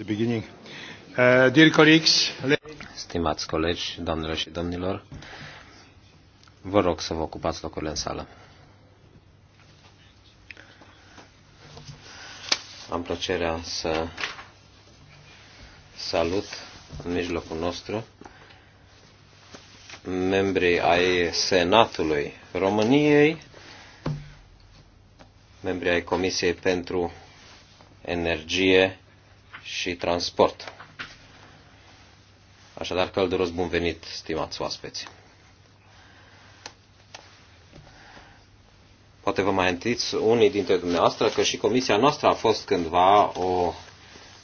The beginning. Uh, dear colleagues, Stimați colegi, doamnelor și domnilor, vă rog să vă ocupați locurile în sală. Am plăcerea să salut în mijlocul nostru membrii ai Senatului României, membrii ai Comisiei pentru Energie și transport. Așadar, călduros bun venit, stimați oaspeți! Poate vă mai întiți unii dintre dumneavoastră că și comisia noastră a fost cândva o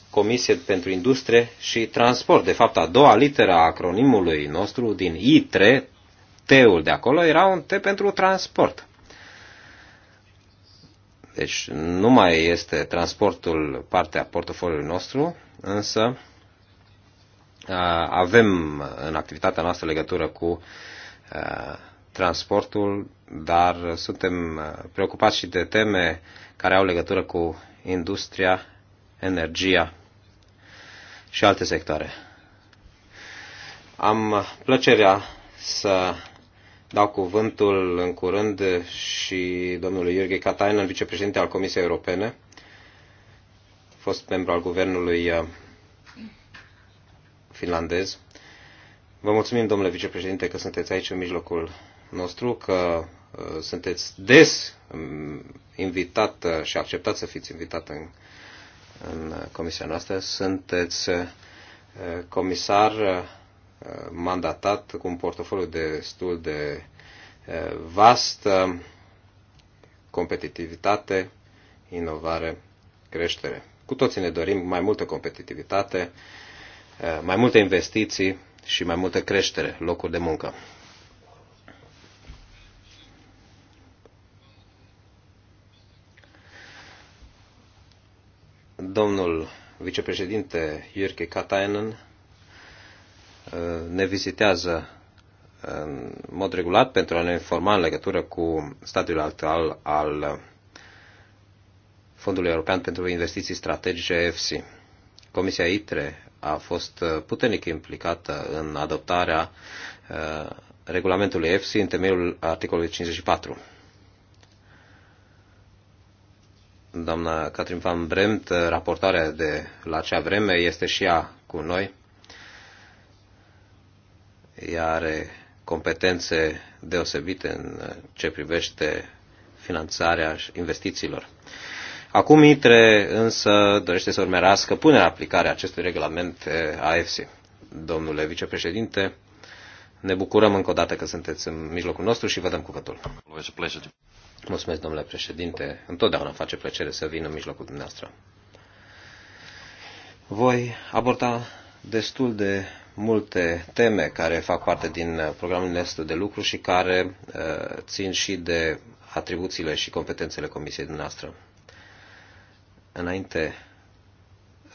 comisie pentru industrie și transport. De fapt, a doua literă a acronimului nostru din I3, T-ul de acolo, era un T pentru transport. Deci nu mai este transportul partea portofoliului nostru, însă avem în activitatea noastră legătură cu transportul, dar suntem preocupați și de teme care au legătură cu industria, energia și alte sectoare. Am plăcerea să dau cuvântul în curând și domnului Iurghe Katainen, vicepreședinte al Comisiei Europene, fost membru al guvernului uh, finlandez. Vă mulțumim, domnule vicepreședinte, că sunteți aici în mijlocul nostru, că uh, sunteți des um, invitat uh, și acceptat să fiți invitat în, în comisia noastră. Sunteți comisar Uh, mandatat cu un portofoliu destul de uh, vast, uh, competitivitate, inovare, creștere. Cu toții ne dorim mai multă competitivitate, mai multe investiții și mai multă creștere, locuri de muncă. Domnul vicepreședinte Jyrki Katainen Uh, ne vizitează uh, în mod regulat pentru a ne informa în legătură cu stadiul actual al uh, Fondului European pentru Investiții Strategice EFSI. Comisia ITRE a fost puternic implicată în adoptarea regulamentului EFSI în temeiul articolului 54. Doamna Catrin Van Bremt, raportarea de la acea vreme, este și ea cu noi ea are competențe deosebite în ce privește finanțarea investițiilor. Acum ITRE însă dorește să urmărească punerea aplicare acestui regulament AFC. Domnule vicepreședinte, ne bucurăm încă o dată că sunteți în mijlocul nostru și vă dăm cuvântul. Mulțumesc, domnule președinte. Întotdeauna face plăcere să vin în mijlocul dumneavoastră. Voi aborda destul de multe teme care fac parte din uh, programul nostru de lucru și care uh, țin și de atribuțiile și competențele comisiei dumneavoastră. Înainte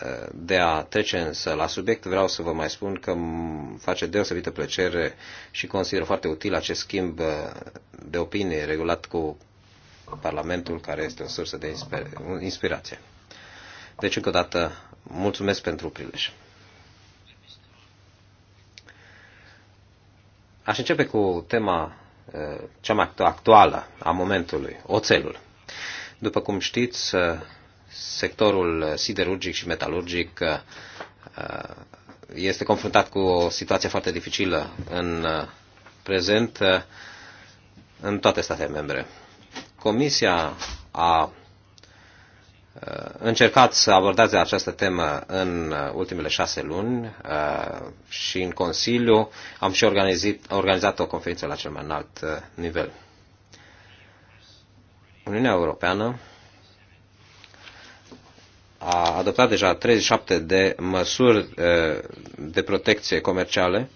uh, de a trece însă la subiect, vreau să vă mai spun că îmi face deosebită plăcere și consider foarte util acest schimb de opinie regulat cu Parlamentul, care este o sursă de inspirație. Deci, încă o dată, mulțumesc pentru prilej. Aș începe cu tema cea mai actuală a momentului, oțelul. După cum știți, sectorul siderurgic și metalurgic este confruntat cu o situație foarte dificilă în prezent în toate statele membre. Comisia a Uh, încercat să abordați această temă în uh, ultimele șase luni uh, și în Consiliu am și organizat, organizat o conferință la cel mai înalt nivel. Uniunea Europeană a adoptat deja 37 de măsuri de protecție comerciale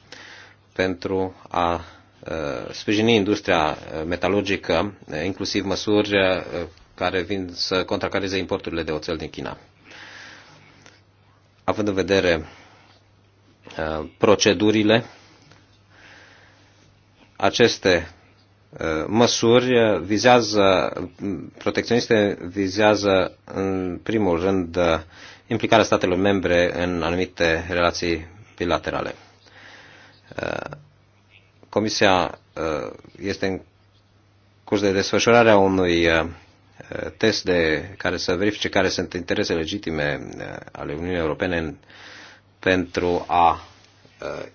pentru a sprijini industria metalurgică, inclusiv măsuri care vin să contracareze importurile de oțel din China. Având în vedere uh, procedurile, aceste uh, măsuri vizează, protecționiste vizează în primul rând uh, implicarea statelor membre în anumite relații bilaterale. Comisia este în curs de desfășurare a unui test de, care să verifice care sunt interese legitime uh, ale Uniunii Europene în, pentru a uh,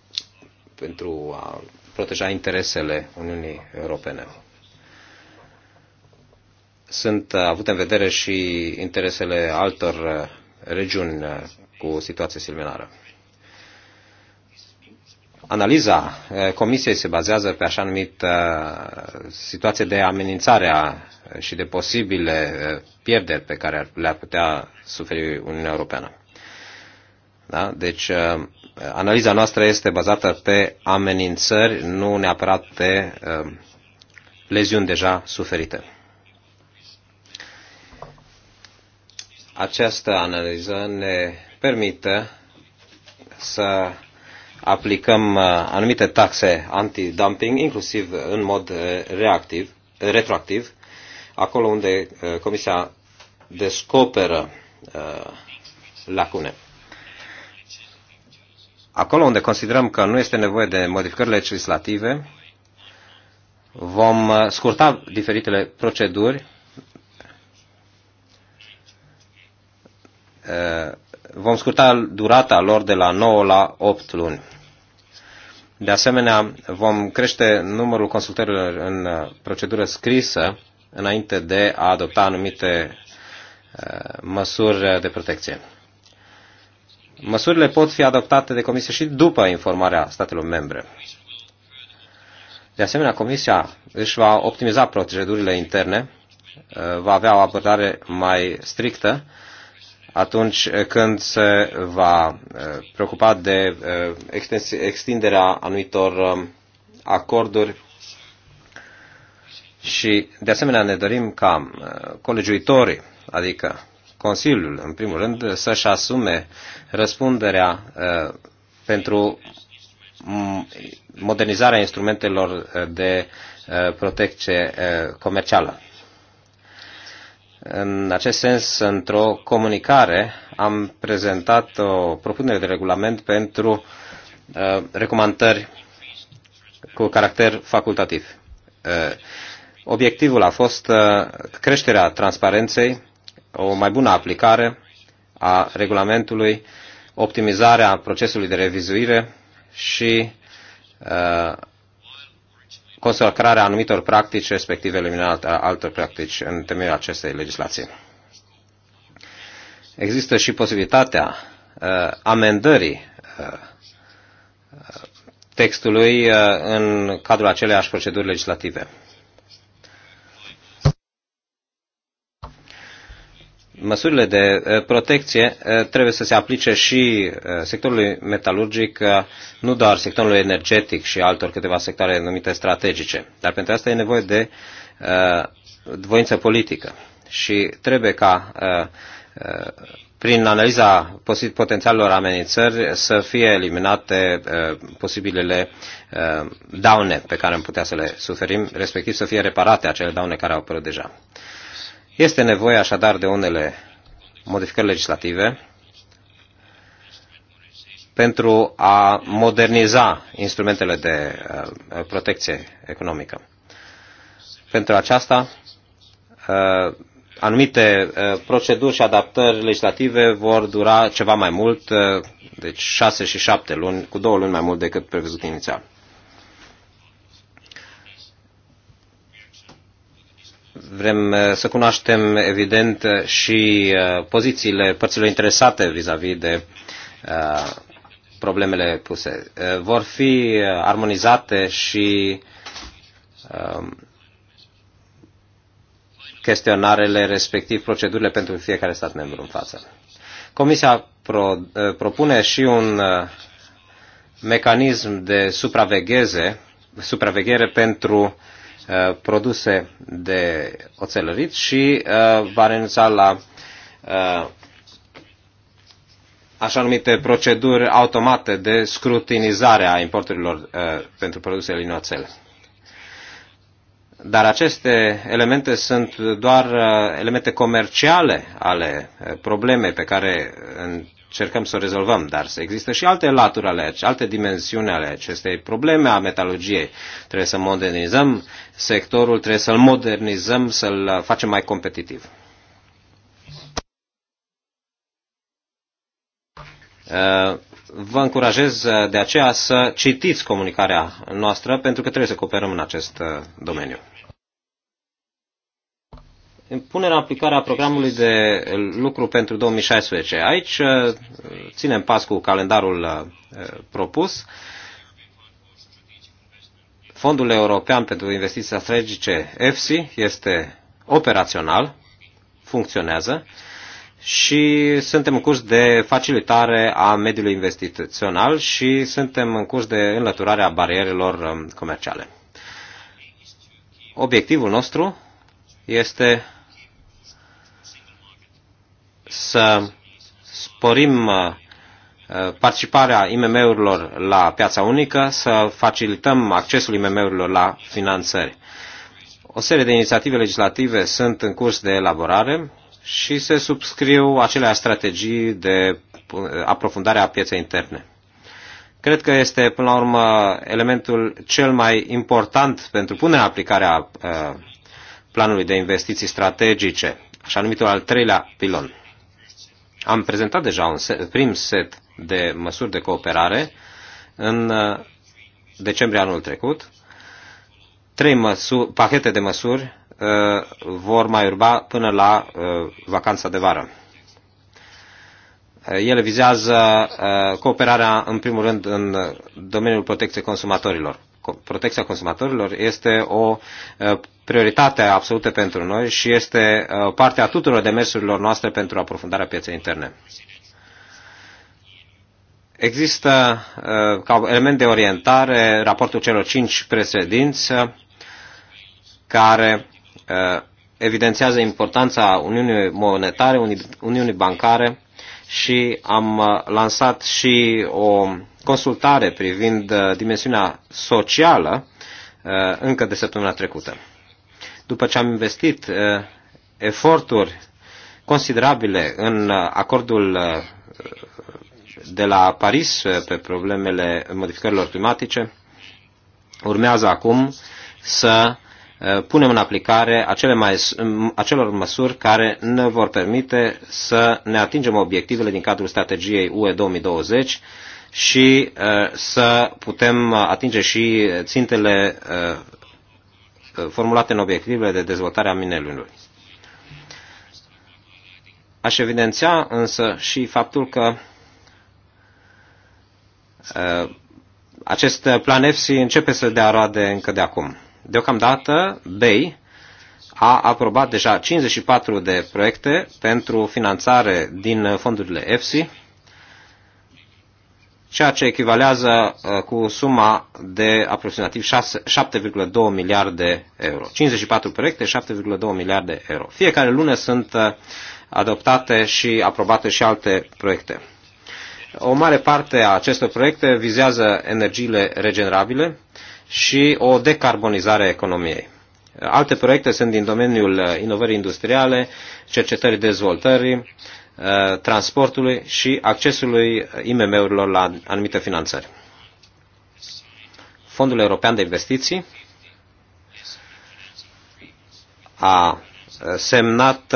pentru a proteja interesele Uniunii Europene. Sunt uh, avute în vedere și interesele altor regiuni cu situație similară. Analiza eh, Comisiei se bazează pe așa numită eh, situație de amenințare eh, și de posibile pierderi pe care le-ar putea suferi Uniunea Europeană. Da? Deci, analiza noastră este bazată pe amenințări, nu neapărat pe leziuni deja suferite. Această analiză ne permite să aplicăm uh, anumite taxe anti-dumping, inclusiv în mod uh, reactiv, retroactiv, acolo unde uh, Comisia descoperă lacune. Acolo unde considerăm că nu este nevoie de modificări legislative, vom scurta diferitele proceduri vom scurta durata lor de la 9 la 8 luni. De asemenea, vom crește numărul consultărilor în uh, procedură scrisă înainte de a adopta anumite uh, măsuri de protecție. Măsurile pot fi adoptate de Comisie și după informarea statelor membre. De asemenea, Comisia își va optimiza procedurile interne, uh, va avea o abordare mai strictă atunci când se va eh, preocupa de eh, extinderea anumitor eh, acorduri și de asemenea ne dorim ca colegiuitorii, adică Consiliul în primul rând, să-și asume răspunderea pentru modernizarea instrumentelor de protecție comercială. În acest sens, într-o comunicare, am prezentat o propunere de regulament pentru uh, recomandări cu caracter facultativ. Uh, obiectivul a fost uh, creșterea transparenței, o mai bună aplicare a regulamentului, optimizarea procesului de revizuire și uh, consacrarea anumitor practici, respectiv eliminarea altor practici în temeiul acestei legislații. Există și posibilitatea uh, amendării uh, uh textului uh, în cadrul aceleiași proceduri legislative. măsurile de eh, protecție eh, trebuie să se aplice și eh, sectorului metalurgic, nu doar sectorului energetic și altor câteva sectoare numite strategice. Dar pentru asta e nevoie de voință politică și trebuie ca prin analiza potențialelor amenințări să fie eliminate posibilele daune pe care am putea să le suferim, respectiv să fie reparate acele daune care au apărut deja. Este nevoie așadar de unele modificări legislative pentru a moderniza instrumentele de uh, protecție economică. Pentru aceasta, uh, anumite uh, proceduri și adaptări legislative vor dura ceva mai mult, deci 6 și 7 luni, cu două luni mai mult decât prevăzut inițial. vrem uh, să cunoaștem, evident, uh, și uh, pozițiile părților interesate vis-a-vis -vis de problemele puse. Vor fi armonizate și um, chestionarele, respectiv procedurile pentru fiecare stat membru în față. Comisia pro, propune și un mecanism de supravegheze, supraveghere pentru uh, Uh, produse de oțelărit și uh, va renunța la uh, așa numite proceduri automate de scrutinizare a importurilor pentru produsele din oțel. Dar aceste elemente sunt doar elemente comerciale ale problemei pe care încercăm să o rezolvăm, dar există și alte laturi ale, alte dimensiuni ale acestei probleme a metalurgiei. Trebuie să modernizăm sectorul, trebuie să-l modernizăm, să-l facem mai competitiv. Uh, vă încurajez uh, de aceea să citiți comunicarea noastră pentru că trebuie să cooperăm în acest uh, domeniu în punerea în aplicare a programului de lucru pentru 2016. Aici uh, ținem pas cu calendarul uh, propus. Fondul European pentru Investiții Strategice, EFSI, este operațional, funcționează și suntem în curs de facilitare a mediului investițional și suntem în curs de înlăturare a barierelor um, comerciale. Obiectivul nostru este să sporim uh, participarea IMM-urilor la piața unică, să facilităm accesul IMM-urilor la finanțări. O serie de inițiative legislative sunt în curs de elaborare și se subscriu acelea strategii de uh, aprofundare a pieței interne. Cred că este, până la urmă, elementul cel mai important pentru punerea aplicare a uh, planului de investiții strategice, așa numitul al treilea pilon. Am prezentat deja un set, prim set de măsuri de cooperare în uh, decembrie anul trecut. Trei măsuri, pachete de măsuri uh, vor mai urba până la uh, vacanța de vară. Ele vizează cooperarea, în primul rând, în domeniul protecției consumatorilor protecția consumatorilor este o uh, prioritate absolută pentru noi și este uh, partea tuturor demersurilor noastre pentru aprofundarea pieței interne. Există uh, ca element de orientare raportul celor cinci președinți care evidențiază importanța Uniunii Monetare, Uniunii Bancare, și am uh, lansat și o consultare privind uh, dimensiunea socială uh, încă de săptămâna trecută. După ce am investit eforturi considerabile în acordul de la Paris pe problemele modificărilor climatice, urmează acum să Eh, punem în aplicare acele mai, acelor măsuri care ne vor permite să ne atingem obiectivele din cadrul strategiei UE 2020 și eh, să putem eh, atinge și țintele formulate în obiectivele de dezvoltare a minelului. Aș evidenția însă și faptul că acest plan EFSI începe să dea roade încă de acum. Deocamdată, BEI a aprobat deja 54 de proiecte pentru finanțare din fondurile EFSI, ceea ce echivalează uh, cu suma de aproximativ 7,2 miliarde euro. 54 proiecte, 7,2 miliarde euro. Fiecare lună sunt uh, adoptate și aprobate și alte proiecte. O mare parte a acestor proiecte vizează energiile regenerabile, și o decarbonizare a economiei. Alte proiecte sunt din domeniul uh, inovării industriale, cercetării dezvoltării, uh, transportului și accesului IMM-urilor la anumite finanțări. Fondul European de Investiții a uh, semnat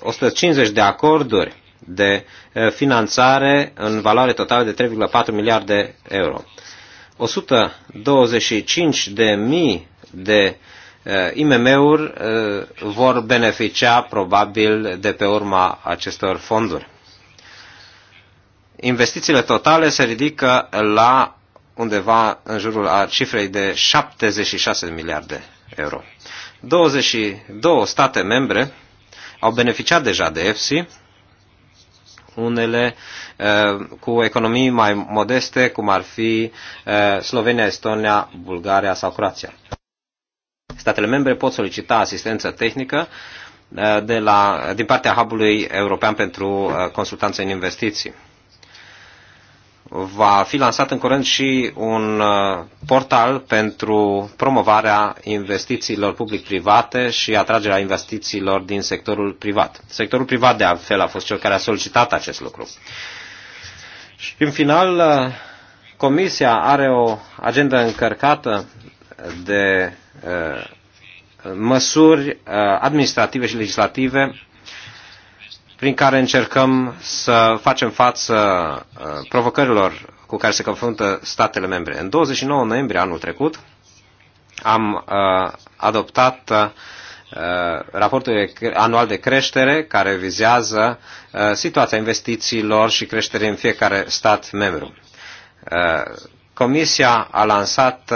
150 de acorduri de finanțare în valoare totală de 3,4 miliarde de euro. 125 de mii de eh, IMM-uri eh, vor beneficia probabil de pe urma acestor fonduri. Investițiile totale se ridică la undeva în jurul a cifrei de 76 de miliarde euro. 22 state membre au beneficiat deja de EFSI, unele eh, cu economii mai modeste, cum ar fi eh, Slovenia, Estonia, Bulgaria sau Croația. Statele membre pot solicita asistență tehnică eh, de la, din partea hub European pentru Consultanță în Investiții va fi lansat în curând și un uh, portal pentru promovarea investițiilor public-private și atragerea investițiilor din sectorul privat. Sectorul privat, de altfel, a fost cel care a solicitat acest lucru. Și în final, uh, Comisia are o agendă încărcată de uh, măsuri administrative și legislative prin care încercăm să facem față uh, provocărilor cu care se confruntă statele membre. În 29 noiembrie anul trecut am uh, adoptat uh, raportul anual de creștere care vizează situația investițiilor și creștere în fiecare stat membru. Comisia a lansat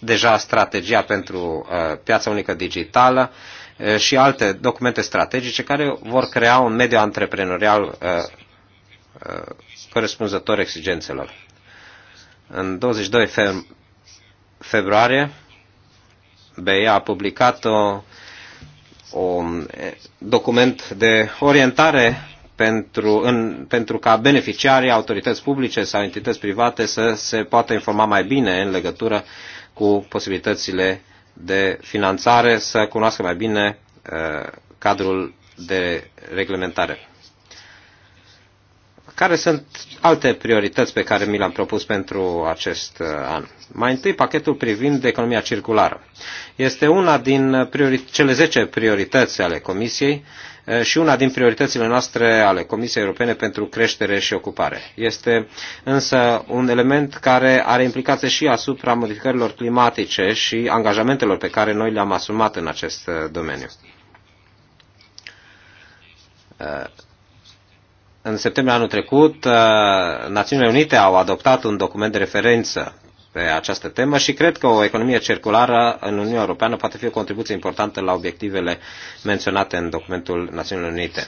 deja strategia pentru piața unică digitală Eh, și alte documente strategice care vor crea un mediu antreprenorial eh, eh, corespunzător exigențelor. În 22 februarie, BEA a publicat o, un document de orientare pentru, în, pentru ca beneficiarii, autorități publice sau entități private să se poată informa mai bine în legătură cu posibilitățile de finanțare să cunoască mai bine uh, cadrul de reglementare. Care sunt alte priorități pe care mi le-am propus pentru acest uh, an? Mai întâi, pachetul privind economia circulară. Este una din cele 10 priorități ale Comisiei și una din prioritățile noastre ale Comisiei Europene pentru creștere și ocupare. Este însă un element care are implicații și asupra modificărilor climatice și angajamentelor pe care noi le-am asumat în acest domeniu. În septembrie anul trecut, Națiunile Unite au adoptat un document de referință pe această temă și cred că o economie circulară în Uniunea Europeană poate fi o contribuție importantă la obiectivele menționate în documentul Națiunilor Unite.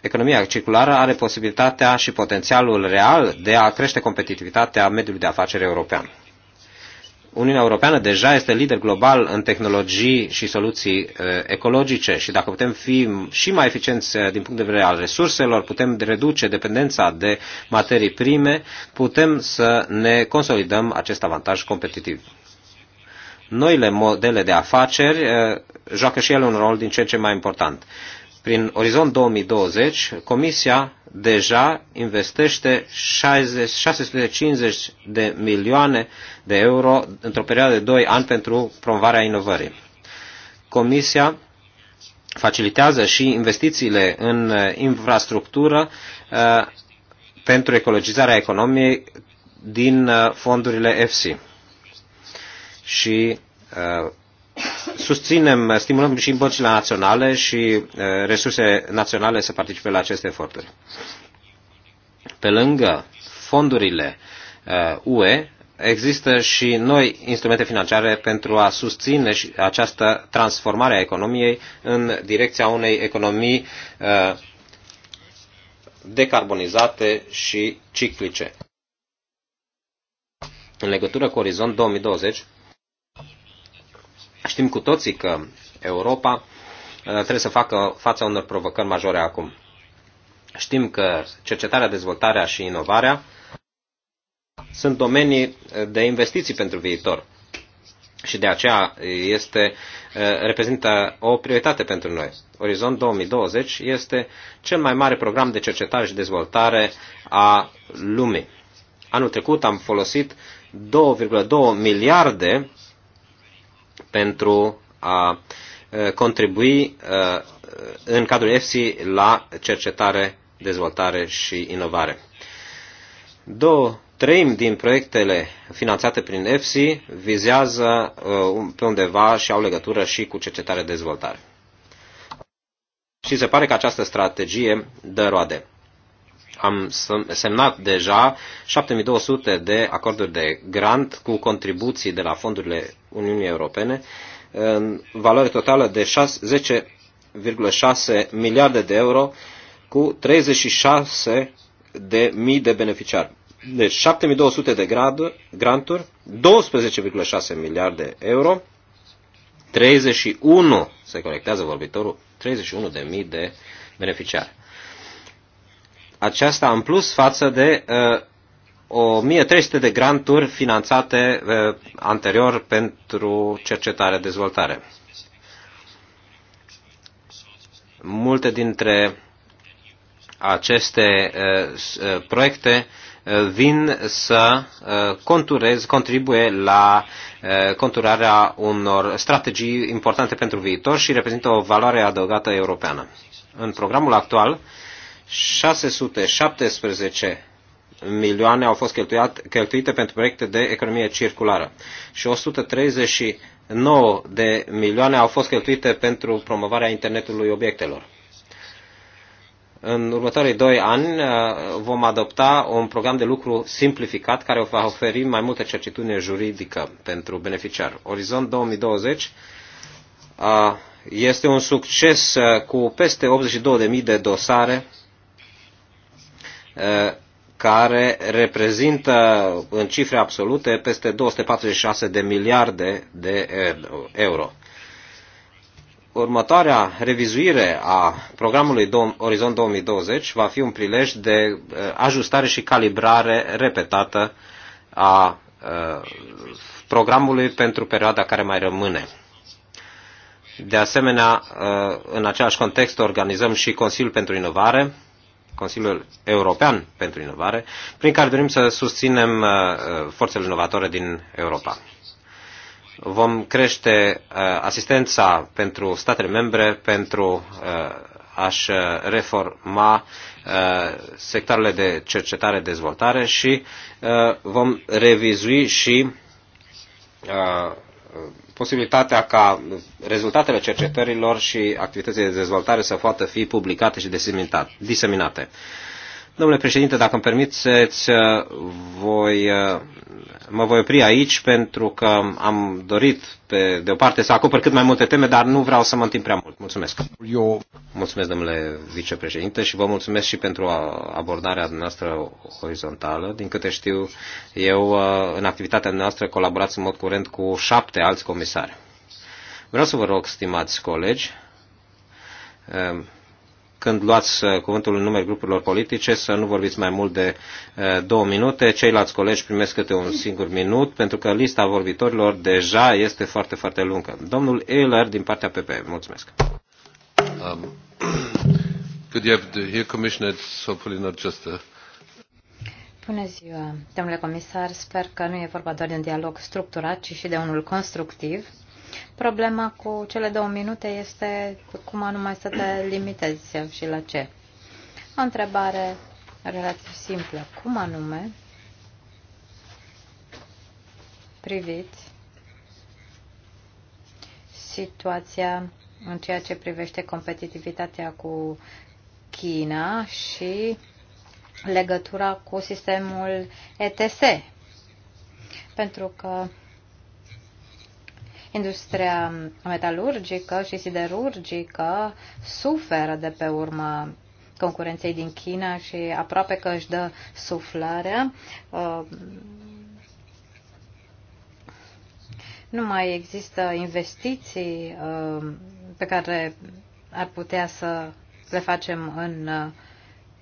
Economia circulară are posibilitatea și potențialul real de a crește competitivitatea mediului de afaceri european. Uniunea Europeană deja este lider global în tehnologii și soluții uh, ecologice și dacă putem fi și mai eficienți uh, din punct de vedere al resurselor, putem reduce dependența de materii prime, putem să ne consolidăm acest avantaj competitiv. Noile modele de afaceri uh, joacă și ele un rol din ce în ce mai important. Prin Orizont 2020, Comisia deja investește 60, 650 de milioane de euro într-o perioadă de 2 ani pentru promovarea inovării. Comisia facilitează și investițiile în uh, infrastructură uh, pentru ecologizarea economiei din uh, fondurile EFSI. Și uh, susținem, stimulăm și băncile naționale și resurse naționale să participe la aceste eforturi. Pe lângă fondurile UE, există și noi instrumente financiare pentru a susține această transformare a economiei în direcția unei economii decarbonizate și ciclice. În legătură cu Orizont 2020, Știm cu toții că Europa uh, trebuie să facă fața unor provocări majore acum. Știm că cercetarea, dezvoltarea și inovarea sunt domenii uh, de investiții pentru viitor și de aceea este, uh, reprezintă o prioritate pentru noi. Orizont 2020 este cel mai mare program de cercetare și dezvoltare a lumii. Anul trecut am folosit 2,2 miliarde pentru a contribui în cadrul EFSI la cercetare, dezvoltare și inovare. Două treimi din proiectele finanțate prin EFSI vizează pe undeva și au legătură și cu cercetare-dezvoltare. Și se pare că această strategie dă roade am semnat deja 7200 de acorduri de grant cu contribuții de la fondurile Uniunii Europene în valoare totală de 10,6 miliarde de euro cu 36 de mii de beneficiari. Deci 7200 de grad, granturi, 12,6 miliarde de euro, 31, se corectează vorbitorul, 31 de mii de beneficiari aceasta în plus față de 1300 uh, de granturi finanțate uh, anterior pentru cercetare-dezvoltare. Multe dintre aceste uh, proiecte vin să conturez, contribuie la conturarea unor strategii importante pentru viitor și reprezintă o valoare adăugată europeană. În programul actual, 617 milioane au fost cheltuite pentru proiecte de economie circulară și 139 de milioane au fost cheltuite pentru promovarea internetului obiectelor. În următorii doi ani uh, vom adopta un program de lucru simplificat care va oferi mai multă certitudine juridică pentru beneficiar. Orizont 2020 uh, este un succes uh, cu peste 82.000 de dosare Uh, care reprezintă în cifre absolute peste 246 de miliarde de euro. Următoarea revizuire a programului Orizont 2020 va fi un prilej de uh, ajustare și calibrare repetată a uh, programului pentru perioada care mai rămâne. De asemenea, în același context organizăm și Consiliul pentru Inovare, Consiliul European pentru Inovare, prin care dorim să susținem uh, forțele inovatoare din Europa. Vom crește uh, asistența pentru statele membre pentru uh, a-și reforma sectoarele de cercetare-dezvoltare și vom revizui și posibilitatea ca rezultatele cercetărilor și activității de dezvoltare să poată fi publicate și diseminate. Domnule președinte, dacă îmi permiteți, uh, voi, uh, mă voi opri aici pentru că am dorit, pe, de o parte, să acopăr cât mai multe teme, dar nu vreau să mă întind prea mult. Mulțumesc. Eu... Mulțumesc, domnule vicepreședinte, și vă mulțumesc și pentru abordarea noastră orizontală. Din câte știu, eu, uh, în activitatea noastră, colaborați în mod curent cu șapte alți comisari. Vreau să vă rog, stimați colegi, când luați uh, cuvântul în numele grupurilor politice, să nu vorbiți mai mult de uh, două minute. Ceilalți colegi primesc câte un singur minut, pentru că lista vorbitorilor deja este foarte, foarte lungă. Domnul Ehler, din partea PP, mulțumesc. Um, good evening, here, Commissioner. just a Bună ziua, domnule comisar. Sper că nu e vorba doar de un dialog structurat, ci și de unul constructiv. Problema cu cele două minute este cum anume să te limitezi și la ce. O întrebare relativ simplă. Cum anume priviți situația în ceea ce privește competitivitatea cu China și legătura cu sistemul ETS. Pentru că Industria metalurgică și siderurgică suferă de pe urma concurenței din China și aproape că își dă suflarea. Uh, nu mai există investiții uh, pe care ar putea să le facem în uh,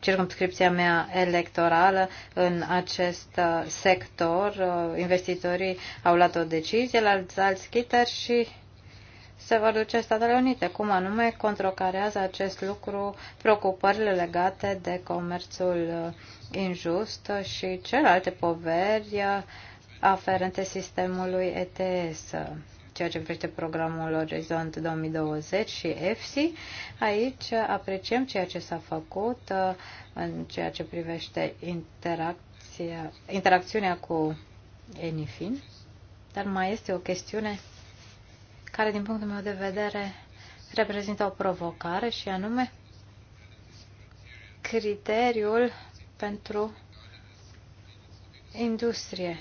circumscripția mea electorală în acest uh, sector. Uh, investitorii au luat o decizie la Salzgitter și se vor duce Statele Unite. Cum anume controcarează acest lucru preocupările legate de comerțul uh, injust și celelalte poveri aferente sistemului ETS ceea ce privește programul Orizont 2020 și EFSI. Aici apreciem ceea ce s-a făcut uh, în ceea ce privește interacția, interacțiunea cu ENIFIN, dar mai este o chestiune care, din punctul meu de vedere, reprezintă o provocare și anume criteriul pentru industrie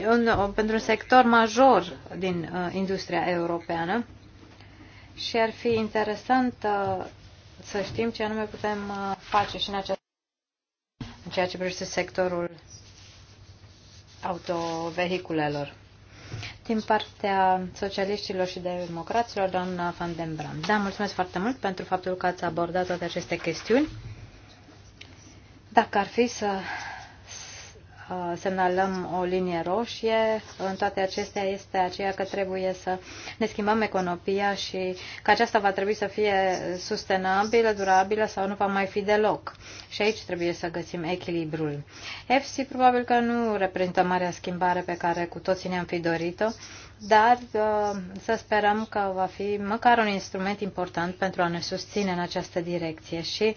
un, pentru un sector major din uh, industria europeană și ar fi interesant uh, să știm ce anume putem uh, face și în, acest, în ceea ce privește sectorul autovehiculelor. Din partea socialiștilor și democraților, doamna Van den Brand. Da, mulțumesc foarte mult pentru faptul că ați abordat toate aceste chestiuni. Dacă ar fi să Uh, semnalăm o linie roșie. În toate acestea este aceea că trebuie să ne schimbăm economia și că aceasta va trebui să fie sustenabilă, durabilă sau nu va mai fi deloc. Și aici trebuie să găsim echilibrul. FC probabil că nu reprezintă marea schimbare pe care cu toții ne-am fi dorit-o, dar uh, să sperăm că va fi măcar un instrument important pentru a ne susține în această direcție și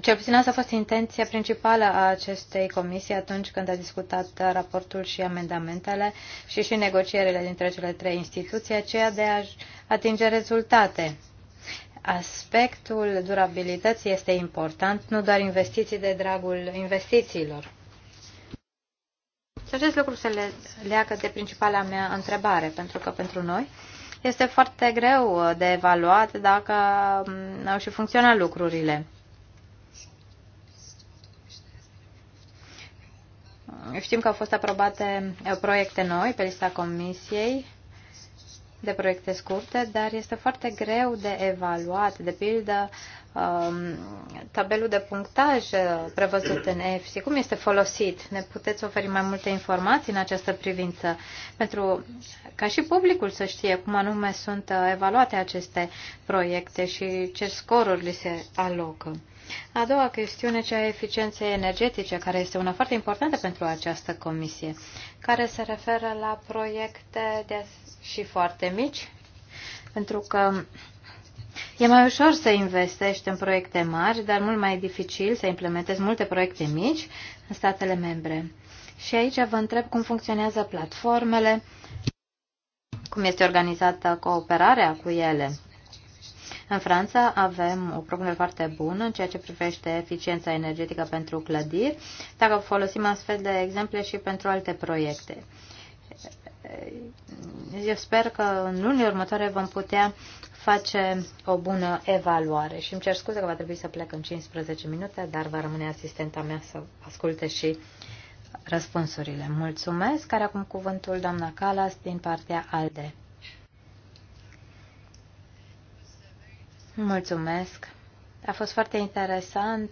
cel puțin asta a fost intenția principală a acestei comisii atunci când a discutat raportul și amendamentele și și negocierile dintre cele trei instituții, aceea de a atinge rezultate. Aspectul durabilității este important, nu doar investiții de dragul investițiilor. Și acest lucru se le leagă de principala mea întrebare, pentru că pentru noi este foarte greu de evaluat dacă au și funcționat lucrurile. Știm că au fost aprobate uh, proiecte noi pe lista Comisiei de proiecte scurte, dar este foarte greu de evaluat. De pildă, um, tabelul de punctaj uh, prevăzut în EFSI, cum este folosit? Ne puteți oferi mai multe informații în această privință? Pentru ca și publicul să știe cum anume sunt uh, evaluate aceste proiecte și ce scoruri li se alocă. A doua chestiune, cea a eficienței energetice, care este una foarte importantă pentru această comisie, care se referă la proiecte de și foarte mici, pentru că e mai ușor să investești în proiecte mari, dar mult mai dificil să implementezi multe proiecte mici în statele membre. Și aici vă întreb cum funcționează platformele, cum este organizată cooperarea cu ele. În Franța avem o problemă foarte bună în ceea ce privește eficiența energetică pentru clădiri, dacă folosim astfel de exemple și pentru alte proiecte. Eu sper că în lunile următoare vom putea face o bună evaluare și îmi cer scuze că va trebui să plec în 15 minute, dar va rămâne asistenta mea să asculte și răspunsurile. Mulțumesc, care acum cuvântul doamna Calas din partea ALDE. Mulțumesc. A fost foarte interesant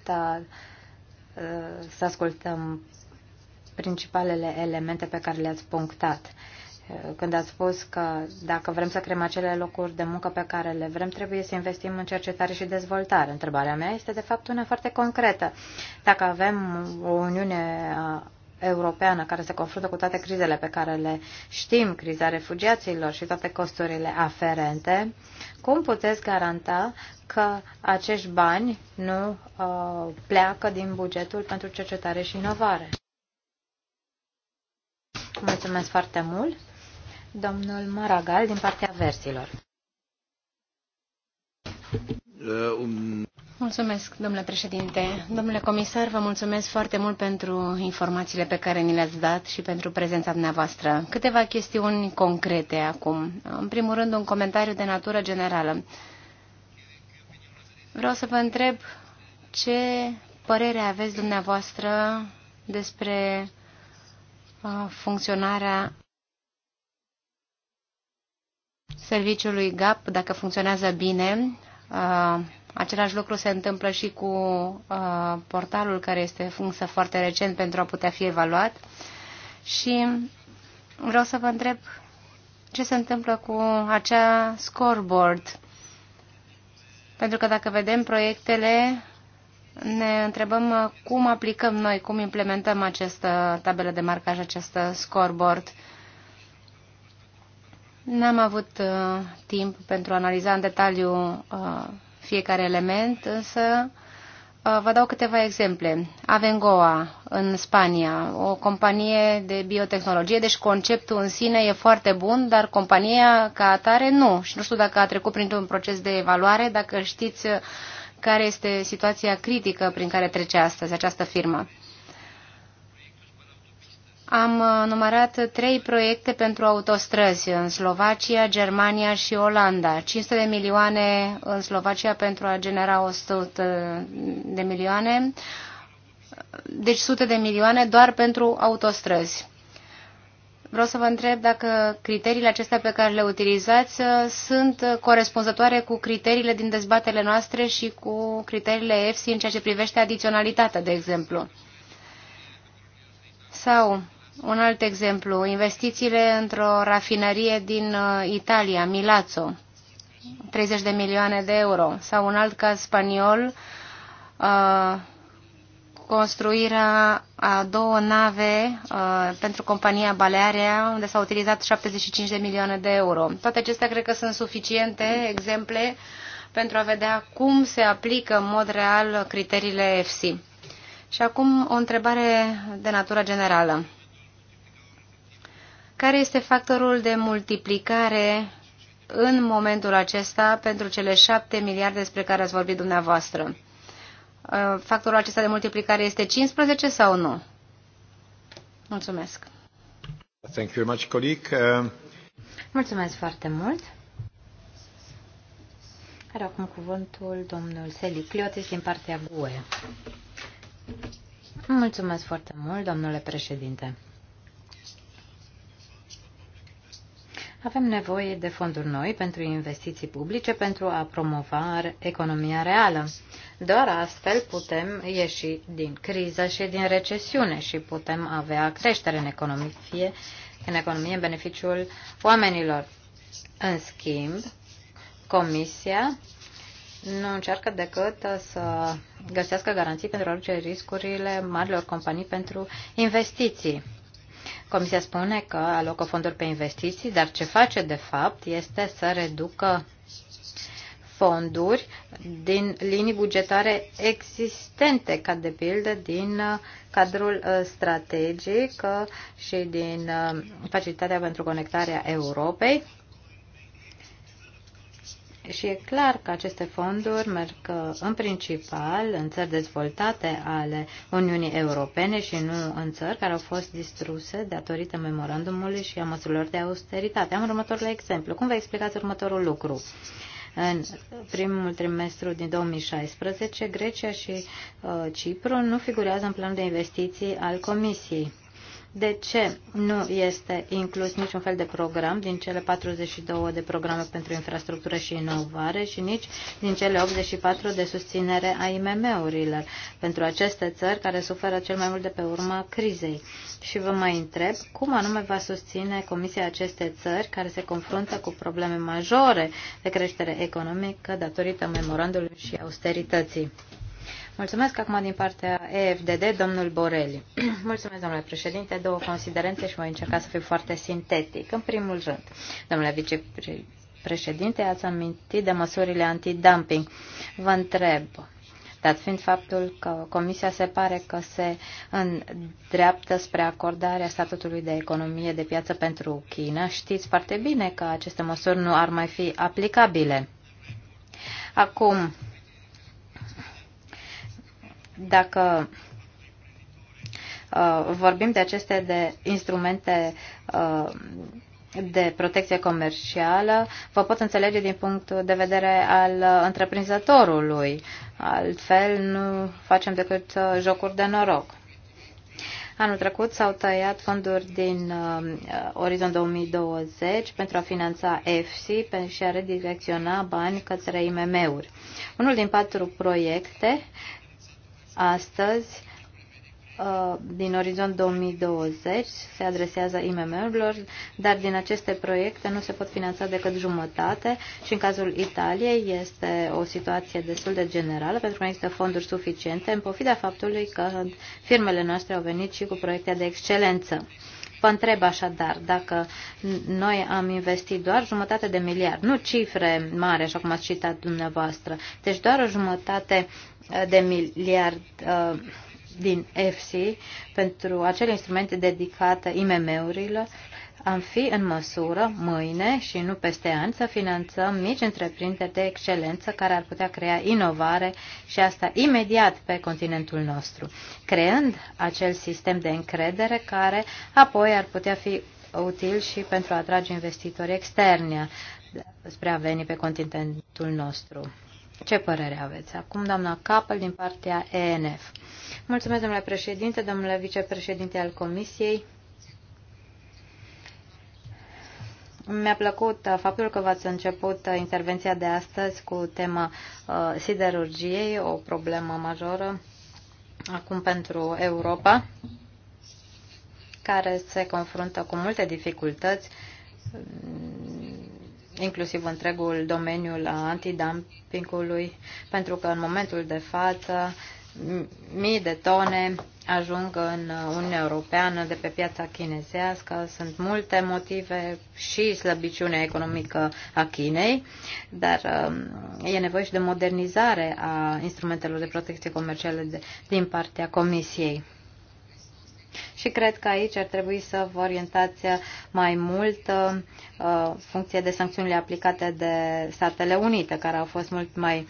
să ascultăm principalele elemente pe care le-ați punctat. Când ați spus că dacă vrem să creăm acele locuri de muncă pe care le vrem, trebuie să investim în cercetare și dezvoltare. Întrebarea mea este, de fapt, una foarte concretă. Dacă avem o uniune a europeană care se confruntă cu toate crizele pe care le știm, criza refugiaților și toate costurile aferente, cum puteți garanta că acești bani nu uh, pleacă din bugetul pentru cercetare și inovare? Mulțumesc foarte mult, domnul Maragal, din partea versilor. Uh, mulțumesc, domnule președinte. Domnule comisar, vă mulțumesc foarte mult pentru informațiile pe care ni le-ați dat și pentru prezența dumneavoastră. Câteva chestiuni concrete acum. În primul rând, un comentariu de natură generală. Vreau să vă întreb ce părere aveți dumneavoastră despre uh, funcționarea serviciului GAP, dacă funcționează bine, Uh, același lucru se întâmplă și cu uh, portalul care este însă foarte recent pentru a putea fi evaluat. Și vreau să vă întreb ce se întâmplă cu acea scoreboard. Pentru că dacă vedem proiectele, ne întrebăm uh, cum aplicăm noi, cum implementăm această tabelă de marcaj, această scoreboard. Uh, N-am avut uh, timp pentru a analiza în detaliu uh, fiecare element, însă uh, vă dau câteva exemple. Avengoa, în Spania, o companie de biotehnologie, deci conceptul în sine e foarte bun, dar compania ca atare nu. Și nu știu dacă a trecut printr-un proces de evaluare, dacă știți care este situația critică prin care trece astăzi această firmă am uh, numărat trei proiecte pentru autostrăzi în Slovacia, Germania și Olanda. 500 de milioane în Slovacia pentru a genera 100 uh, de milioane, deci sute de milioane doar pentru autostrăzi. Vreau să vă întreb dacă criteriile acestea pe care le utilizați uh, sunt corespunzătoare cu criteriile din dezbatele noastre și cu criteriile EFSI în ceea ce privește adiționalitatea, de exemplu. Sau un alt exemplu, investițiile într-o rafinărie din uh, Italia, Milazzo, 30 de milioane de euro. Sau un alt caz spaniol, uh, construirea a două nave uh, pentru compania Balearea, unde s-au utilizat 75 de milioane de euro. Toate acestea cred că sunt suficiente exemple pentru a vedea cum se aplică în mod real criteriile EFSI. Și acum o întrebare de natură generală care este factorul de multiplicare în momentul acesta pentru cele șapte miliarde despre care ați vorbit dumneavoastră? Uh, factorul acesta de multiplicare este 15 sau nu? Mulțumesc. Thank you very much, colleague. Uh... Mulțumesc foarte mult. Are acum cuvântul domnul Seli Cliotis din partea GUE. Mulțumesc foarte mult, domnule președinte. Avem nevoie de fonduri noi pentru investiții publice pentru a promova economia reală. Doar astfel putem ieși din criză și din recesiune și putem avea creștere în economie, în, economie, în beneficiul oamenilor. În schimb, Comisia nu încearcă decât să găsească garanții pentru a reduce riscurile marilor companii pentru investiții. Comisia spune că alocă fonduri pe investiții, dar ce face de fapt este să reducă fonduri din linii bugetare existente, ca de pildă din uh, cadrul uh, strategic uh, și din facilitatea pentru conectarea Europei, și e clar că aceste fonduri merg uh, în principal în țări dezvoltate ale Uniunii Europene și nu în țări care au fost distruse datorită memorandumului și a măsurilor de austeritate. Am următorul exemplu. Cum vă explicați următorul lucru? În primul trimestru din 2016, Grecia și uh, Cipru nu figurează în planul de investiții al Comisiei de ce nu este inclus niciun fel de program din cele 42 de programe pentru infrastructură și inovare și nici din cele 84 de susținere a IMM-urilor pentru aceste țări care suferă cel mai mult de pe urma crizei. Și vă mai întreb cum anume va susține Comisia aceste țări care se confruntă cu probleme majore de creștere economică datorită memorandului și austerității. Mulțumesc acum din partea EFDD, domnul Borelli. Mulțumesc, domnule președinte. Două considerente și voi încerca să fiu foarte sintetic. În primul rând, domnule vicepreședinte, ați amintit de măsurile antidumping. Vă întreb, dat fiind faptul că Comisia se pare că se îndreaptă spre acordarea statutului de economie de piață pentru China, știți foarte bine că aceste măsuri nu ar mai fi aplicabile. Acum, dacă uh, vorbim de aceste de instrumente uh, de protecție comercială, vă pot înțelege din punct de vedere al întreprinzătorului. Altfel nu facem decât uh, jocuri de noroc. Anul trecut s-au tăiat fonduri din uh, Orizont 2020 pentru a finanța EFSI și a redirecționa bani către IMM-uri. Unul din patru proiecte astăzi uh, din orizont 2020 se adresează IMM-urilor, dar din aceste proiecte nu se pot finanța decât jumătate și în cazul Italiei este o situație destul de generală pentru că nu există fonduri suficiente în pofida faptului că firmele noastre au venit și cu proiecte de excelență. Vă întreb așadar dacă noi am investit doar jumătate de miliard, nu cifre mari, așa cum ați citat dumneavoastră, deci doar o jumătate uh, de miliard uh, din EFSI pentru acele instrumente dedicate IMM-urilor am fi în măsură mâine și nu peste ani să finanțăm mici întreprinderi de excelență care ar putea crea inovare și asta imediat pe continentul nostru, creând acel sistem de încredere care apoi ar putea fi util și pentru a atrage investitori externi spre a veni pe continentul nostru. Ce părere aveți? Acum, doamna Capel, din partea ENF. Mulțumesc, domnule președinte, domnule vicepreședinte al Comisiei. Mi-a plăcut uh, faptul că v-ați început uh, intervenția de astăzi cu tema uh, siderurgiei, o problemă majoră acum pentru Europa, care se confruntă cu multe dificultăți, mm, inclusiv întregul domeniul antidumpingului, pentru că în momentul de față mii de tone ajung în Uniunea Europeană de pe piața chinezească. Sunt multe motive și slăbiciunea economică a Chinei, dar um, e nevoie și de modernizare a instrumentelor de protecție comercială de, din partea Comisiei. Și cred că aici ar trebui să vă orientați mai mult uh, funcție de sancțiunile aplicate de Statele Unite, care au fost mult mai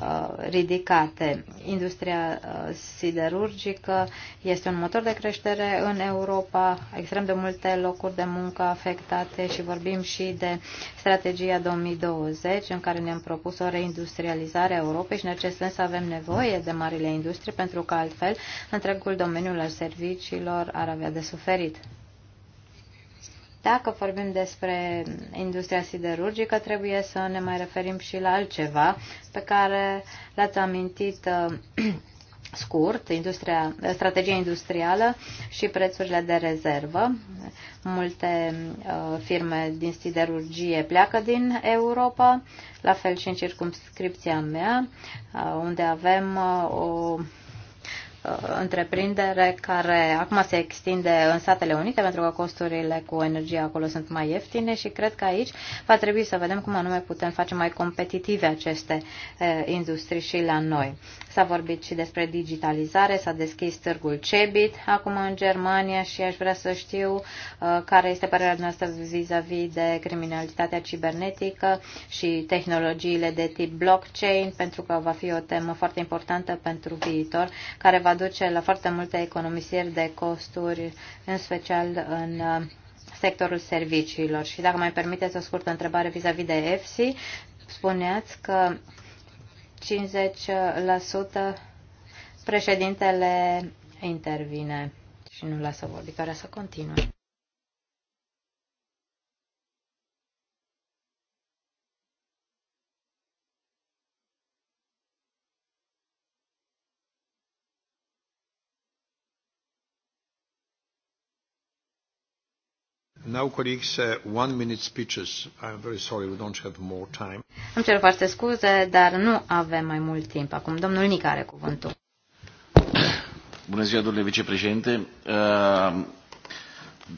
Uh, ridicate. Industria uh, siderurgică este un motor de creștere în Europa, extrem de multe locuri de muncă afectate și vorbim și de strategia 2020 în care ne-am propus o reindustrializare a Europei și în acest sens avem nevoie de marile industrie pentru că altfel întregul domeniul al serviciilor ar avea de suferit. Dacă vorbim despre industria siderurgică, trebuie să ne mai referim și la altceva pe care l-ați amintit uh, scurt, industria, strategia industrială și prețurile de rezervă. Multe uh, firme din siderurgie pleacă din Europa, la fel și în circumscripția mea, uh, unde avem uh, o Uh, întreprindere care acum se extinde în Statele Unite pentru că costurile cu energie acolo sunt mai ieftine și cred că aici va trebui să vedem cum anume putem face mai competitive aceste uh, industrii și la noi. S-a vorbit și despre digitalizare, s-a deschis târgul Cebit acum în Germania și aș vrea să știu uh, care este părerea noastră vis-a-vis -vis de criminalitatea cibernetică și tehnologiile de tip blockchain, pentru că va fi o temă foarte importantă pentru viitor, care va duce la foarte multe economisiri de costuri, în special în uh, sectorul serviciilor. Și dacă mai permiteți o scurtă întrebare vis-a-vis -vis de EFSI, spuneați că 50% președintele intervine și nu lasă vorbitoarea să continue. Now, colleagues, uh, one minute speeches. I'm very sorry, we don't have more time. Am cer foarte scuze, dar nu avem mai mult timp. Acum, domnul Nica are cuvântul. Bună ziua, domnule vicepreședinte. Uh,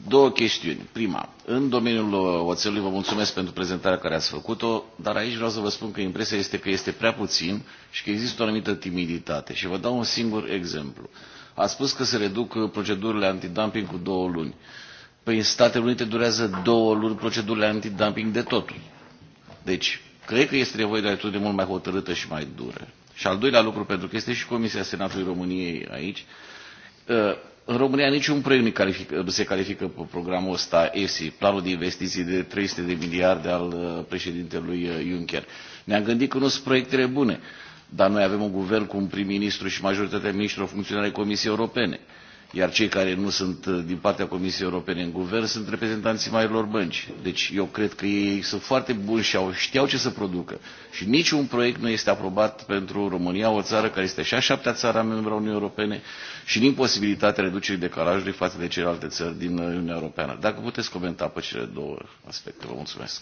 două chestiuni. Prima, în domeniul oțelului vă mulțumesc pentru prezentarea care ați făcut-o, dar aici vreau să vă spun că impresia este că este prea puțin și că există o anumită timiditate. Și vă dau un singur exemplu. A spus că se reduc procedurile antidumping cu două luni. Păi în Statele Unite durează două luni procedurile antidumping de totul. Deci, cred că este nevoie de o atitudine mult mai hotărâtă și mai dură. Și al doilea lucru, pentru că este și Comisia Senatului României aici, uh, în România niciun proiect nu se califică pe programul ăsta ESI, planul de investiții de 300 de miliarde al uh, președintelui uh, Juncker. Ne-am gândit că nu sunt proiectele bune, dar noi avem un guvern cu un prim-ministru și majoritatea ministrilor funcționare Comisiei Europene iar cei care nu sunt uh, din partea Comisiei Europene în guvern sunt reprezentanții marilor bănci. Deci eu cred că ei sunt foarte buni și au, știau ce să producă. Și niciun proiect nu este aprobat pentru România, o țară care este și a șaptea țară a membra Uniunii Europene și din posibilitatea reducerii decalajului față de celelalte țări din uh, Uniunea Europeană. Dacă puteți comenta pe cele două aspecte, vă mulțumesc.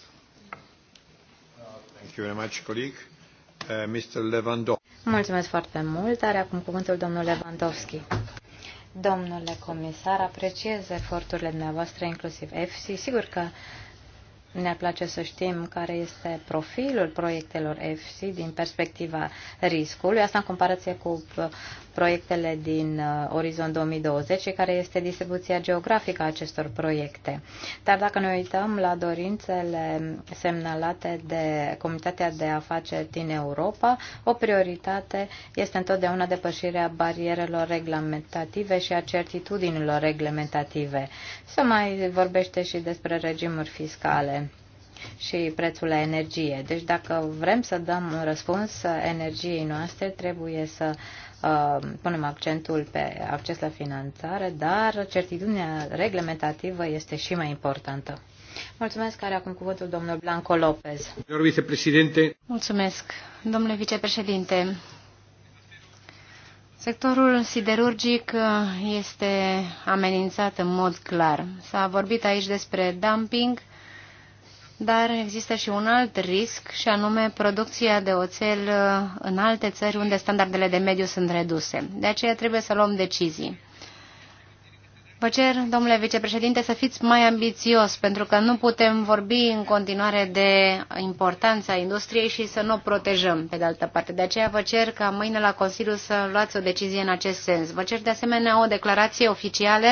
Thank you very much, colleague. Uh, Mr. Lewandowski. Mulțumesc foarte mult. Are acum cuvântul domnul Lewandowski. Domnule comisar, apreciez eforturile dumneavoastră, inclusiv EFSI. Sigur că ne-ar place să știm care este profilul proiectelor EFSI din perspectiva riscului, asta în comparație cu uh, proiectele din uh, Orizont 2020 și care este distribuția geografică a acestor proiecte. Dar dacă ne uităm la dorințele semnalate de Comunitatea de Afaceri din Europa, o prioritate este întotdeauna depășirea barierelor reglementative și a certitudinilor reglementative. Se mai vorbește și despre regimuri fiscale și prețul la energie. Deci dacă vrem să dăm un răspuns energiei noastre, trebuie să uh, punem accentul pe acces la finanțare, dar certitudinea reglementativă este și mai importantă. Mulțumesc, are acum cuvântul domnul Blanco Lopez. vicepreședinte. Mulțumesc, domnule vicepreședinte. Sectorul siderurgic este amenințat în mod clar. S-a vorbit aici despre dumping dar există și un alt risc, și anume producția de oțel uh, în alte țări unde standardele de mediu sunt reduse. De aceea trebuie să luăm decizii. Vă cer, domnule vicepreședinte, să fiți mai ambițios, pentru că nu putem vorbi în continuare de importanța industriei și să nu o protejăm, pe de altă parte. De aceea vă cer ca mâine la Consiliu să luați o decizie în acest sens. Vă cer de asemenea o declarație oficială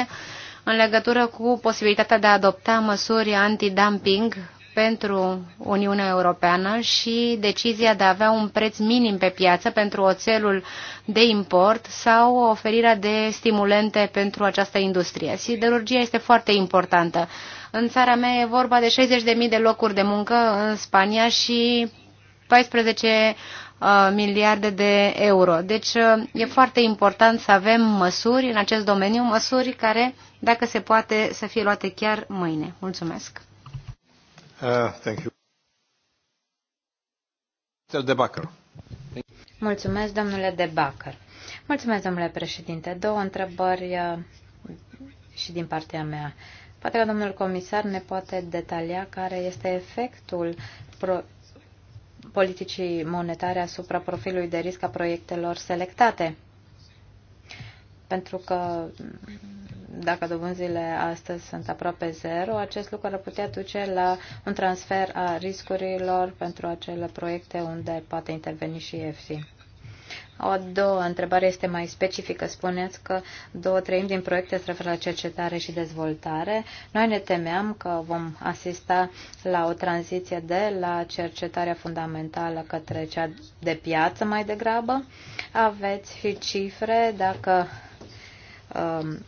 în legătură cu posibilitatea de a adopta măsuri antidumping pentru Uniunea Europeană și decizia de a avea un preț minim pe piață pentru oțelul de import sau oferirea de stimulente pentru această industrie. Siderurgia este foarte importantă. În țara mea e vorba de 60.000 de locuri de muncă, în Spania și 14 uh, miliarde de euro. Deci uh, e foarte important să avem măsuri în acest domeniu, măsuri care, dacă se poate, să fie luate chiar mâine. Mulțumesc! Uh, Mulțumesc, domnule De Bacăr. Mulțumesc, domnule președinte. Două întrebări uh, și din partea mea. Poate că domnul comisar ne poate detalia care este efectul pro- politicii monetare asupra profilului de risc a proiectelor selectate. Pentru că dacă dobânzile astăzi sunt aproape zero, acest lucru ar putea duce la un transfer a riscurilor pentru acele proiecte unde poate interveni și EFSI. O a doua întrebare este mai specifică. Spuneți că două treimi din proiecte se referă la cercetare și dezvoltare. Noi ne temeam că vom asista la o tranziție de la cercetarea fundamentală către cea de piață mai degrabă. Aveți și cifre dacă um,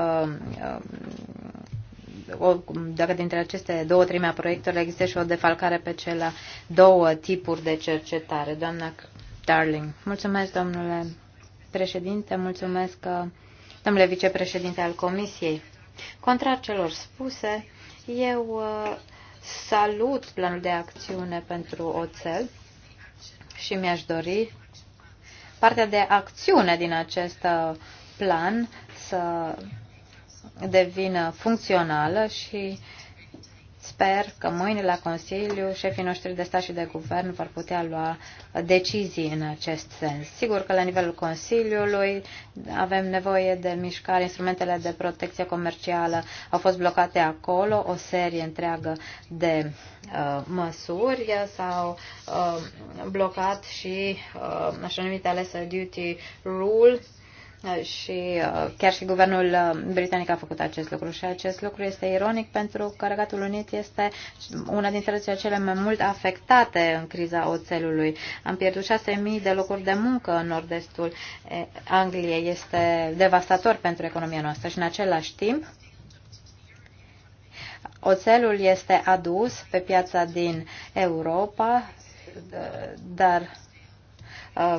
Uh, um, uh, um, dacă dintre aceste două trime a proiectelor există și o defalcare pe cele două tipuri de cercetare. Doamna Darling, mulțumesc, domnule președinte, mulțumesc, uh, domnule vicepreședinte al Comisiei. Contrar celor spuse, eu salut planul de acțiune pentru oțel și mi-aș dori partea de acțiune din acest plan să devină funcțională și sper că mâine la Consiliu șefii noștri de stat și de guvern vor putea lua decizii în acest sens. Sigur că la nivelul Consiliului avem nevoie de mișcare, instrumentele de protecție comercială au fost blocate acolo, o serie întreagă de uh, măsuri s-au uh, blocat și uh, așa numitele duty rule și uh, chiar și guvernul uh, britanic a făcut acest lucru și acest lucru este ironic pentru că Regatul Unit este una dintre țările cele mai mult afectate în criza oțelului. Am pierdut 6.000 de locuri de muncă în nord-estul Angliei. Este devastator pentru economia noastră și în același timp oțelul este adus pe piața din Europa, dar uh,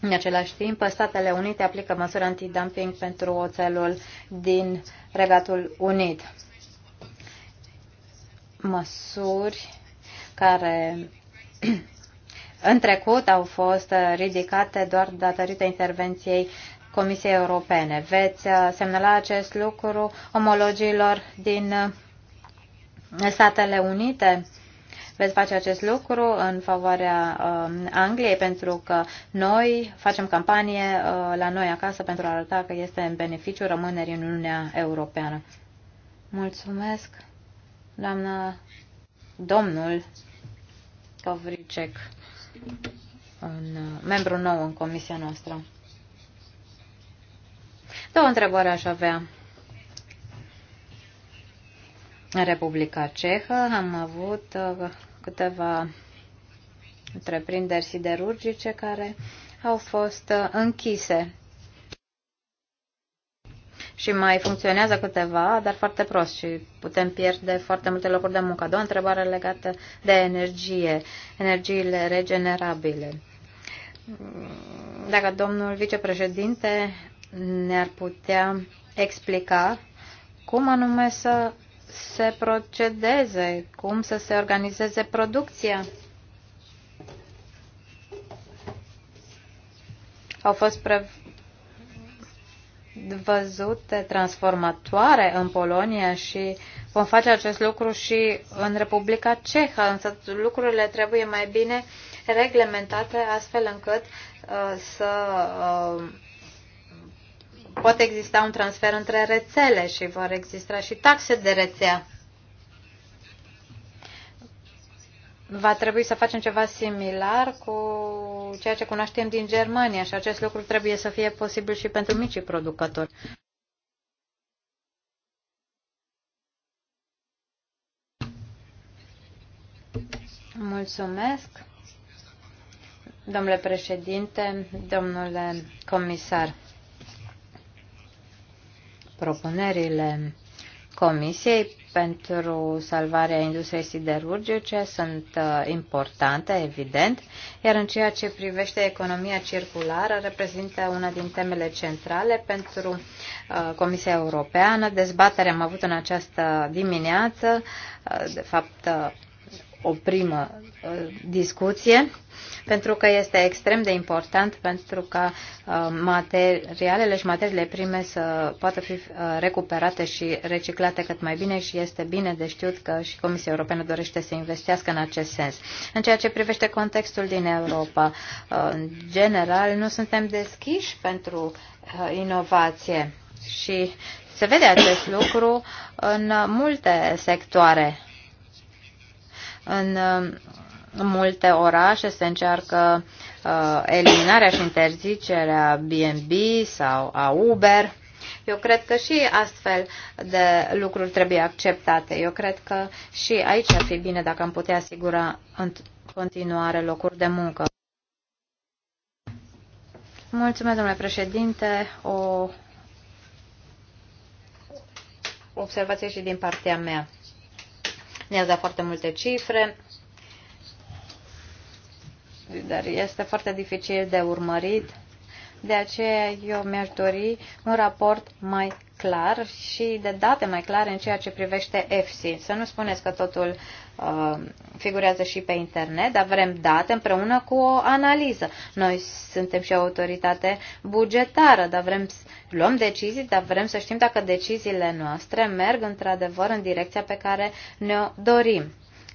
în același timp, Statele Unite aplică măsuri antidumping pentru oțelul din Regatul Unit. Măsuri care în trecut au fost ridicate doar datorită intervenției Comisiei Europene. Veți semnala acest lucru omologilor din Statele Unite? veți face acest lucru în favoarea uh, Angliei, pentru că noi facem campanie uh, la noi acasă pentru a arăta că este în beneficiu rămânerii în Uniunea Europeană. Mulțumesc, doamna, domnul Covricec, un uh, membru nou în comisia noastră. Două întrebări aș avea. În Republica Cehă am avut uh, câteva întreprinderi siderurgice care au fost uh, închise. Și mai funcționează câteva, dar foarte prost și putem pierde foarte multe locuri de muncă. A doua întrebare legată de energie, energiile regenerabile. Dacă domnul vicepreședinte ne-ar putea explica cum anume să se procedeze, cum să se organizeze producția. Au fost prevăzute transformatoare în Polonia și vom face acest lucru și în Republica Cehă, însă lucrurile trebuie mai bine reglementate astfel încât uh, să uh, Pot exista un transfer între rețele și vor exista și taxe de rețea. Va trebui să facem ceva similar cu ceea ce cunoaștem din Germania și acest lucru trebuie să fie posibil și pentru micii producători. Mulțumesc. Domnule președinte, domnule comisar. Propunerile Comisiei pentru salvarea industriei siderurgice sunt uh, importante, evident, iar în ceea ce privește economia circulară reprezintă una din temele centrale pentru uh, Comisia Europeană. Dezbaterea am avut în această dimineață, uh, de fapt o primă uh, discuție, pentru că este extrem de important pentru ca uh, materialele și materiile prime să poată fi uh, recuperate și reciclate cât mai bine și este bine de știut că și Comisia Europeană dorește să investească în acest sens. În ceea ce privește contextul din Europa, în general, nu suntem deschiși pentru inovație și se vede acest lucru în multe sectoare în multe orașe se încearcă uh, eliminarea și interzicerea BNB sau a Uber. Eu cred că și astfel de lucruri trebuie acceptate. Eu cred că și aici ar fi bine dacă am putea asigura în continuare locuri de muncă. Mulțumesc, domnule președinte. O observație și din partea mea. Ne-au dat foarte multe cifre, dar este foarte dificil de urmărit de aceea eu mi-aș dori un raport mai clar și de date mai clare în ceea ce privește EFSI. Să nu spuneți că totul uh, figurează și pe internet, dar vrem date împreună cu o analiză. Noi suntem și o autoritate bugetară, dar vrem luăm decizii, dar vrem să știm dacă deciziile noastre merg într-adevăr în direcția pe care ne-o dorim.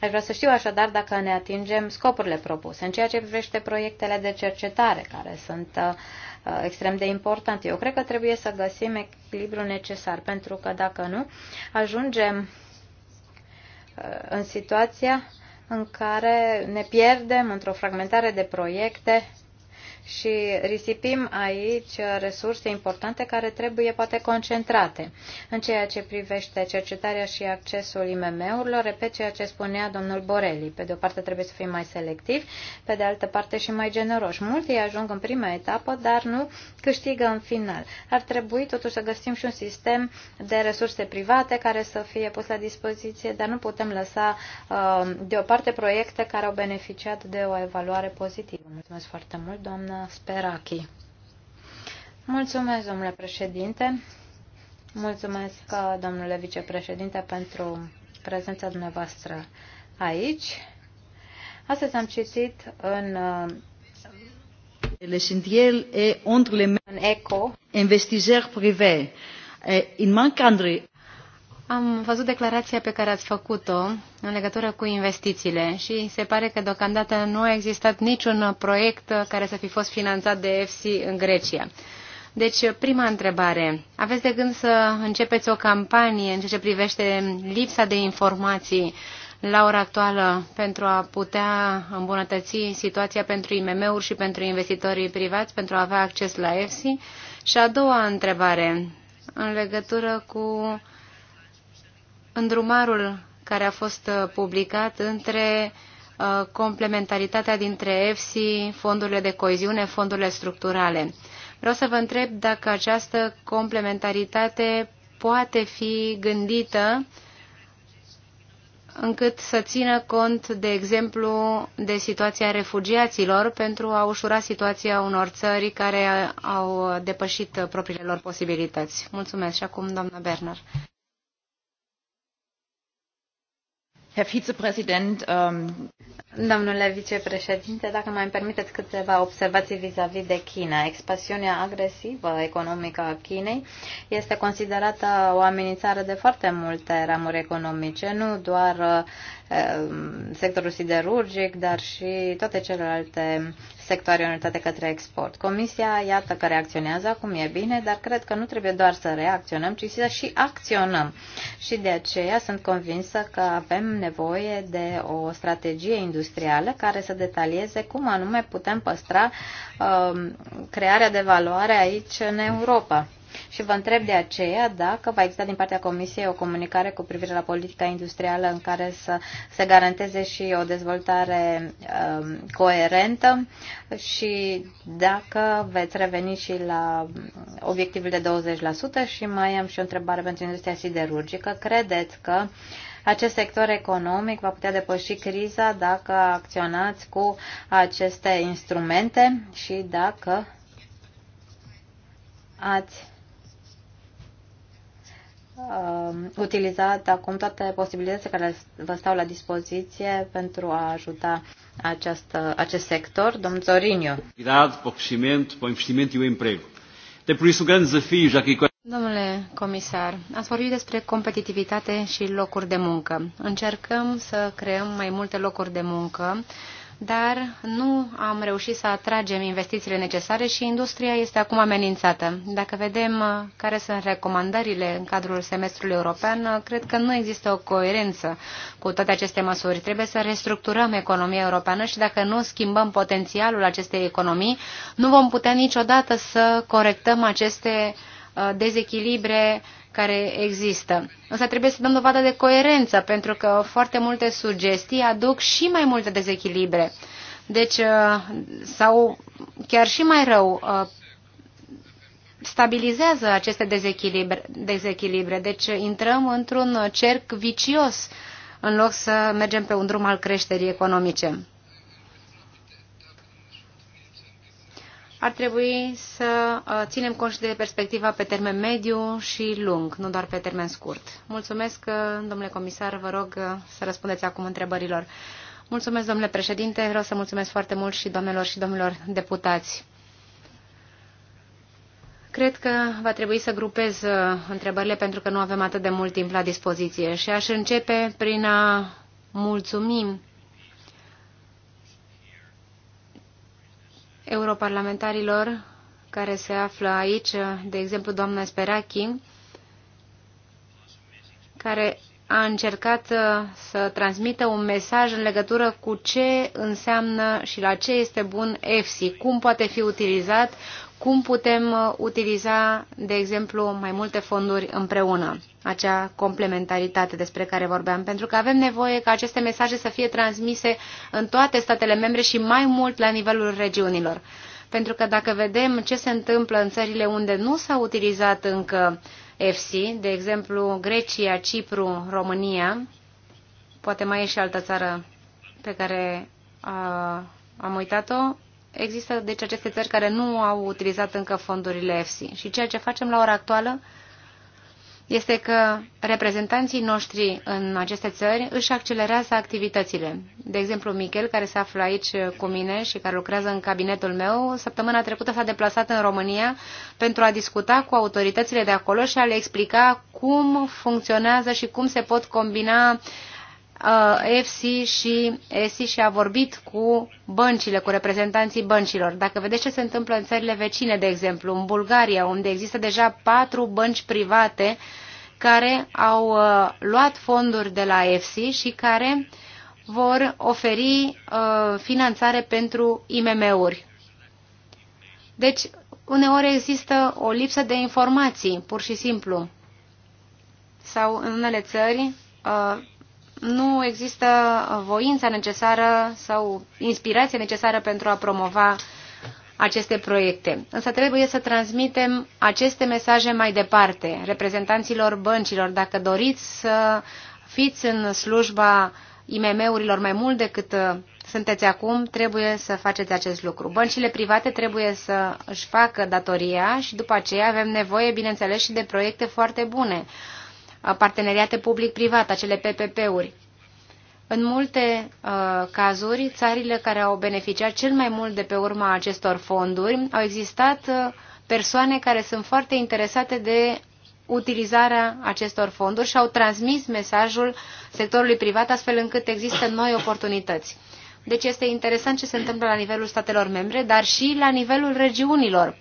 Aș vrea să știu așadar dacă ne atingem scopurile propuse în ceea ce privește proiectele de cercetare care sunt uh, Uh, extrem de important. Eu cred că trebuie să găsim echilibrul necesar, pentru că dacă nu, ajungem uh, în situația în care ne pierdem într-o fragmentare de proiecte și risipim aici resurse importante care trebuie poate concentrate. În ceea ce privește cercetarea și accesul IMM-urilor, repet ceea ce spunea domnul Borelli. Pe de o parte trebuie să fim mai selectivi, pe de altă parte și mai generoși. Mulți ajung în prima etapă, dar nu câștigă în final. Ar trebui totuși să găsim și un sistem de resurse private care să fie pus la dispoziție, dar nu putem lăsa uh, deoparte proiecte care au beneficiat de o evaluare pozitivă. Mulțumesc foarte mult, doamnă Sperachi. Mulțumesc, domnule președinte. Mulțumesc, uh, domnule vicepreședinte, pentru prezența dumneavoastră aici. Astăzi am citit în les sendiel entre les mains eco investisseurs privés. În mancandre am văzut declarația pe care ați făcut-o în legătură cu investițiile și se pare că deocamdată nu a existat niciun proiect care să fi fost finanțat de EFSI în Grecia. Deci, prima întrebare. Aveți de gând să începeți o campanie în ceea ce privește lipsa de informații la ora actuală pentru a putea îmbunătăți situația pentru IMM-uri și pentru investitorii privați, pentru a avea acces la EFSI? Și a doua întrebare, în legătură cu îndrumarul care a fost uh, publicat între uh, complementaritatea dintre EFSI, fondurile de coeziune, fondurile structurale. Vreau să vă întreb dacă această complementaritate poate fi gândită încât să țină cont, de exemplu, de situația refugiaților pentru a ușura situația unor țări care au depășit uh, propriile lor posibilități. Mulțumesc și acum, doamna Bernard. Herr Vizepräsident, um... Domnule vicepreședinte, dacă mai îmi permiteți câteva observații vis-a-vis de China. Expansiunea agresivă economică a Chinei este considerată o amenințare de foarte multe ramuri economice, nu doar Um, sectorul siderurgic, dar și toate celelalte sectoare orientate către export. Comisia, iată că reacționează acum, e bine, dar cred că nu trebuie doar să reacționăm, ci să și acționăm. Și de aceea sunt convinsă că avem nevoie de o strategie industrială care să detalieze cum anume putem păstra uh, crearea de valoare aici în Europa. Și vă întreb de aceea dacă va exista din partea Comisiei o comunicare cu privire la politica industrială în care să se garanteze și o dezvoltare um, coerentă și dacă veți reveni și la obiectivul de 20% și mai am și o întrebare pentru industria siderurgică. Credeți că acest sector economic va putea depăși criza dacă acționați cu aceste instrumente și dacă ați Um, utilizat acum toate posibilitățile care vă stau la dispoziție pentru a ajuta această, acest sector. Domnul Zorinio. Um Domnule comisar, ați vorbit despre competitivitate și locuri de muncă. Încercăm să creăm mai multe locuri de muncă dar nu am reușit să atragem investițiile necesare și industria este acum amenințată. Dacă vedem uh, care sunt recomandările în cadrul semestrului european, uh, cred că nu există o coerență cu toate aceste măsuri. Trebuie să restructurăm economia europeană și dacă nu schimbăm potențialul acestei economii, nu vom putea niciodată să corectăm aceste uh, dezechilibre uh, care există. Însă trebuie să dăm dovadă de coerență, pentru că foarte multe sugestii aduc și mai multe dezechilibre. Deci, uh, sau chiar și mai rău, uh, stabilizează aceste dezechilibre. dezechilibre. Deci uh, intrăm într-un cerc vicios în loc să mergem pe un drum al creșterii economice. ar trebui să uh, ținem cont și de perspectiva pe termen mediu și lung, nu doar pe termen scurt. Mulțumesc, uh, domnule comisar, vă rog uh, să răspundeți acum întrebărilor. Mulțumesc, domnule președinte, vreau să mulțumesc foarte mult și doamnelor și domnilor deputați. Cred că va trebui să grupez întrebările pentru că nu avem atât de mult timp la dispoziție și aș începe prin a mulțumim. europarlamentarilor care se află aici, de exemplu doamna Sperachi, care a încercat uh, să transmită un mesaj în legătură cu ce înseamnă și la ce este bun EFSI, cum poate fi utilizat, cum putem uh, utiliza, de exemplu, mai multe fonduri împreună, acea complementaritate despre care vorbeam, pentru că avem nevoie ca aceste mesaje să fie transmise în toate statele membre și mai mult la nivelul regiunilor. Pentru că dacă vedem ce se întâmplă în țările unde nu s-a utilizat încă EFSI, de exemplu Grecia, Cipru, România, poate mai e și altă țară pe care a, uh, am uitat-o, Există deci aceste țări care nu au utilizat încă fondurile EFSI. Și ceea ce facem la ora actuală este că reprezentanții noștri în aceste țări își accelerează activitățile. De exemplu, Michel, care se află aici cu mine și care lucrează în cabinetul meu, săptămâna trecută s-a deplasat în România pentru a discuta cu autoritățile de acolo și a le explica cum funcționează și cum se pot combina uh, EFSI uh, și ESI și a vorbit cu băncile, cu reprezentanții băncilor. Dacă vedeți ce se întâmplă în țările vecine, de exemplu, în Bulgaria, unde există deja patru bănci private care au uh, luat fonduri de la EFSI și care vor oferi uh, finanțare pentru IMM-uri. Deci, uneori există o lipsă de informații, pur și simplu. Sau în unele țări nu există uh, voința necesară sau inspirație necesară pentru a promova aceste proiecte. Însă trebuie să transmitem aceste mesaje mai departe, reprezentanților băncilor, dacă doriți să fiți în slujba IMM-urilor mai mult decât uh, sunteți acum, trebuie să faceți acest lucru. Băncile private trebuie să își facă datoria și după aceea avem nevoie, bineînțeles, și de proiecte foarte bune. Uh, parteneriate public-privat, acele PPP-uri. În multe uh, cazuri, țările care au beneficiat cel mai mult de pe urma acestor fonduri au existat uh, persoane care sunt foarte interesate de utilizarea acestor fonduri și au transmis mesajul sectorului privat astfel încât există noi oportunități. Deci este interesant ce se întâmplă la nivelul statelor membre, dar și la nivelul regiunilor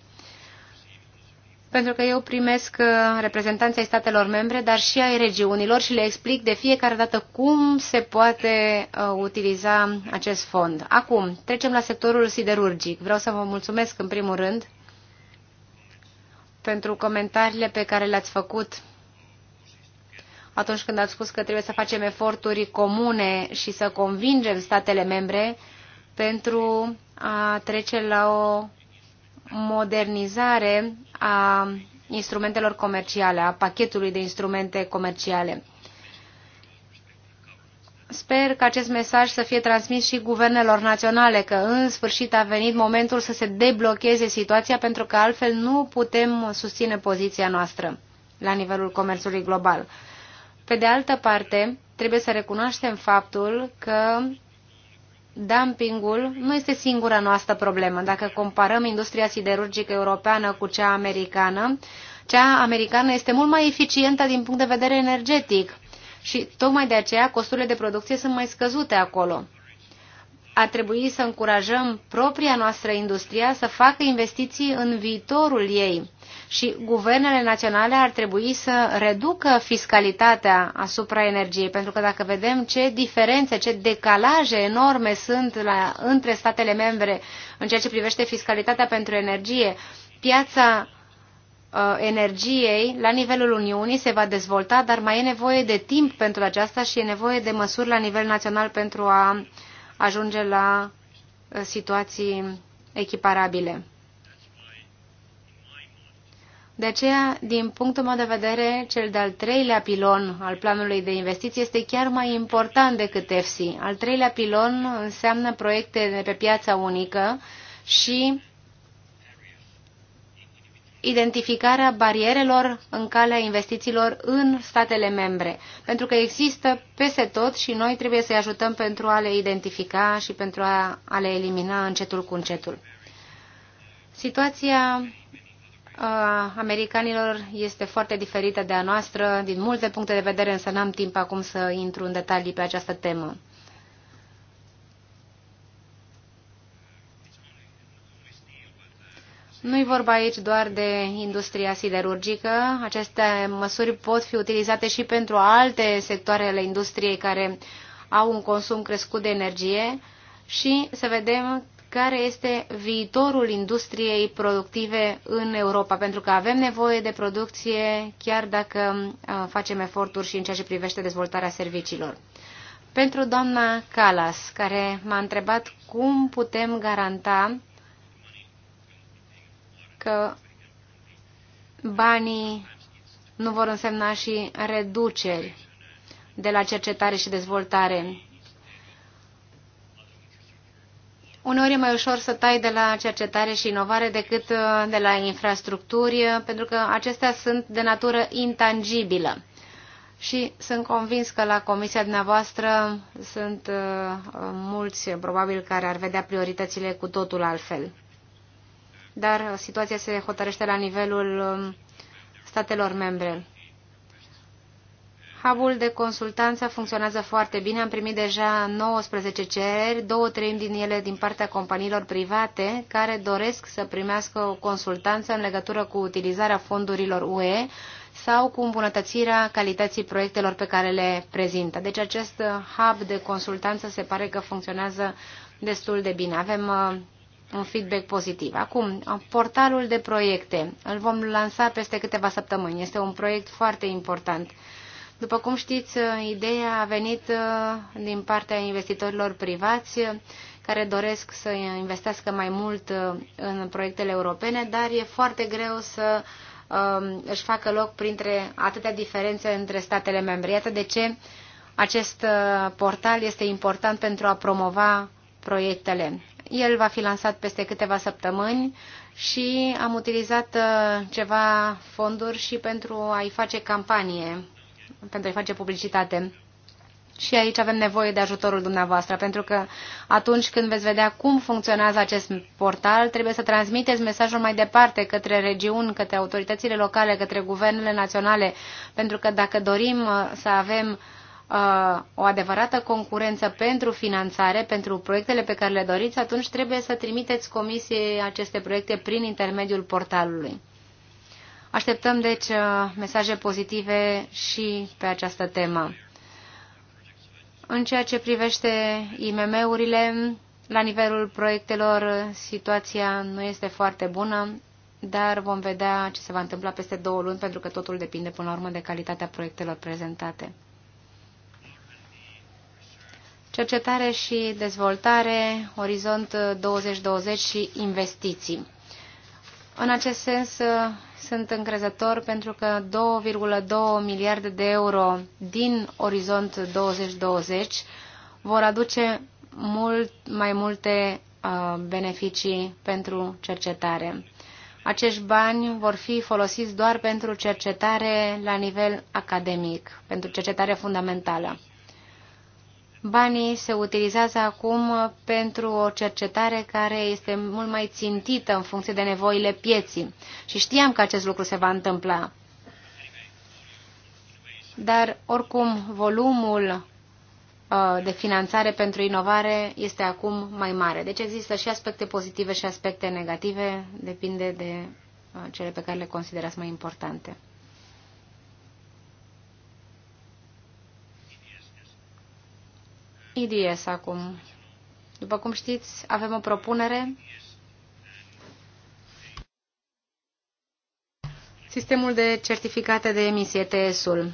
pentru că eu primesc uh, reprezentanții statelor membre, dar și ai regiunilor și le explic de fiecare dată cum se poate uh, utiliza acest fond. Acum, trecem la sectorul siderurgic. Vreau să vă mulțumesc în primul rând pentru comentariile pe care le-ați făcut atunci când ați spus că trebuie să facem eforturi comune și să convingem statele membre pentru a trece la o modernizare a instrumentelor comerciale, a pachetului de instrumente comerciale. Sper că acest mesaj să fie transmis și guvernelor naționale, că în sfârșit a venit momentul să se deblocheze situația, pentru că altfel nu putem susține poziția noastră la nivelul comerțului global. Pe de altă parte, trebuie să recunoaștem faptul că dumpingul nu este singura noastră problemă. Dacă comparăm industria siderurgică europeană cu cea americană, cea americană este mult mai eficientă din punct de vedere energetic și tocmai de aceea costurile de producție sunt mai scăzute acolo ar trebui să încurajăm propria noastră industria să facă investiții în viitorul ei și guvernele naționale ar trebui să reducă fiscalitatea asupra energiei, pentru că dacă vedem ce diferențe, ce decalaje enorme sunt la, între statele membre în ceea ce privește fiscalitatea pentru energie, piața uh, energiei la nivelul Uniunii se va dezvolta, dar mai e nevoie de timp pentru aceasta și e nevoie de măsuri la nivel național pentru a uh, ajunge la uh, situații echiparabile. De aceea, din punctul meu de vedere, cel de-al treilea pilon al planului de investiții este chiar mai important decât EFSI. Al treilea pilon înseamnă proiecte de pe piața unică și identificarea barierelor în calea investițiilor în statele membre, pentru că există peste tot și noi trebuie să-i ajutăm pentru a le identifica și pentru a, a le elimina încetul cu încetul. Situația americanilor este foarte diferită de a noastră din multe puncte de vedere, însă n-am timp acum să intru în detalii pe această temă. Nu e vorba aici doar de industria siderurgică. Aceste măsuri pot fi utilizate și pentru alte sectoare ale industriei care au un consum crescut de energie și să vedem care este viitorul industriei productive în Europa, pentru că avem nevoie de producție chiar dacă uh, facem eforturi și în ceea ce privește dezvoltarea serviciilor. Pentru doamna Calas, care m-a întrebat cum putem garanta că banii nu vor însemna și reduceri de la cercetare și dezvoltare. Uneori e mai ușor să tai de la cercetare și inovare decât uh, de la infrastructuri, uh, pentru că acestea sunt de natură intangibilă. Și sunt convins că la comisia dumneavoastră sunt uh, mulți, probabil, care ar vedea prioritățile cu totul altfel dar situația se hotărăște la nivelul um, statelor membre. Hubul de consultanță funcționează foarte bine. Am primit deja 19 cereri, două treimi din ele din partea companiilor private care doresc să primească o consultanță în legătură cu utilizarea fondurilor UE sau cu îmbunătățirea calității proiectelor pe care le prezintă. Deci acest hub de consultanță se pare că funcționează destul de bine. Avem uh, un feedback pozitiv. Acum, portalul de proiecte. Îl vom lansa peste câteva săptămâni. Este un proiect foarte important. După cum știți, ideea a venit uh, din partea investitorilor privați uh, care doresc să investească mai mult uh, în proiectele europene, dar e foarte greu să um, își facă loc printre atâtea diferențe între statele membre. Iată de ce acest portal este important pentru a promova proiectele. El va fi lansat peste câteva săptămâni și am utilizat uh, ceva fonduri și pentru a-i face campanie, pentru a-i face publicitate. Și aici avem nevoie de ajutorul dumneavoastră, pentru că atunci când veți vedea cum funcționează acest portal, trebuie să transmiteți mesajul mai departe către regiuni, către autoritățile locale, către guvernele naționale, pentru că dacă dorim uh, să avem uh, Uh, o adevărată concurență pentru finanțare, pentru proiectele pe care le doriți, atunci trebuie să trimiteți comisiei aceste proiecte prin intermediul portalului. Așteptăm, deci, uh, mesaje pozitive și pe această temă. În ceea ce privește IMM-urile, la nivelul proiectelor, situația nu este foarte bună, dar vom vedea ce se va întâmpla peste două luni, pentru că totul depinde, până la urmă, de calitatea proiectelor prezentate cercetare și dezvoltare, Orizont 2020 și investiții. În acest sens, uh, sunt încrezător pentru că 2,2 miliarde de euro din Orizont 2020 vor aduce mult mai multe uh, beneficii pentru cercetare. Acești bani vor fi folosiți doar pentru cercetare la nivel academic, pentru cercetare fundamentală. Banii se utilizează acum pentru o cercetare care este mult mai țintită în funcție de nevoile pieții. Și știam că acest lucru se va întâmpla. Dar, oricum, volumul uh, de finanțare pentru inovare este acum mai mare. Deci există și aspecte pozitive și aspecte negative, depinde de uh, cele pe care le considerați mai importante. IDS acum. După cum știți, avem o propunere. Sistemul de certificate de emisie, TS-ul.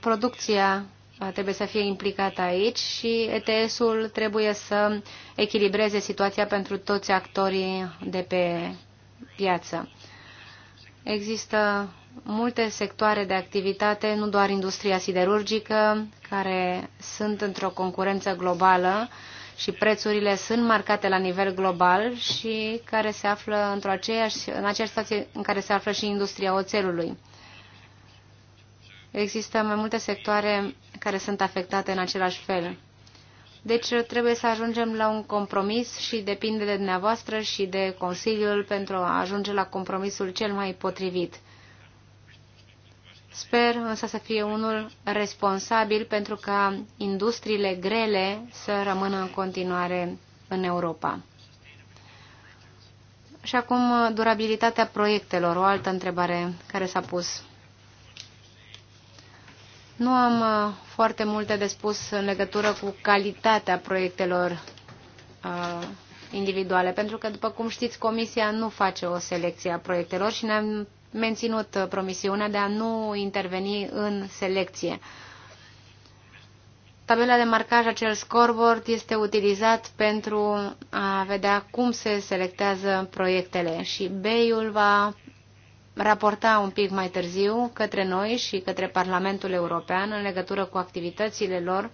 Producția trebuie să fie implicată aici și ETS-ul trebuie să echilibreze situația pentru toți actorii de pe piață. Există multe sectoare de activitate, nu doar industria siderurgică, care sunt într-o concurență globală și prețurile sunt marcate la nivel global și care se află într-o aceeași, în aceeași situație în care se află și industria oțelului. Există mai multe sectoare care sunt afectate în același fel. Deci trebuie să ajungem la un compromis și depinde de dumneavoastră și de Consiliul pentru a ajunge la compromisul cel mai potrivit. Sper însă să fie unul responsabil pentru ca industriile grele să rămână în continuare în Europa. Și acum durabilitatea proiectelor, o altă întrebare care s-a pus. Nu am uh, foarte multe de spus în legătură cu calitatea proiectelor uh, individuale, pentru că, după cum știți, Comisia nu face o selecție a proiectelor și ne-am menținut uh, promisiunea de a nu interveni în selecție. Tabela de marcaj, acel scoreboard, este utilizat pentru a vedea cum se selectează proiectele și BEI-ul va raporta un pic mai târziu către noi și către Parlamentul European în legătură cu activitățile lor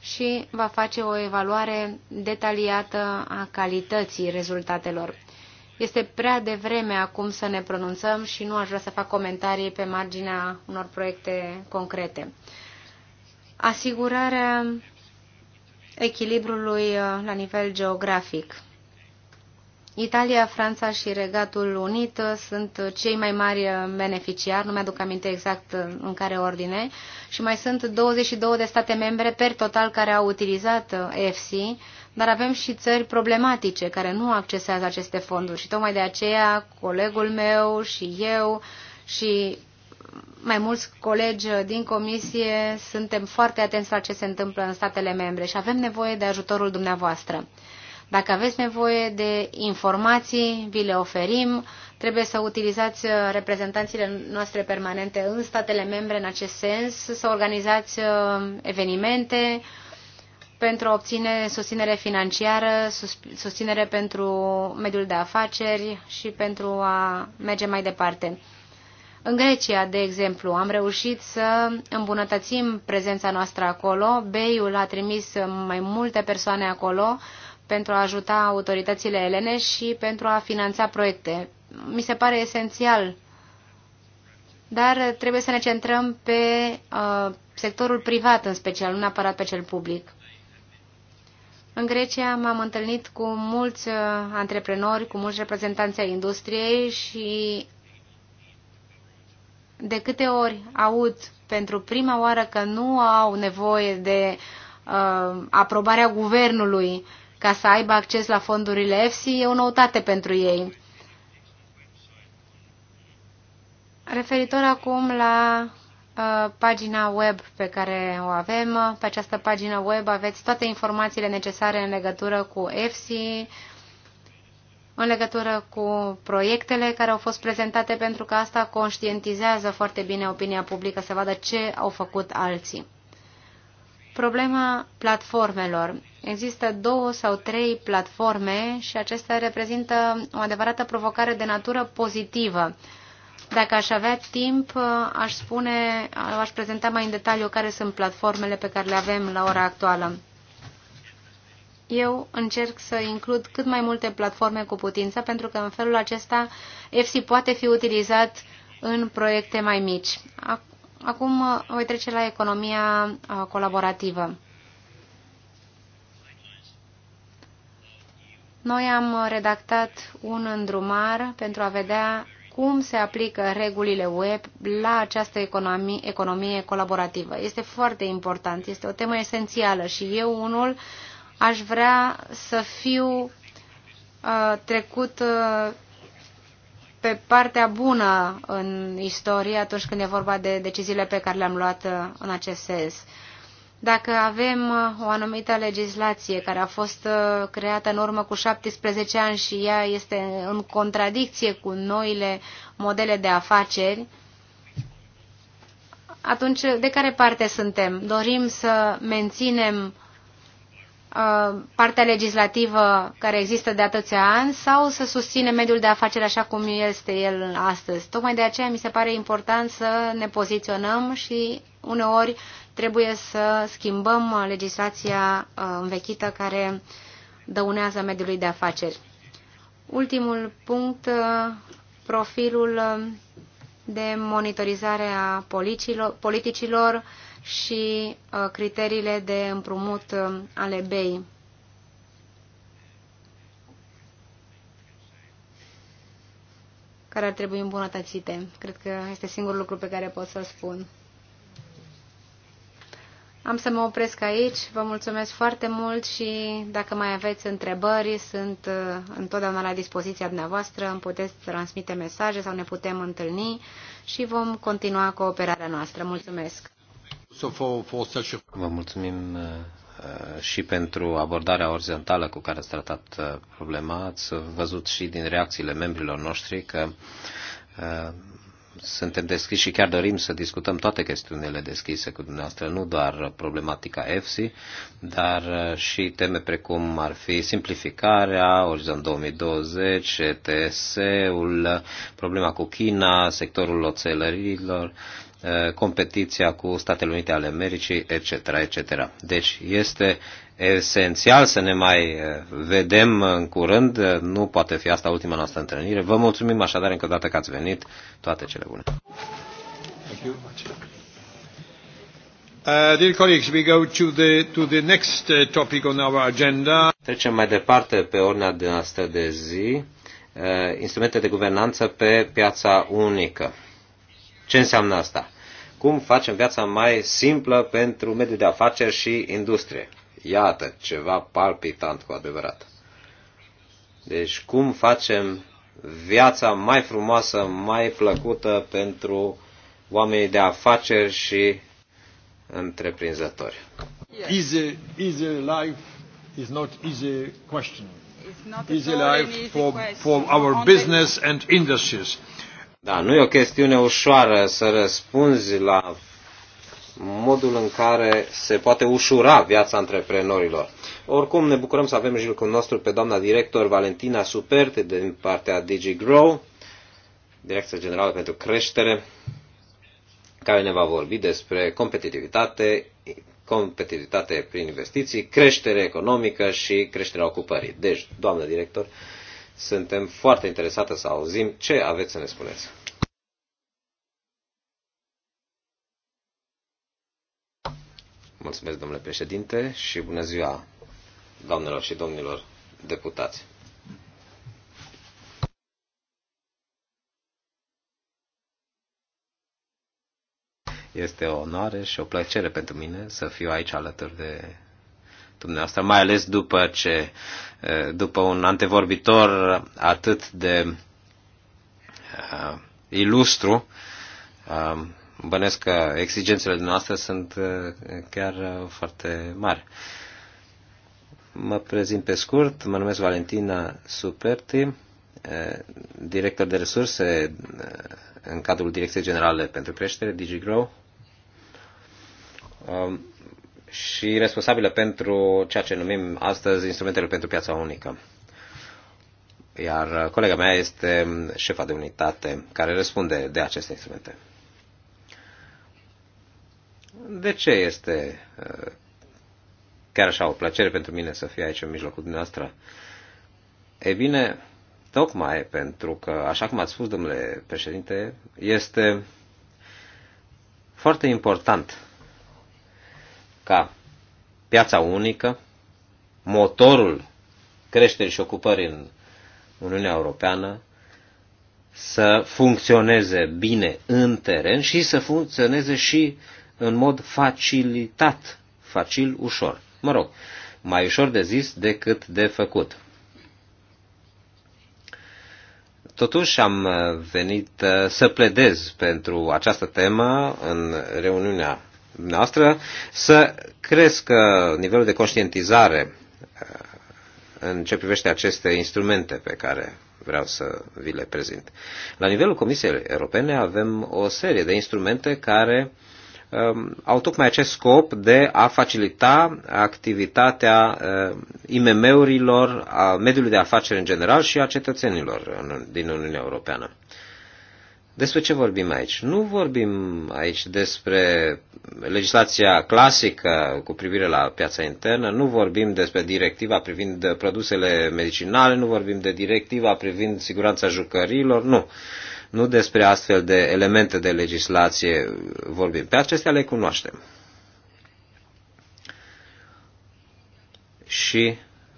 și va face o evaluare detaliată a calității rezultatelor. Este prea devreme acum să ne pronunțăm și nu aș vrea să fac comentarii pe marginea unor proiecte concrete. Asigurarea echilibrului uh, la nivel geografic. Italia, Franța și Regatul Unit uh, sunt cei mai mari uh, beneficiari, nu mi-aduc aminte exact în care ordine, și mai sunt 22 de state membre per total care au utilizat EFSI dar avem și țări problematice care nu accesează aceste fonduri și tocmai de aceea colegul meu și eu și mai mulți colegi din comisie suntem foarte atenți la ce se întâmplă în statele membre și avem nevoie de ajutorul dumneavoastră. Dacă aveți nevoie de informații, vi le oferim. Trebuie să utilizați reprezentanțile noastre permanente în statele membre în acest sens, să organizați uh, evenimente, pentru a obține susținere financiară, susținere pentru mediul de afaceri și pentru a merge mai departe. În Grecia, de exemplu, am reușit să îmbunătățim prezența noastră acolo. BEI-ul a trimis mai multe persoane acolo pentru a ajuta autoritățile elene și pentru a finanța proiecte. Mi se pare esențial, dar trebuie să ne centrăm pe uh, sectorul privat în special, nu neapărat pe cel public. În Grecia m-am întâlnit cu mulți uh, antreprenori, cu mulți reprezentanți ai industriei și de câte ori aud pentru prima oară că nu au nevoie de uh, aprobarea guvernului ca să aibă acces la fondurile EFSI, e o noutate pentru ei. Referitor acum la Uh, pagina web pe care o avem. Pe această pagină web aveți toate informațiile necesare în legătură cu EFSI, în legătură cu proiectele care au fost prezentate, pentru că asta conștientizează foarte bine opinia publică să vadă ce au făcut alții. Problema platformelor. Există două sau trei platforme și acestea reprezintă o adevărată provocare de natură pozitivă dacă aș avea timp, aș spune, aș prezenta mai în detaliu care sunt platformele pe care le avem la ora actuală. Eu încerc să includ cât mai multe platforme cu putință, pentru că în felul acesta EFSI poate fi utilizat în proiecte mai mici. Acum uh, voi trece la economia uh, colaborativă. Noi am redactat un îndrumar pentru a vedea cum se aplică regulile web la această economie, economie colaborativă. Este foarte important, este o temă esențială și eu unul aș vrea să fiu uh, trecut uh, pe partea bună în istorie atunci când e vorba de deciziile pe care le-am luat uh, în acest sens. Dacă avem uh, o anumită legislație care a fost uh, creată în urmă cu 17 ani și ea este în contradicție cu noile modele de afaceri, atunci de care parte suntem? Dorim să menținem uh, partea legislativă care există de atâția ani sau să susține mediul de afaceri așa cum este el astăzi. Tocmai de aceea mi se pare important să ne poziționăm și uneori trebuie să schimbăm legislația uh, învechită care dăunează mediului de afaceri. Ultimul punct, uh, profilul uh, de monitorizare a politicilor și criteriile de împrumut ale BEI. care ar trebui îmbunătățite. Cred că este singurul lucru pe care pot să-l spun. Am să mă opresc aici, vă mulțumesc foarte mult și dacă mai aveți întrebări, sunt uh, întotdeauna la dispoziția dumneavoastră, îmi puteți transmite mesaje sau ne putem întâlni și vom continua cooperarea noastră. Mulțumesc! Vă mulțumim uh, și pentru abordarea orizontală cu care ați tratat uh, problema. Ați văzut și din reacțiile membrilor noștri că suntem deschiși și chiar dorim să discutăm toate chestiunile deschise cu dumneavoastră, nu doar problematica EFSI, dar uh, și teme precum ar fi simplificarea, Orizon 2020, ETS-ul, problema cu China, sectorul oțelărilor, uh, competiția cu Statele Unite ale Americii, etc., etc. Deci este esențial să ne mai eh, vedem în curând. Nu poate fi asta ultima noastră întâlnire. Vă mulțumim așadar încă o dată că ați venit. Toate cele bune. Uh, dear colleagues, we go to the, to the next uh, topic on our agenda. Trecem mai departe pe ordinea de noastră de zi. Uh, instrumente de guvernanță pe piața unică. Ce înseamnă asta? Cum facem viața mai simplă pentru mediul de afaceri și industrie? Iată, ceva palpitant cu adevărat. Deci cum facem viața mai frumoasă, mai plăcută pentru oamenii de afaceri și întreprinzători. Easy, easy life is not easy question. Easy life for, for our business and industries. Da, nu e o chestiune ușoară să răspunzi la modul în care se poate ușura viața antreprenorilor. Oricum, ne bucurăm să avem jilcul nostru pe doamna director Valentina Superte din partea DigiGrow, Direcția Generală pentru Creștere, care ne va vorbi despre competitivitate, competitivitate prin investiții, creștere economică și creșterea ocupării. Deci, doamnă director, suntem foarte interesată să auzim ce aveți să ne spuneți. Mulțumesc, domnule președinte, și bună ziua, doamnelor și domnilor deputați. Este o onoare și o plăcere pentru mine să fiu aici alături de dumneavoastră, mai ales după ce, după un antevorbitor atât de uh, ilustru, uh, bănesc că exigențele noastre sunt uh, chiar uh, foarte mari. Mă prezint pe scurt, mă numesc Valentina Superti, uh, director de resurse în cadrul Direcției Generale pentru Creștere, DigiGrow, um, și responsabilă pentru ceea ce numim astăzi instrumentele pentru piața unică. Iar colega mea este șefa de unitate care răspunde de aceste instrumente de ce este uh, chiar așa o plăcere pentru mine să fiu aici în mijlocul dumneavoastră? E bine, tocmai pentru că, așa cum ați spus, domnule președinte, este foarte important ca piața unică, motorul creșterii și ocupării în Uniunea Europeană, să funcționeze bine în teren și să funcționeze și uh, în mod facilitat, facil, ușor. Mă rog, mai ușor de zis decât de făcut. Totuși am venit uh, să pledez pentru această temă în reuniunea noastră, să crească uh, nivelul de conștientizare uh, în ce privește aceste instrumente pe care vreau să vi le prezint. La nivelul Comisiei Europene avem o serie de instrumente care Um, au tocmai acest scop de a facilita activitatea uh, IMM-urilor, a mediului de afaceri în general și a cetățenilor din Uniunea Europeană. Despre ce vorbim aici? Nu vorbim aici despre legislația clasică cu privire la piața internă, nu vorbim despre directiva privind produsele medicinale, nu vorbim de directiva privind siguranța jucărilor, nu. Uh, nu despre astfel de elemente de legislație vorbim. Pe acestea le cunoaștem. Și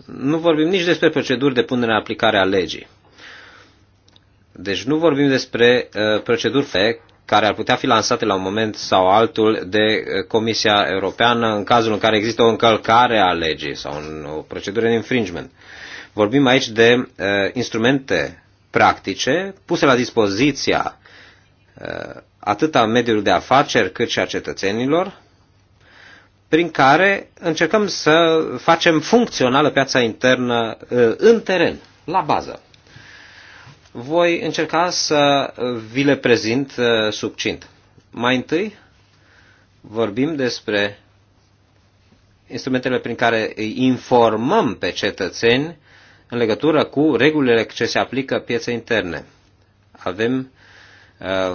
nu vorbim nici despre proceduri de punere în aplicare a legii. Deci nu vorbim despre uh, proceduri care ar putea fi lansate la un moment sau altul de uh, Comisia Europeană în cazul în care există o încălcare a legii sau o procedură de infringement. Vorbim aici de uh, instrumente practice puse la dispoziția uh, atât a mediului de afaceri cât și a cetățenilor, prin care încercăm să facem funcțională piața internă uh, în teren, la bază. Voi încerca să vi le prezint uh, succint. Mai întâi vorbim despre instrumentele prin care îi informăm pe cetățeni în legătură cu regulile ce se aplică pieței interne. Avem uh,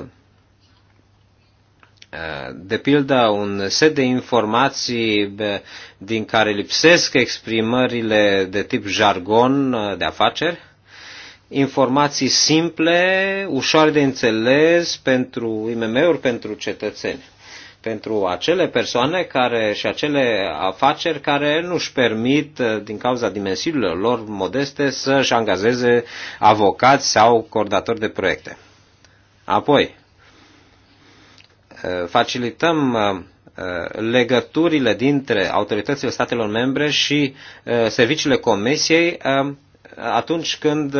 uh, de pildă un set de informații uh, din care lipsesc exprimările de tip jargon de afaceri, informații simple, ușor de înțeles pentru IMM-uri, pentru cetățeni pentru acele persoane care, și acele afaceri care nu își permit, uh, din cauza dimensiunilor lor modeste, să-și angajeze avocați sau coordatori de proiecte. Apoi, uh, facilităm uh, legăturile dintre autoritățile statelor membre și serviciile comisiei atunci când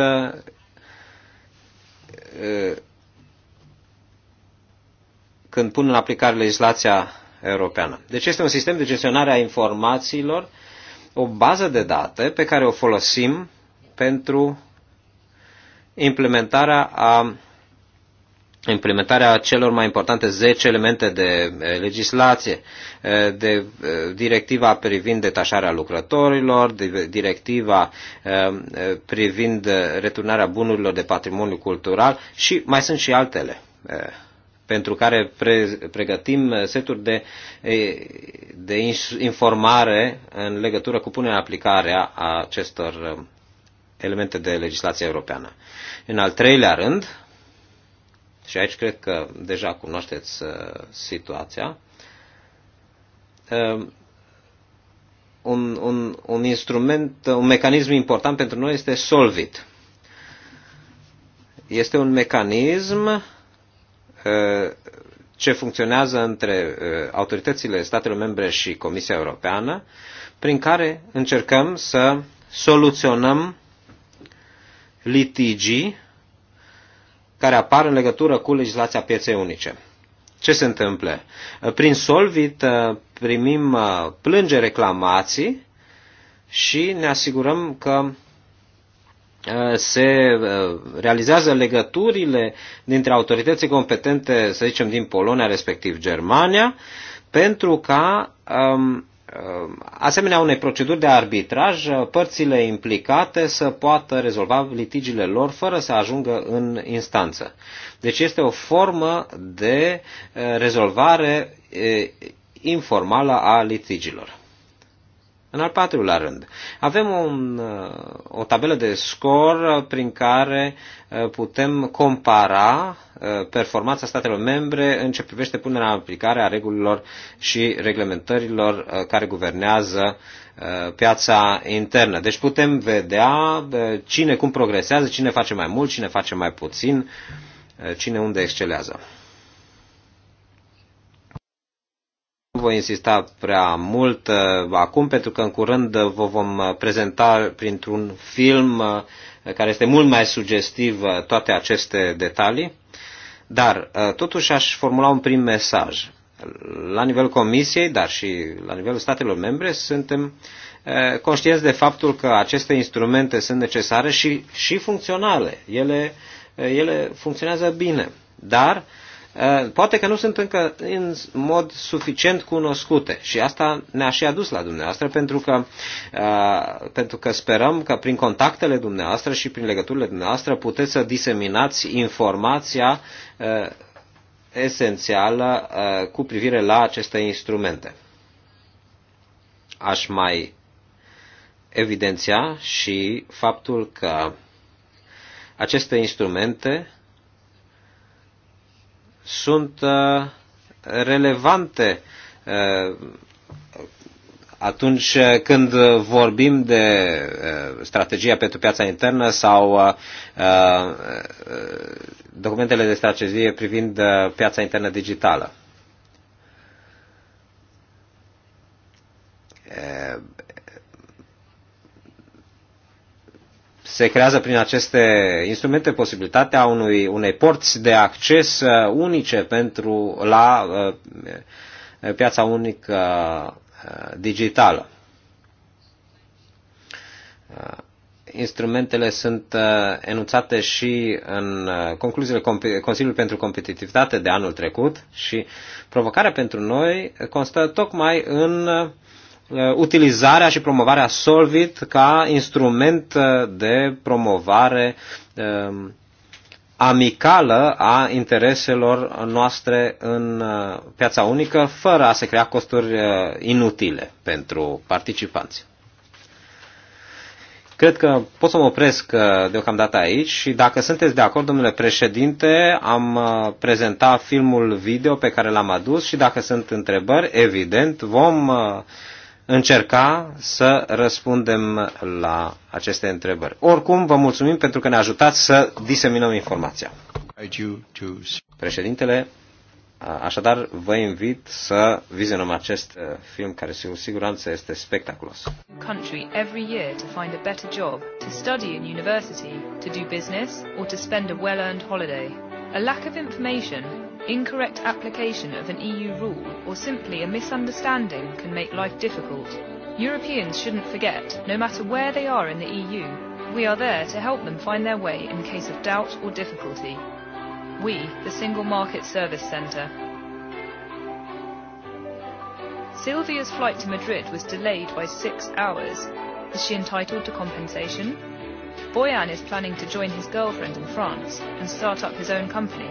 când pun în aplicare legislația europeană. Deci este un sistem de gestionare a informațiilor, o bază de date pe care o folosim pentru implementarea a implementarea celor mai importante 10 elemente de legislație, de directiva privind detașarea lucrătorilor, de directiva privind returnarea bunurilor de patrimoniu cultural și mai sunt și altele pentru care pre, pregătim seturi de, de informare în legătură cu punerea aplicarea acestor um, elemente de legislație europeană. În al treilea rând, și aici cred că deja cunoașteți uh, situația, um, un, un, un instrument, un mecanism important pentru noi este Solvit. Este un mecanism ce funcționează între uh, autoritățile statelor membre și Comisia Europeană, prin care încercăm să soluționăm litigii care apar în legătură cu legislația pieței unice. Ce se întâmplă? Uh, prin Solvit uh, primim plângeri, reclamații și ne asigurăm că Uh, se uh, realizează legăturile dintre autoritățile competente, să zicem, din Polonia, respectiv Germania, pentru ca um, uh, asemenea unei proceduri de arbitraj, părțile implicate să poată rezolva litigiile lor fără să ajungă în instanță. Deci este o formă de rezolvare informală a litigilor. În al patrulea rând, avem un, uh, o tabelă de scor prin care uh, putem compara uh, performanța statelor membre în ce privește punerea în aplicare a regulilor și reglementărilor care guvernează piața internă. Deci putem vedea cine cum progresează, cine face mai mult, cine face mai puțin, cine unde excelează. voi insista prea mult uh, acum, pentru că în curând uh, vă vom uh, prezenta printr-un film care este mult mai sugestiv toate aceste detalii. Dar totuși aș formula un prim mesaj. La nivel Comisiei, dar și la nivelul statelor membre, suntem conștienți de faptul că aceste instrumente sunt necesare și, și funcționale. Ele, ele funcționează bine. Dar uh, Eh, poate că nu sunt încă în mod suficient cunoscute și asta ne-a și adus la dumneavoastră pentru că, eh, pentru că sperăm că prin contactele dumneavoastră și prin legăturile dumneavoastră puteți să diseminați informația eh, esențială cu privire la aceste instrumente. Aș mai evidenția și faptul că aceste instrumente sunt uh, relevante uh, atunci când vorbim de uh, strategia pentru piața internă sau documentele de strategie privind piața internă digitală. se creează prin aceste instrumente posibilitatea unui, unei porți de acces uh, unice pentru la uh, piața unică uh, digitală. Instrumentele sunt enunțate și în concluziile Consiliului pentru Competitivitate de anul trecut și provocarea pentru noi constă tocmai în Uh, utilizarea și promovarea Solvit ca instrument uh, de promovare um, amicală a intereselor noastre în uh, piața unică, fără a se crea costuri inutile pentru participanți. Cred că pot să mă opresc deocamdată aici și dacă sunteți de acord, domnule președinte, am prezentat filmul video pe care l-am adus și dacă sunt întrebări, evident, vom încerca să răspundem la aceste întrebări. Oricum, vă mulțumim pentru că ne ajutați să diseminăm informația. Președintele, așadar vă invit să vizionăm acest film care cu siguranță este spectaculos. Country every year to find a better job, to study in university, to do business or to spend a well-earned holiday. A lack of information incorrect application of an EU rule or simply a misunderstanding can make life difficult. Europeans shouldn't forget, no matter where they are in the EU, we are there to help them find their way in case of doubt or difficulty. We, the Single Market Service Centre. Sylvia's flight to Madrid was delayed by six hours. Is she entitled to compensation? Boyan is planning to join his girlfriend in France and start up his own company.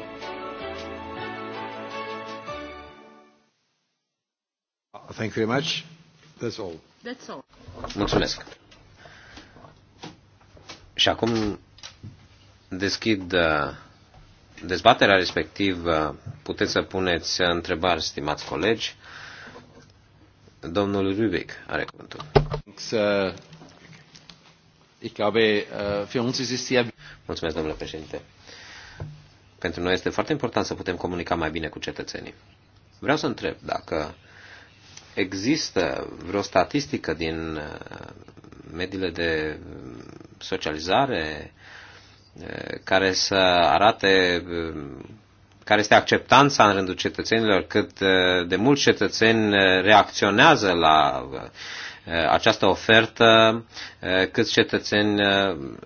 Thank you very much. That's all. That's all. Mulțumesc. Și acum deschid uh, dezbaterea respectiv. Puteți să puneți întrebări, stimați colegi. Domnul Rubic are cuvântul. Uh, uh, Mulțumesc, domnule președinte. Pentru noi este foarte important să putem comunica mai bine cu cetățenii. Vreau să întreb dacă există vreo statistică din uh, mediile de socializare uh, care să arate uh, care este acceptanța în rândul cetățenilor, cât de mulți cetățeni reacționează la această ofertă, câți cetățeni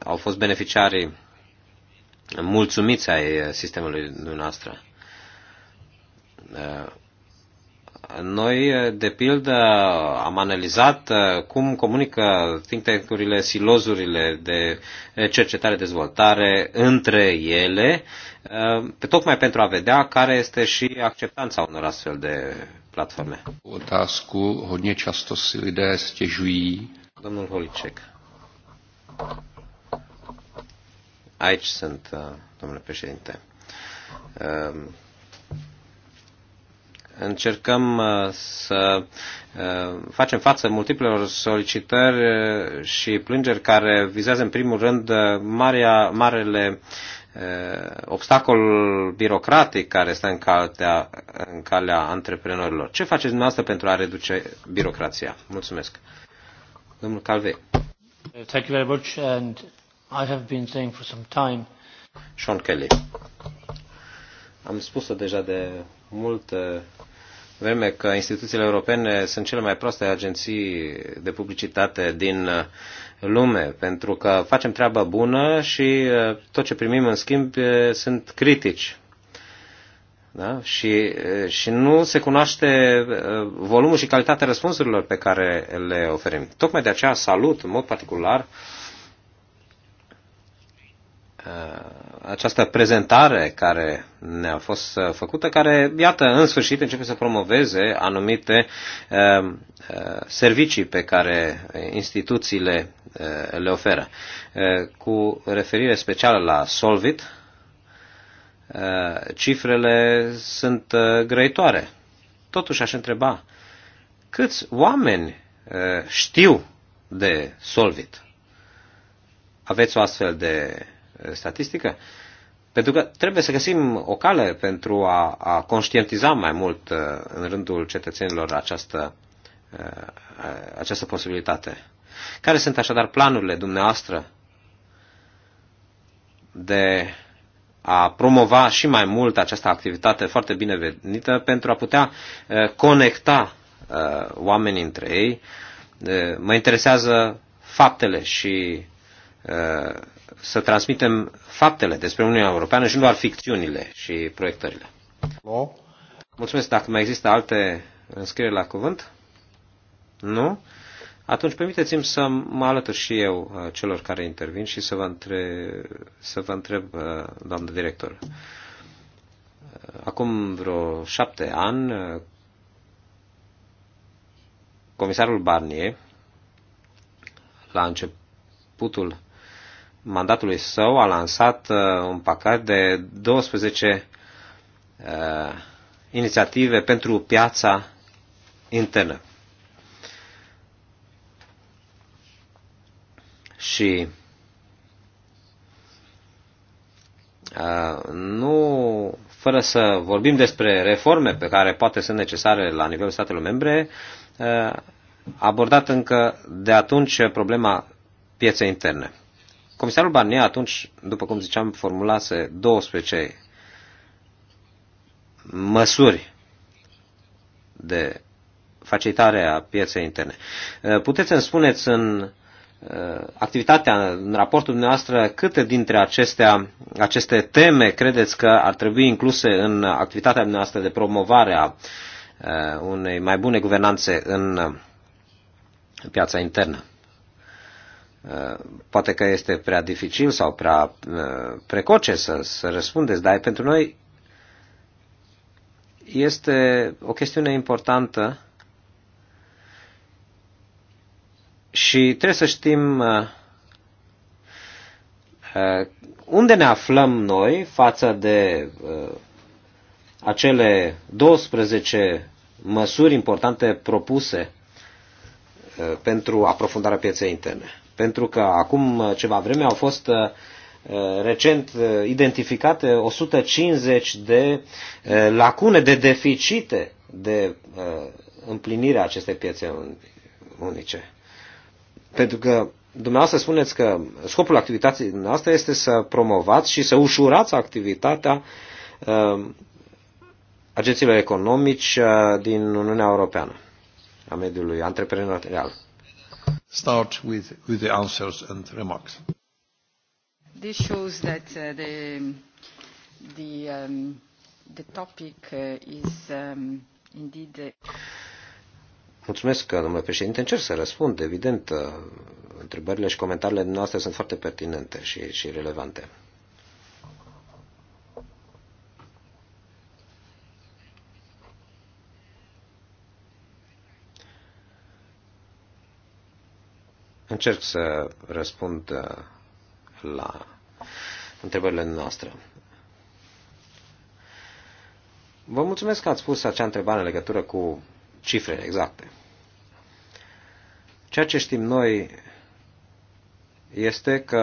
au fost beneficiarii mulțumiți ai sistemului dumneavoastră noi, eh, de pildă, am analizat eh, cum comunică think tank-urile, silozurile de cercetare-dezvoltare între ele, eh, tocmai pentru a vedea care este și acceptanța unor astfel de platforme. O Otázku hodně často si lidé stěžují. Domnul Holicek. Aici sunt, domnule președinte. Ehm, încercăm uh, să uh, facem față multiplelor solicitări uh, și plângeri care vizează în primul rând marea, marele obstacol birocratic care stă în calea, în calea antreprenorilor. Ce faceți dumneavoastră pentru a reduce birocrația? Mulțumesc. Domnul Calve. Thank you very much and I have been saying for some time Sean Kelly. Am spus-o deja de multă vreme că instituțiile europene sunt cele mai proaste agenții de publicitate din uh, lume, pentru că facem treaba bună și uh, tot ce primim în schimb sunt critici. Da? Și, uh, și nu se cunoaște volumul și calitatea răspunsurilor pe care le oferim. Tocmai de aceea salut în mod particular uh, Uh, această prezentare care ne-a fost uh, făcută, care, iată, în sfârșit începe să promoveze anumite uh, servicii pe care instituțiile le oferă. Cu referire specială la Solvit, cifrele sunt grăitoare. Totuși aș întreba, câți oameni știu de Solvit? Aveți o astfel de Eh, statistică? Pentru că trebuie să găsim o cale pentru a, a conștientiza mai mult eh, în rândul cetățenilor această, eh, această posibilitate. Care sunt așadar planurile dumneavoastră de a promova și mai mult această activitate foarte binevenită pentru a putea conecta oamenii între ei. Mă interesează faptele și să transmitem faptele despre Uniunea Europeană și nu doar ficțiunile și proiectările. No. Mulțumesc. Dacă mai există alte înscrieri la cuvânt? Nu? Atunci permiteți-mi să mă alătur și eu uh, celor care intervin și să vă întreb, să vă întreb uh, doamnă director. Uh, acum vreo șapte ani, comisarul Barnier, la începutul mandatului său a lansat uh, un pachet de 12 uh, inițiative pentru piața internă. Și uh, nu, fără să vorbim despre reforme pe care poate sunt necesare la nivelul statelor membre, abordat încă de atunci problema pieței interne. Comisarul Barnier atunci, după cum ziceam, formulase 12 măsuri de facilitare a pieței interne. Uh, puteți să-mi spuneți în uh, activitatea, în raportul dumneavoastră, câte dintre acestea, aceste teme credeți că ar trebui incluse în activitatea dumneavoastră de promovare a uh, unei mai bune guvernanțe în piața internă? Eh, poate că este prea dificil sau prea eh, precoce să, să răspundeți, dar pentru noi este o chestiune importantă și trebuie să știm eh, unde ne aflăm noi față de acele 12 măsuri importante propuse pentru aprofundarea pieței interne. Pentru că acum uh, ceva vreme au fost uh, uh, recent identificate 150 de lacune, de deficite de împlinirea acestei piețe unice. Pentru că dumneavoastră spuneți că scopul activității dumneavoastră este să promovați și să ușurați activitatea agențiilor economici din Uniunea Europeană, a mediului antreprenorial start with, with the answers and remarks. This shows that uh, the, the, um, the topic uh, is um, indeed... Uh... Mulțumesc, domnule președinte. Încerc să răspund, evident. Uh, întrebările și comentariile noastre sunt foarte pertinente și, și relevante. Încerc să răspund uh, la întrebările noastre. Vă mulțumesc că ați pus acea întrebare în legătură cu cifrele exacte. Ceea ce știm noi este că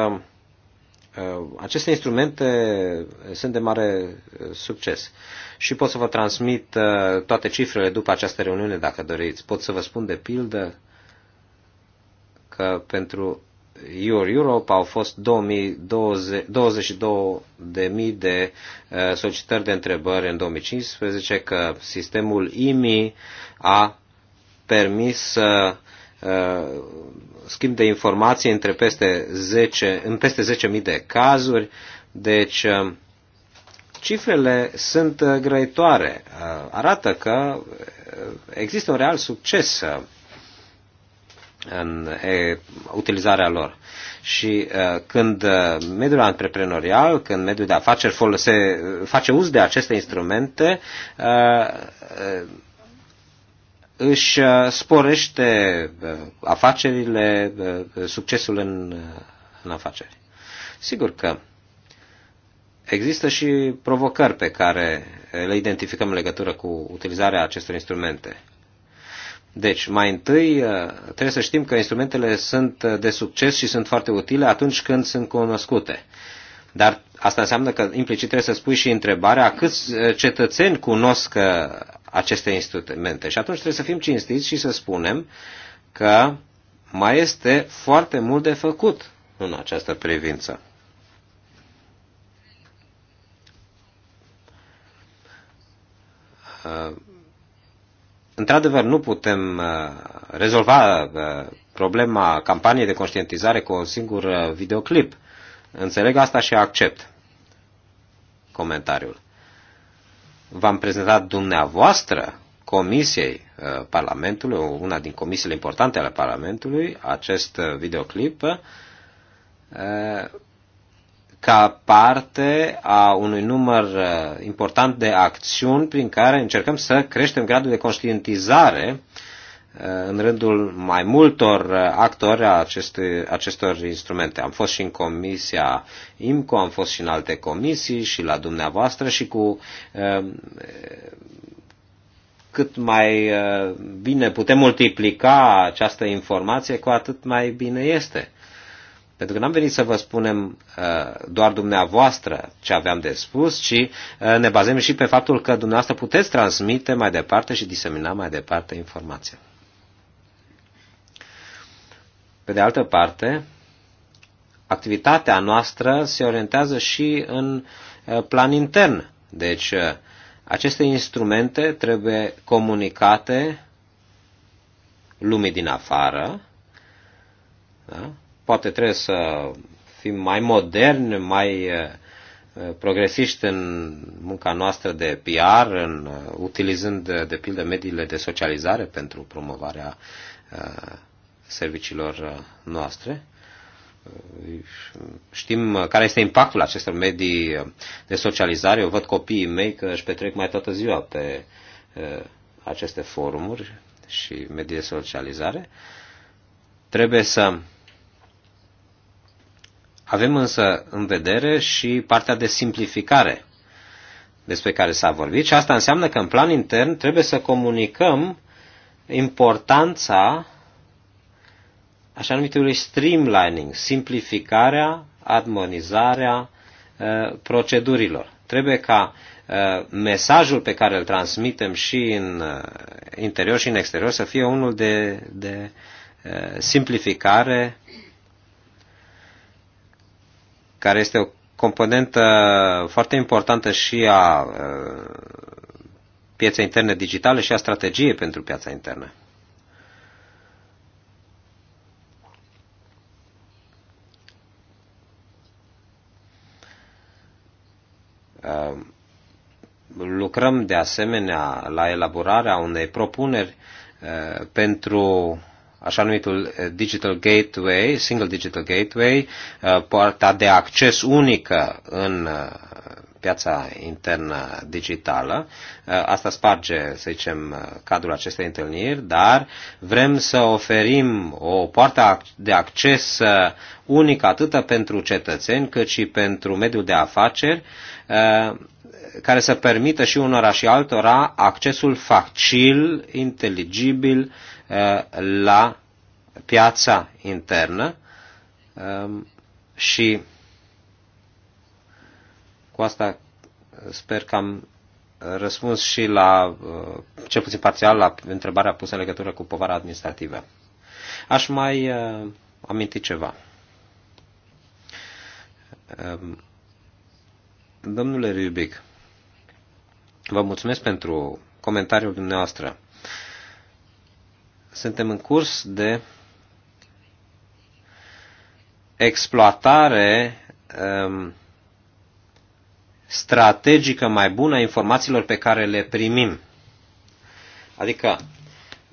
uh, aceste instrumente sunt de mare uh, succes și pot să vă transmit toate cifrele după această reuniune dacă doriți. Pot să vă spun de pildă că pentru Your Europe au fost 22.000 de uh, solicitări de întrebări în 2015, că sistemul IMI a permis uh, schimb de informații între peste 10, în peste 10.000 de cazuri, deci uh, cifrele sunt grăitoare. Arată că există un real succes în e, utilizarea lor. Și când mediul antreprenorial, când mediul de afaceri folose, face uz de aceste instrumente, își sporește afacerile, succesul în, în afaceri. Sigur că există și provocări pe care le identificăm în legătură cu utilizarea acestor instrumente. Deci, mai întâi, uh, trebuie să știm că instrumentele sunt uh, de succes și sunt foarte utile atunci când sunt cunoscute. Dar asta înseamnă că implicit trebuie să spui și întrebarea câți uh, cetățeni cunosc aceste instrumente. Și atunci trebuie să fim cinstiți și să spunem că mai este foarte mult de făcut în această privință. Uh, Într-adevăr, nu putem uh, rezolva uh, problema campaniei de conștientizare cu un singur uh, videoclip. Înțeleg asta și accept comentariul. V-am prezentat dumneavoastră Comisiei Parlamentului, una din comisiile importante ale Parlamentului, acest videoclip ca parte a unui număr uh, important de acțiuni prin care încercăm să creștem gradul de conștientizare uh, în rândul mai multor uh, actori a acestui, acestor instrumente. Am fost și în comisia IMCO, am fost și în alte comisii și la dumneavoastră și cu cât mai bine putem multiplica această informație, cu atât mai bine este. Pentru că n-am venit să vă spunem uh, doar dumneavoastră ce aveam de spus, ci uh, ne bazăm și pe faptul că dumneavoastră puteți transmite mai departe și disemina mai departe informația. Pe de altă parte, activitatea noastră se orientează și în uh, plan intern. Deci, aceste instrumente trebuie comunicate lumii din afară, da? poate trebuie să fim mai moderni, mai eh, progresiști în munca noastră de PR, în, eh, utilizând eh, de pildă mediile de socializare pentru promovarea serviciilor noastre. Știm care este impactul acestor medii de socializare. Eu văd copiii mei că își petrec mai toată ziua pe aceste forumuri și medii de socializare. Trebuie să avem însă în vedere și partea de simplificare despre care s-a vorbit și asta înseamnă că în plan intern trebuie să comunicăm importanța așa numitului streamlining, simplificarea, admonizarea uh, procedurilor. Trebuie ca uh, mesajul pe care îl transmitem și în uh, interior și în exterior să fie unul de, de uh, simplificare, care este o componentă foarte importantă și a pieței interne digitale și a strategiei pentru piața internă. Lucrăm de asemenea la elaborarea unei propuneri pentru așa numitul eh, Digital Gateway, Single Digital Gateway, eh, poarta de acces unică în eh, piața internă digitală. Asta sparge, să zicem, cadrul acestei întâlniri, dar vrem să oferim o poartă de acces unică atât pentru cetățeni cât și pentru mediul de afaceri, care să permită și unora și altora accesul facil, inteligibil, Uh, la piața internă um, și cu asta sper că am răspuns și la, uh, cel puțin parțial, la întrebarea pusă în legătură cu povara administrativă. Aș mai uh, aminti ceva. Um, domnule Rubic, vă mulțumesc pentru comentariul dumneavoastră suntem în curs de exploatare um, strategică mai bună a informațiilor pe care le primim. Adică,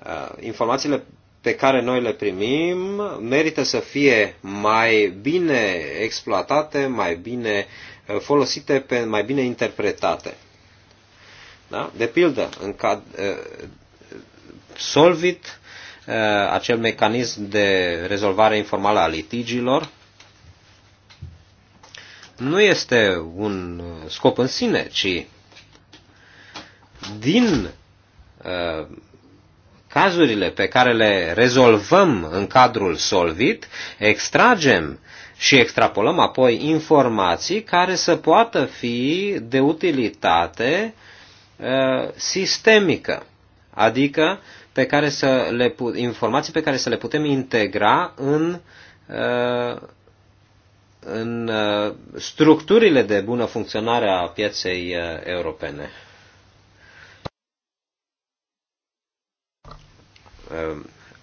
uh, informațiile pe care noi le primim merită să fie mai bine exploatate, mai bine uh, folosite, pe, mai bine interpretate. Da? De pildă, în cad, uh, Solvit Uh, acel mecanism de rezolvare informală a litigiilor nu este un uh, scop în sine, ci din uh, cazurile pe care le rezolvăm în cadrul solvit, extragem și extrapolăm apoi informații care să poată fi de utilitate uh, sistemică, adică pe care să le, informații pe care să le putem integra în, uh, în uh, structurile de bună funcționare a pieței uh, europene.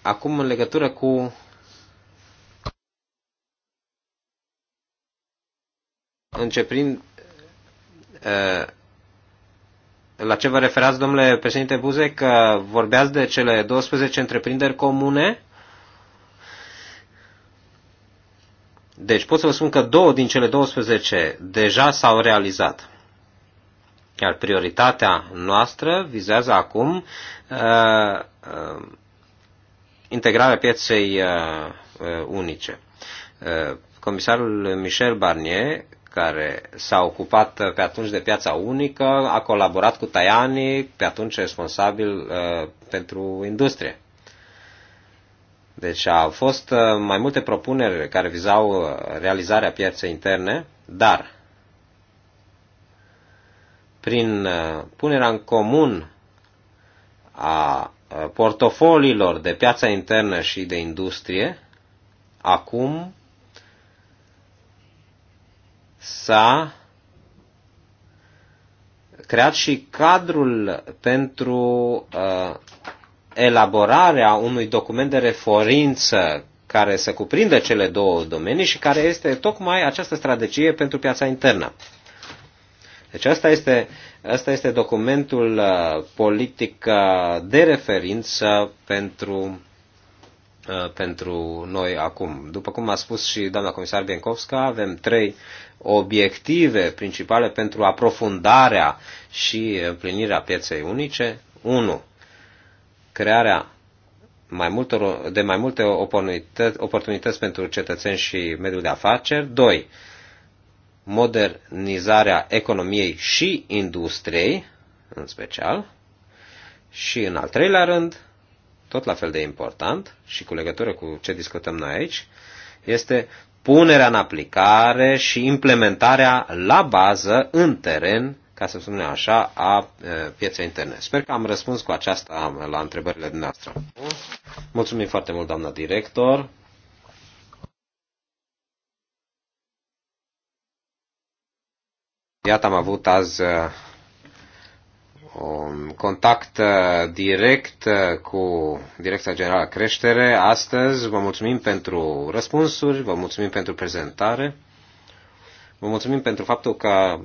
Acum, în legătură cu începând la ce vă referați, domnule președinte Buze, că vorbeați de cele 12 întreprinderi comune? Deci pot să vă spun că două din cele 12 deja s-au realizat. Iar prioritatea noastră vizează acum uh, uh, integrarea pieței uh, uh, unice. Uh, comisarul Michel Barnier care s-a ocupat uh, pe atunci de piața unică, a colaborat cu Tajani, pe atunci responsabil uh, pentru industrie. Deci au fost uh, mai multe propuneri care vizau uh, realizarea pieței interne, dar prin uh, punerea în comun a uh, portofoliilor de piața internă și de industrie, acum s-a creat și cadrul pentru uh, elaborarea unui document de referință care să cuprindă cele două domenii și care este tocmai această strategie pentru piața internă. Deci asta este, asta este documentul uh, politic uh, de referință pentru Uh, pentru noi acum. După cum a spus și doamna comisar Biencovska, avem trei obiective principale pentru aprofundarea și împlinirea pieței unice. 1. Crearea mai multor, de mai multe oportunități, oportunități pentru cetățeni și mediul de afaceri. 2. Modernizarea economiei și industriei, în special. Și în al treilea rând, tot la fel de important și cu legătură cu ce discutăm noi aici, este punerea în aplicare și implementarea la bază, în teren, ca să spunem așa, a pieței internet. Sper că am răspuns cu aceasta la întrebările dumneavoastră. Mulțumim foarte mult, doamna director. Iată, am avut azi un um, contact uh, direct uh, cu Direcția Generală Creștere astăzi. Vă mulțumim pentru răspunsuri, vă mulțumim pentru prezentare, vă mulțumim pentru faptul că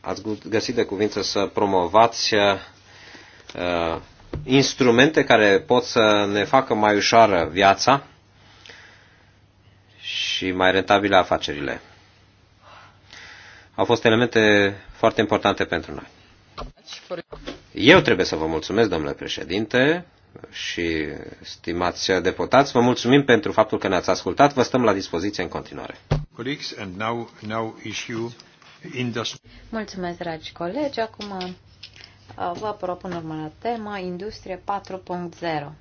ați găsit de cuvință să promovați uh, instrumente care pot să ne facă mai ușoară viața și mai rentabile afacerile. Au fost elemente foarte importante pentru noi. Eu trebuie să vă mulțumesc, domnule președinte, și stimați deputați, vă mulțumim pentru faptul că ne-ați ascultat, vă stăm la dispoziție în continuare. Mulțumesc, dragi colegi. Acum uh, vă propun următoarea temă, Industrie 4.0.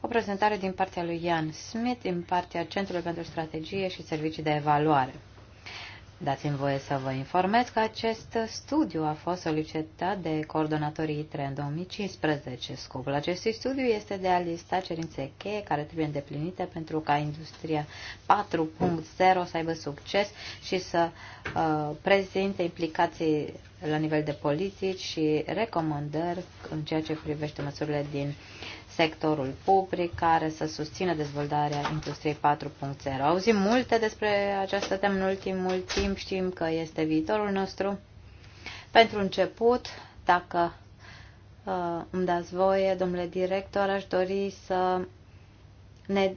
O prezentare din partea lui Ian Smith, din partea Centrului pentru Strategie și Servicii de Evaluare. Dați-mi voie să vă informez că acest studiu a fost solicitat de coordonatorii ITRE în 2015. Scopul acestui studiu este de a lista cerințe cheie care trebuie îndeplinite pentru ca industria 4.0 să aibă succes și să uh, prezinte implicații la nivel de politici și recomandări în ceea ce privește măsurile din uh, sectorul public care să susțină dezvoltarea industriei 4.0. Auzim multe despre această temă în ultimul timp, știm că este viitorul nostru. Pentru început, dacă uh, îmi dați voie, domnule director, aș dori să ne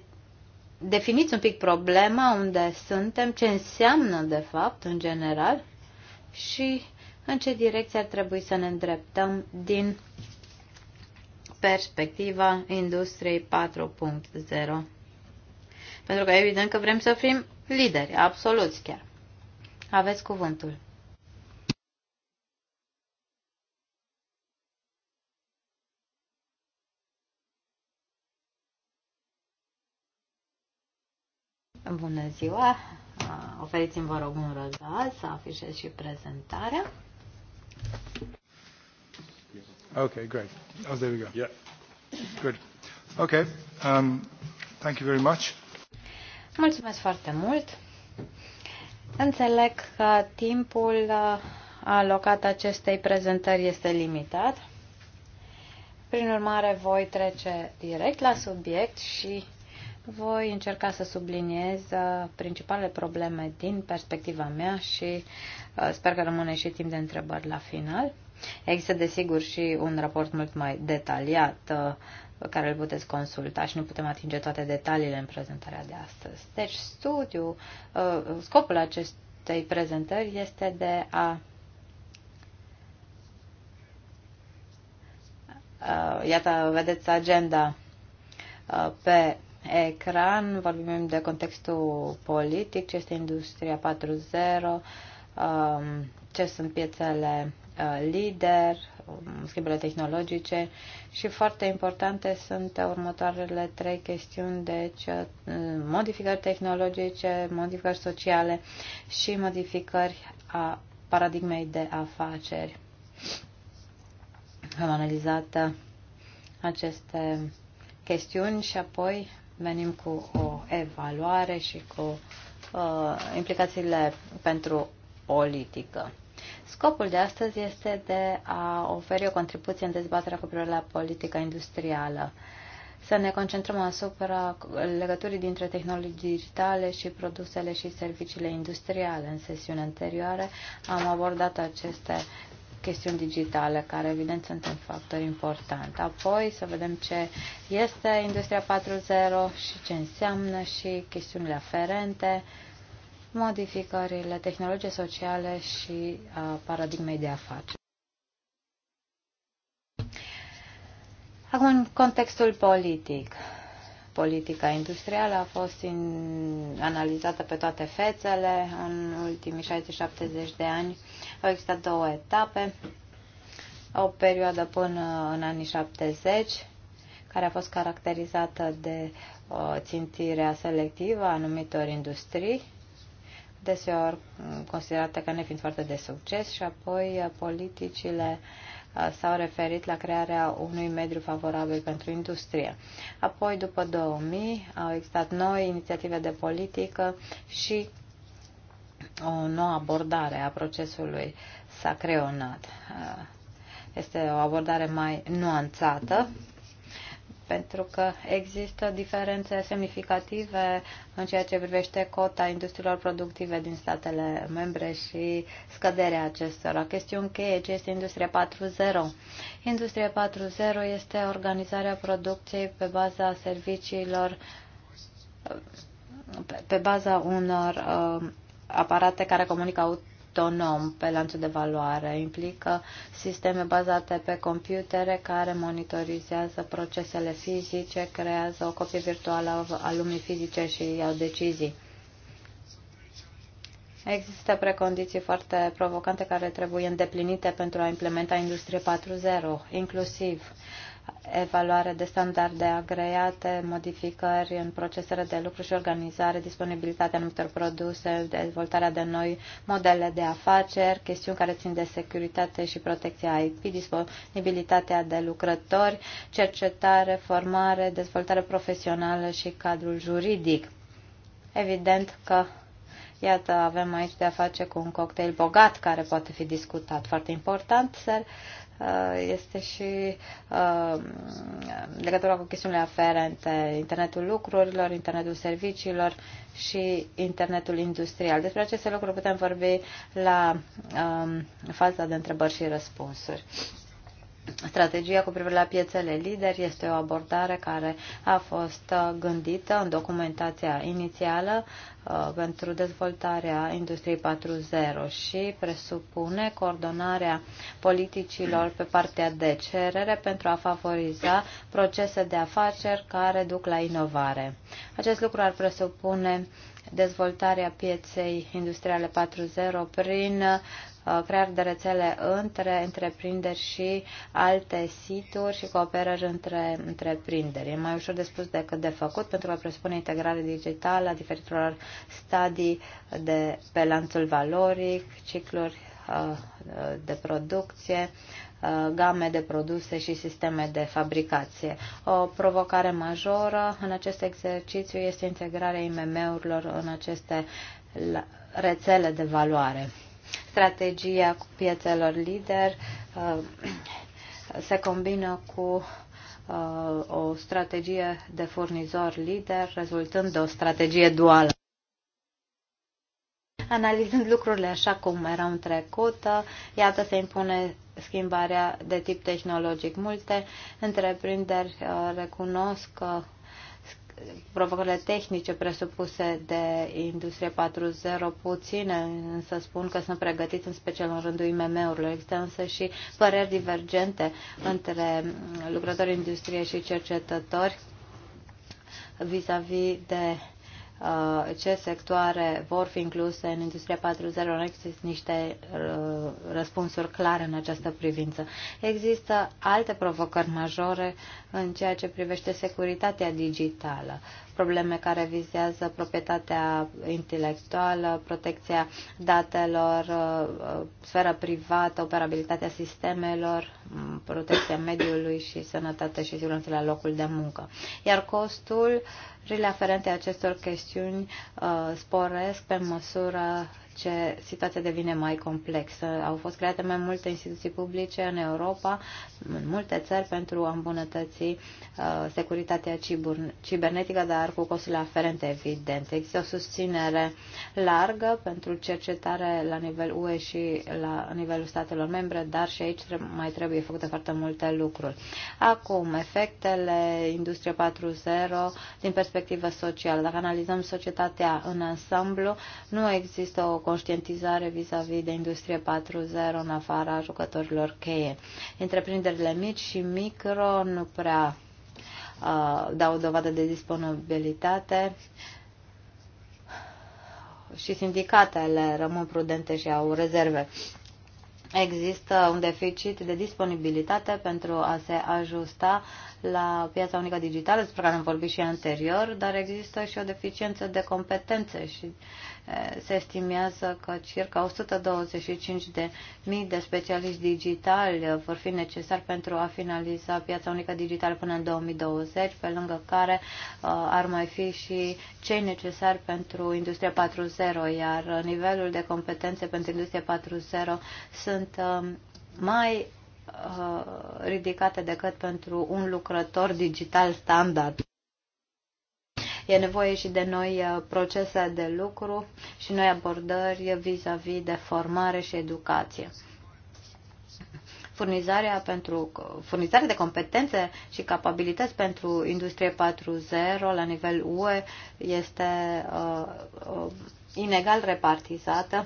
definiți un pic problema, unde suntem, ce înseamnă de fapt în general și în ce direcție ar trebui să ne îndreptăm din perspectiva industriei 4.0. Pentru că evident că vrem să fim lideri, absoluți chiar. Aveți cuvântul. Bună ziua! Oferiți-mi, vă rog, un răgaz să afișez și prezentarea. Okay, great. Oh, there we go. Yeah. Good. Okay. Um, thank you very much. Mulțumesc foarte mult. Înțeleg că timpul uh, alocat acestei prezentări este limitat. Prin urmare, voi trece direct la subiect și voi încerca să subliniez uh, principalele probleme din perspectiva mea și uh, sper că rămâne și timp de întrebări la final. Există, desigur, și un raport mult mai detaliat uh, pe care îl puteți consulta și nu putem atinge toate detaliile în prezentarea de astăzi. Deci, studiu, uh, scopul acestei prezentări este de a uh, Iată, vedeți agenda pe ecran, vorbim de contextul politic, ce este industria 4.0, um, ce sunt piețele Uh, lider, um, schimbările tehnologice și foarte importante sunt următoarele trei chestiuni, deci uh, modificări tehnologice, modificări sociale și modificări a paradigmei de afaceri. Am analizat uh, aceste chestiuni și apoi venim cu o evaluare și cu uh, implicațiile pentru politică. Scopul de astăzi este de a oferi o contribuție în dezbaterea cu privire la politica industrială. Să ne concentrăm asupra legăturii dintre tehnologii digitale și produsele și serviciile industriale. În sesiunea anterioară am abordat aceste chestiuni digitale, care evident sunt un factor important. Apoi să vedem ce este Industria 4.0 și ce înseamnă și chestiunile aferente, modificările tehnologiei sociale și a uh, paradigmei de afaceri. Acum, în contextul politic. Politica industrială a fost in, analizată pe toate fețele în ultimii 60-70 de ani. Au existat două etape. O perioadă până în anii 70, care a fost caracterizată de o uh, țintire selectivă a anumitor industrii, deseori considerată ca nefiind foarte de succes și apoi uh, politicile uh, s-au referit la crearea unui mediu favorabil pentru industrie. Apoi, după 2000, au existat noi inițiative de politică și o nouă abordare a procesului s-a creonat. Uh, este o abordare mai nuanțată pentru că există diferențe semnificative în ceea ce privește cota industriilor productive din statele membre și scăderea acestora. Chestiune cheie ce este Industria 4.0. Industria 4.0 este organizarea producției pe baza serviciilor, pe baza unor uh, aparate care comunică autonom pe lanțul de valoare. Implică sisteme bazate pe computere care monitorizează procesele fizice, creează o copie virtuală a lumii fizice și iau decizii. Există precondiții foarte provocante care trebuie îndeplinite pentru a implementa Industrie 4.0, inclusiv evaluare de standarde agreate, modificări în procesele de lucru și organizare, disponibilitatea anumitor produse, dezvoltarea de noi modele de afaceri, chestiuni care țin de securitate și protecția IP, disponibilitatea de lucrători, cercetare, formare, dezvoltare profesională și cadrul juridic. Evident că Iată, avem aici de-a face cu un cocktail bogat care poate fi discutat. Foarte important uh, este și uh, legătura cu chestiunile aferente internetul lucrurilor, internetul serviciilor și internetul industrial. Despre aceste lucruri putem vorbi la um, faza de întrebări și răspunsuri. Strategia cu privire la piețele lideri este o abordare care a fost uh, gândită în documentația inițială uh, pentru dezvoltarea industriei 4.0 și presupune coordonarea politicilor pe partea de cerere pentru a favoriza procese de afaceri care duc la inovare. Acest lucru ar presupune dezvoltarea pieței industriale 4.0 prin uh, crearea de rețele între întreprinderi și alte situri și cooperări între întreprinderi. E mai ușor de spus decât de făcut, pentru că presupune integrare digitală a diferitelor stadii de pe lanțul valoric, cicluri uh, de producție, Uh, game de produse și sisteme de fabricație. O provocare majoră în acest exercițiu este integrarea IMM-urilor în aceste rețele de valoare. Strategia cu piețelor lider uh, se combină cu uh, o strategie de furnizor lider, rezultând de o strategie duală. Analizând lucrurile așa cum erau în trecut, iată se impune schimbarea de tip tehnologic. Multe întreprinderi uh, recunosc că uh, provocările tehnice presupuse de Industrie 4.0 puține, însă spun că sunt pregătiți în special în rândul IMM-urilor. Există însă și păreri divergente între lucrătorii industrie și cercetători vis-a-vis -vis de Uh, ce sectoare vor fi incluse în Industria 4.0, nu există niște uh, răspunsuri clare în această privință. Există alte provocări majore în ceea ce privește securitatea digitală probleme care vizează proprietatea intelectuală, protecția datelor, uh, uh, sfera privată, operabilitatea sistemelor, mm, protecția mediului și sănătatea și siguranța la locul de muncă. Iar costul aferente acestor chestiuni uh, sporesc pe măsură ce situația devine mai complexă. Au fost create mai multe instituții publice în Europa, în multe țări, pentru a îmbunătăți uh, securitatea cibernetică, dar cu costurile aferente, evident. Există o susținere largă pentru cercetare la nivel UE și la nivelul statelor membre, dar și aici mai trebuie făcute foarte multe lucruri. Acum, efectele Industria 4.0 din perspectivă socială. Dacă analizăm societatea în ansamblu, nu există o conștientizare vis-a-vis -vis de Industrie 4.0 în afara jucătorilor cheie. Întreprinderile mici și micro nu prea uh, dau dovadă de disponibilitate și sindicatele rămân prudente și au rezerve. Există un deficit de disponibilitate pentru a se ajusta la piața unică digitală, despre care am vorbit și anterior, dar există și o deficiență de competențe și se estimează că circa 125 de mii de specialiști digitali vor fi necesari pentru a finaliza piața unică digitală până în 2020, pe lângă care uh, ar mai fi și cei necesari pentru Industria 4.0, iar nivelul de competențe pentru Industria 4.0 sunt uh, mai uh, ridicate decât pentru un lucrător digital standard. E nevoie și de noi uh, procese de lucru și noi abordări vis-a-vis -vis de formare și educație. Furnizarea, pentru, furnizarea de competențe și capabilități pentru industrie 4.0 la nivel UE este uh, uh, inegal repartizată,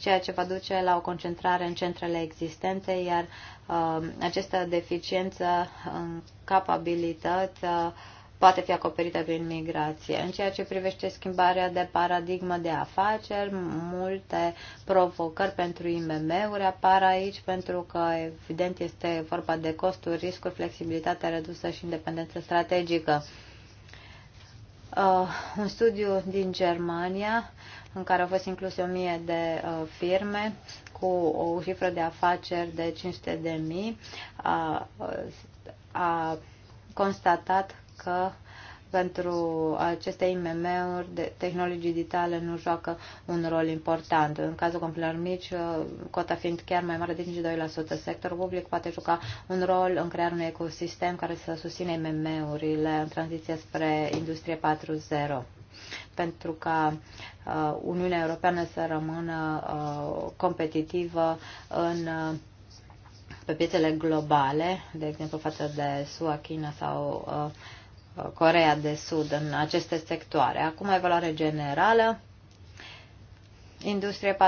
ceea ce va duce la o concentrare în centrele existente, iar uh, această deficiență în capabilități uh, poate fi acoperită prin migrație. În ceea ce privește schimbarea de paradigmă de afaceri, multe provocări pentru IMM-uri apar aici, pentru că, evident, este vorba de costuri, riscuri, flexibilitate redusă și independență strategică. Uh, un studiu din Germania, în care au fost incluse 1000 de uh, firme cu o cifră de afaceri de 500 de mii, a, a constatat că pentru aceste IMM-uri, tehnologii digitale nu joacă un rol important. În cazul companiilor mici, cota fiind chiar mai mare de 52%, sectorul public poate juca un rol în crearea unui ecosistem care să susține IMM-urile în tranziția spre industrie 4.0 pentru ca uh, Uniunea Europeană să rămână uh, competitivă în uh, pe piețele globale, de exemplu față de SUA, China sau uh, Corea de Sud în aceste sectoare. Acum, evaluare generală. Industrie 4.0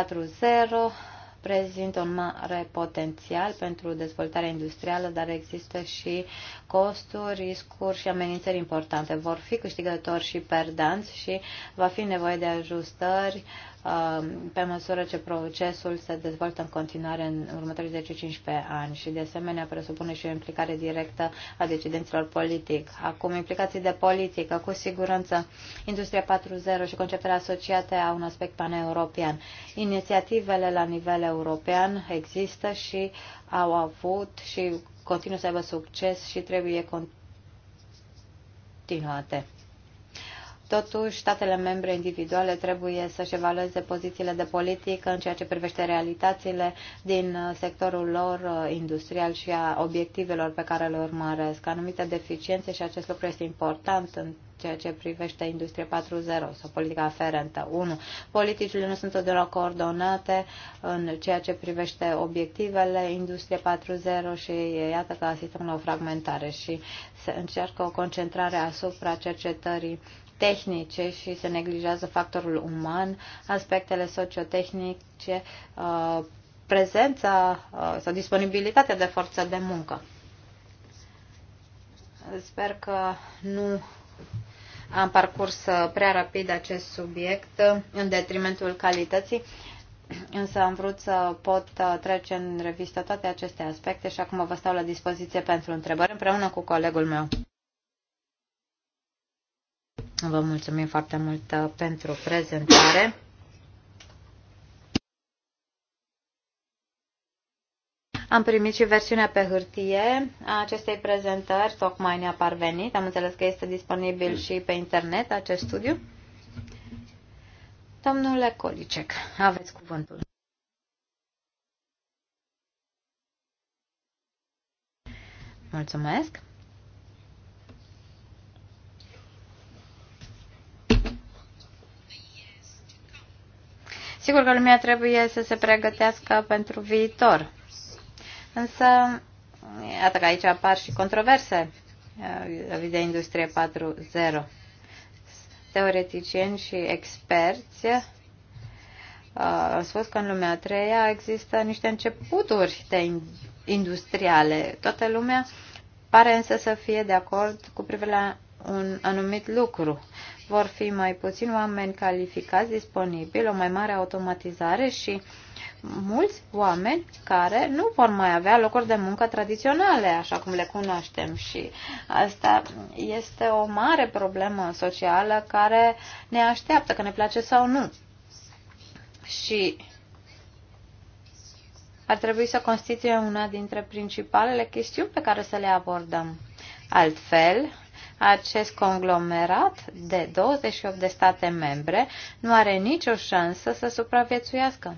prezintă un mare potențial pentru dezvoltarea industrială, dar există și costuri, riscuri și amenințări importante. Vor fi câștigători și perdanți și va fi nevoie de ajustări uh, Um, pe măsură ce procesul se dezvoltă în continuare în următorii 10-15 ani și de asemenea presupune și o implicare directă a decidenților politic. Acum, implicații de politică, cu siguranță, Industria 4.0 și conceptele asociate au un aspect paneuropean. Inițiativele la nivel european există și au avut și continuă să aibă succes și trebuie continuate. Totuși, statele membre individuale trebuie să-și evalueze pozițiile de politică în ceea ce privește realitățile din uh, sectorul lor uh, industrial și a obiectivelor pe care le urmăresc. Anumite deficiențe și acest lucru este important în ceea ce privește Industrie 4.0 sau politica aferentă. 1. Politicile nu sunt totdeauna coordonate în ceea ce privește obiectivele Industrie 4.0 și iată că asistăm la o fragmentare și se încearcă o concentrare asupra cercetării tehnice și se neglijează factorul uman, aspectele sociotehnice, uh, prezența uh, sau disponibilitatea de forță de muncă. Sper că nu am parcurs uh, prea rapid acest subiect în detrimentul calității, însă am vrut să pot trece în revistă toate aceste aspecte și acum vă stau la dispoziție pentru întrebări împreună cu colegul meu. Vă mulțumim foarte mult uh, pentru prezentare. Am primit și versiunea pe hârtie a acestei prezentări, tocmai ne-a parvenit. Am înțeles că este disponibil și pe internet acest studiu. Domnule Colicec, aveți cuvântul. Mulțumesc. Sigur că lumea trebuie să se pregătească pentru viitor. Însă, iată că aici apar și controverse uh, de Industrie 4.0. Teoreticieni și experți uh, au spus că în lumea treia există niște începuturi de industriale. Toată lumea pare însă să fie de acord cu privire la un anumit lucru vor fi mai puțini oameni calificați disponibili, o mai mare automatizare și mulți oameni care nu vor mai avea locuri de muncă tradiționale, așa cum le cunoaștem. Și asta este o mare problemă socială care ne așteaptă, că ne place sau nu. Și ar trebui să constituie una dintre principalele chestiuni pe care să le abordăm. Altfel, acest conglomerat de 28 de state membre nu are nicio șansă să supraviețuiască.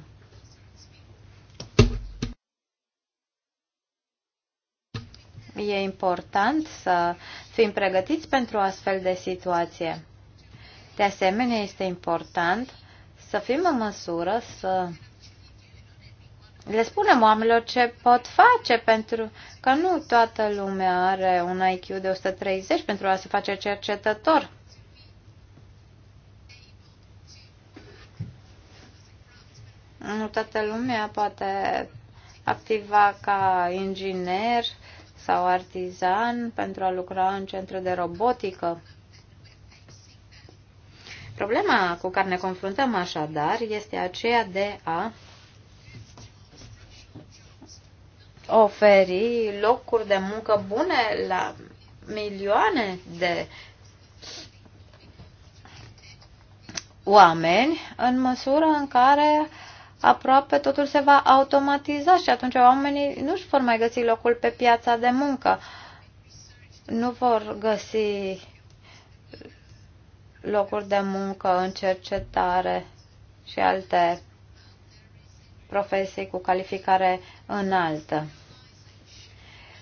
E important să fim pregătiți pentru o astfel de situație. De asemenea, este important să fim în măsură să le spunem oamenilor ce pot face, pentru că nu toată lumea are un IQ de 130 pentru a se face cercetător. Nu toată lumea poate activa ca inginer sau artizan pentru a lucra în centru de robotică. Problema cu care ne confruntăm așadar este aceea de a oferi locuri de muncă bune la milioane de oameni în măsură în care aproape totul se va automatiza și atunci oamenii nu își vor mai găsi locul pe piața de muncă. Nu vor găsi locuri de muncă în cercetare și alte profesii cu calificare înaltă.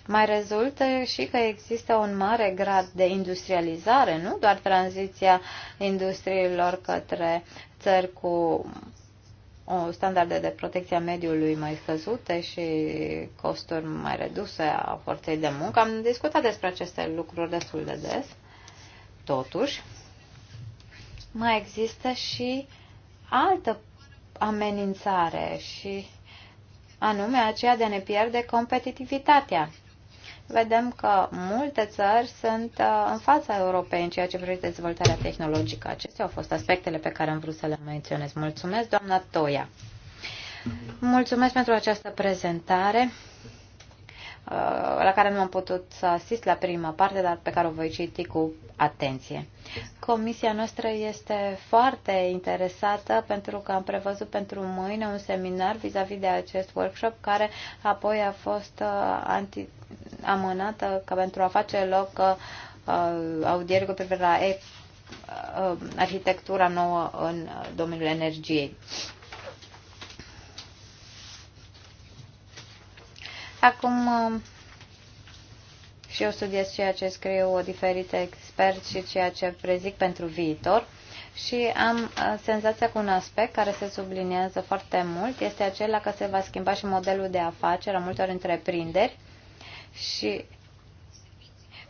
Mai rezultă și că există un mare grad de industrializare, nu doar tranziția industriilor către țări cu o standarde de protecție a mediului mai scăzute și costuri mai reduse a forței de muncă. Am discutat despre aceste lucruri destul de des. Totuși, mai există și altă amenințare și anume aceea de a ne pierde competitivitatea. Vedem că multe țări sunt uh, în fața Europei în ceea ce privește dezvoltarea tehnologică. Acestea au fost aspectele pe care am vrut să le menționez. Mulțumesc, doamna Toia. Mulțumesc pentru această prezentare. Uh, la care nu am putut să asist la prima parte, dar pe care o voi citi cu atenție. Comisia noastră este foarte interesată pentru că am prevăzut pentru mâine un seminar vis-a-vis -vis de acest workshop care apoi a fost uh, anti, amânată ca pentru a face loc uh, audieri cu privire la e, uh, arhitectura nouă în domeniul energiei. Uh, Acum um, și eu studiez ceea ce scriu diferite experți și ceea ce prezic pentru viitor și am uh, senzația că un aspect care se subliniază foarte mult este acela că se va schimba și modelul de afaceri a multor întreprinderi și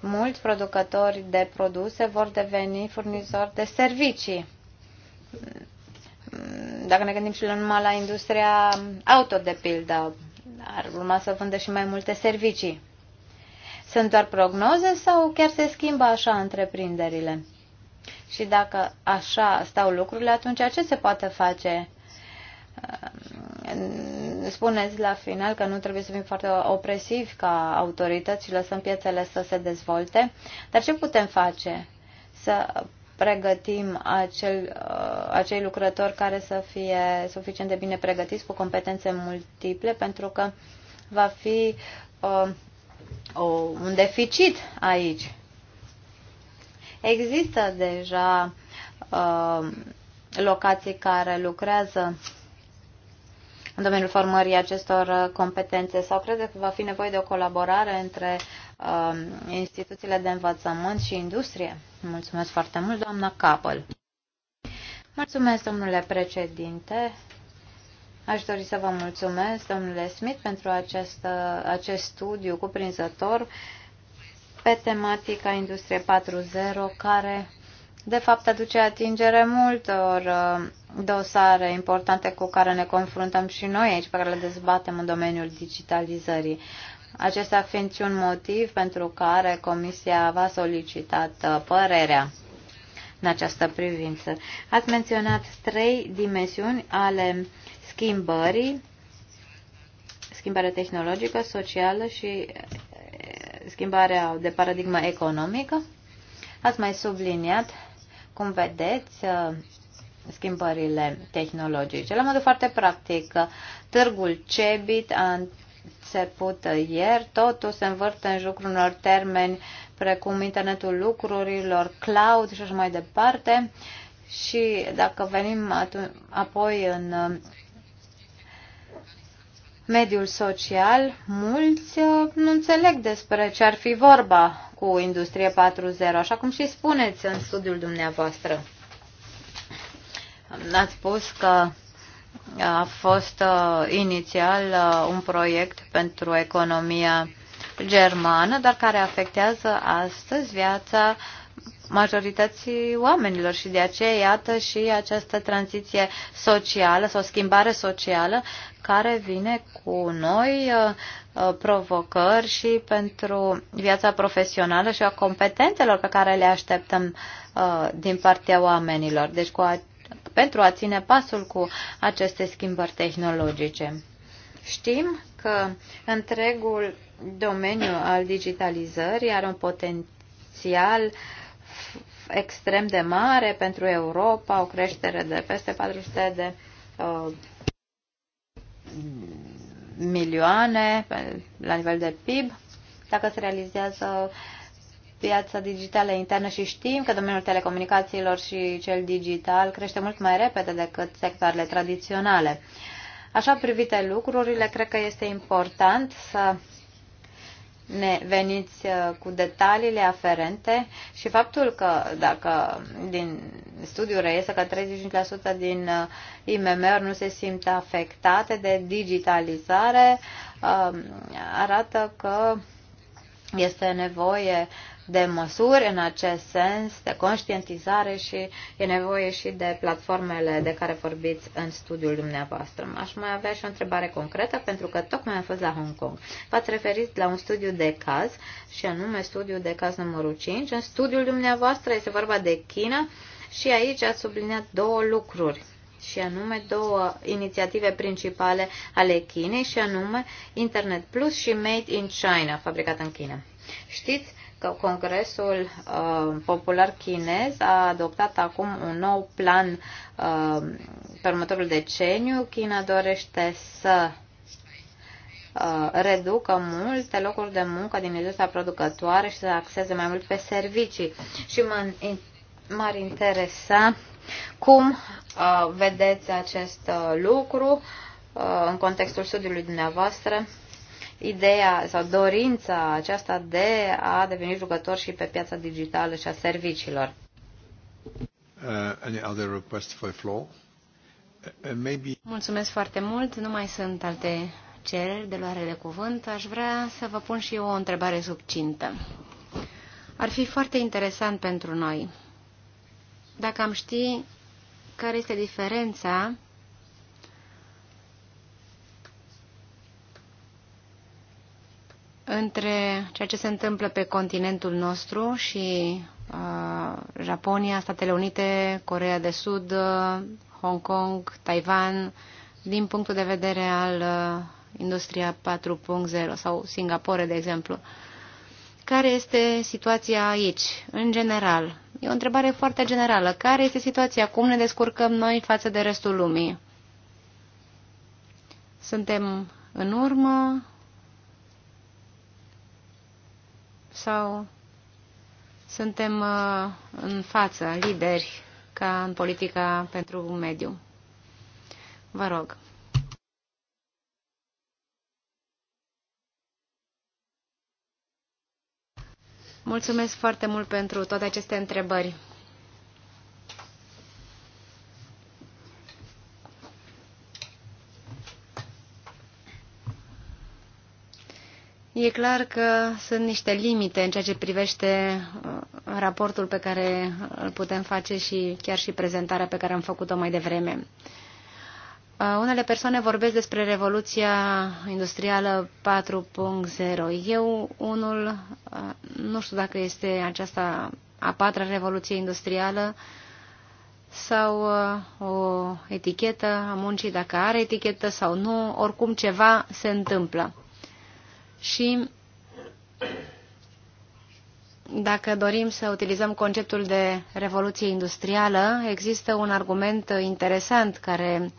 mulți producători de produse vor deveni furnizori de servicii. Dacă ne gândim și la numai la industria auto, de pildă, ar urma să vândă și mai multe servicii. Sunt doar prognoze sau chiar se schimbă așa întreprinderile? Și dacă așa stau lucrurile, atunci ce se poate face? Ehm, spuneți la final că nu trebuie să fim foarte opresivi ca autorități și lăsăm piețele să se dezvolte, dar ce putem face? Să pregătim acel, uh, acei lucrători care să fie suficient de bine pregătiți cu competențe multiple, pentru că va fi uh, o, un deficit aici. Există deja uh, locații care lucrează în domeniul formării acestor uh, competențe sau crede că va fi nevoie de o colaborare între Um, instituțiile de învățământ și industrie? Mulțumesc foarte mult, doamna Capăl. Mulțumesc, domnule președinte. Aș dori să vă mulțumesc, domnule Smith, pentru acest, acest studiu cuprinzător pe tematica Industrie 4.0, care de fapt aduce atingere multor uh, dosare importante cu care ne confruntăm și noi aici, pe care le dezbatem în domeniul digitalizării acesta fiind și un motiv pentru care Comisia v-a solicitat uh, părerea în această privință. Ați menționat trei dimensiuni ale schimbării, schimbarea tehnologică, socială și uh, schimbarea de paradigmă economică. Ați mai subliniat cum vedeți uh, schimbările tehnologice. La modul foarte practic, târgul Cebit a se pot ieri, totul se învârte în jocul unor termeni precum internetul lucrurilor, cloud și așa mai departe. Și dacă venim apoi în uh, mediul social, mulți uh, nu înțeleg despre ce ar fi vorba cu Industrie 4.0, așa cum și spuneți în studiul dumneavoastră. Ați spus că a fost uh, inițial uh, un proiect pentru economia germană, dar care afectează astăzi viața majorității oamenilor și de aceea iată și această tranziție socială sau schimbare socială care vine cu noi uh, uh provocări și pentru viața profesională și a competențelor pe care le așteptăm uh, din partea oamenilor. Deci cu pentru a ține pasul cu aceste schimbări tehnologice. Știm că întregul domeniu al digitalizării are un potențial extrem de mare pentru Europa, o creștere de peste 400 de uh, milioane la nivel de PIB, dacă se realizează piața digitală internă și știm că domeniul telecomunicațiilor și cel digital crește mult mai repede decât sectoarele tradiționale. Așa privite lucrurile, cred că este important să ne veniți uh, cu detaliile aferente și faptul că dacă din studiu reiese că 35% din uh, IMM-uri nu se simt afectate de digitalizare, uh, arată că este nevoie de măsuri în acest sens, de conștientizare și e nevoie și de platformele de care vorbiți în studiul dumneavoastră. Aș mai avea și o întrebare concretă, pentru că tocmai am fost la Hong Kong. V-ați referit la un studiu de caz, și anume studiul de caz numărul 5. În studiul dumneavoastră este vorba de China și aici ați subliniat două lucruri și anume două inițiative principale ale Chinei și anume Internet Plus și Made in China, fabricat în China. Știți că Congresul uh, Popular Chinez a adoptat acum un nou plan uh, pe următorul deceniu. China dorește să uh, reducă multe locuri de muncă din industria producătoare și să axeze mai mult pe servicii. Și mă, m-ar interesa cum uh, vedeți acest uh, lucru uh, în contextul studiului dumneavoastră ideea sau dorința aceasta de a deveni jucător și pe piața digitală și a serviciilor. Uh, any other request for floor? Uh, uh, maybe... Mulțumesc foarte mult. Nu mai sunt alte cereri de luare de cuvânt. Aș vrea să vă pun și eu o întrebare subcintă. Ar fi foarte interesant pentru noi dacă am ști care este diferența între ceea ce se întâmplă pe continentul nostru și uh, Japonia, Statele Unite, Corea de Sud, uh, Hong Kong, Taiwan, din punctul de vedere al uh, industria 4.0 sau Singapore, de exemplu. Care este situația aici, în general? E o întrebare foarte generală. Care este situația? Cum ne descurcăm noi față de restul lumii? Suntem în urmă sau suntem uh, în față, lideri, ca în politica pentru un mediu? Vă rog. Mulțumesc foarte mult pentru toate aceste întrebări. E clar că sunt niște limite în ceea ce privește uh, raportul pe care uh, îl putem face și chiar și prezentarea pe care am făcut-o mai devreme. Uh, unele persoane vorbesc despre revoluția industrială 4.0. Eu, unul, nu știu dacă este aceasta a patra revoluție industrială sau o etichetă a muncii, dacă are etichetă sau nu, oricum ceva se întâmplă și dacă dorim să utilizăm conceptul de revoluție industrială, există un argument interesant care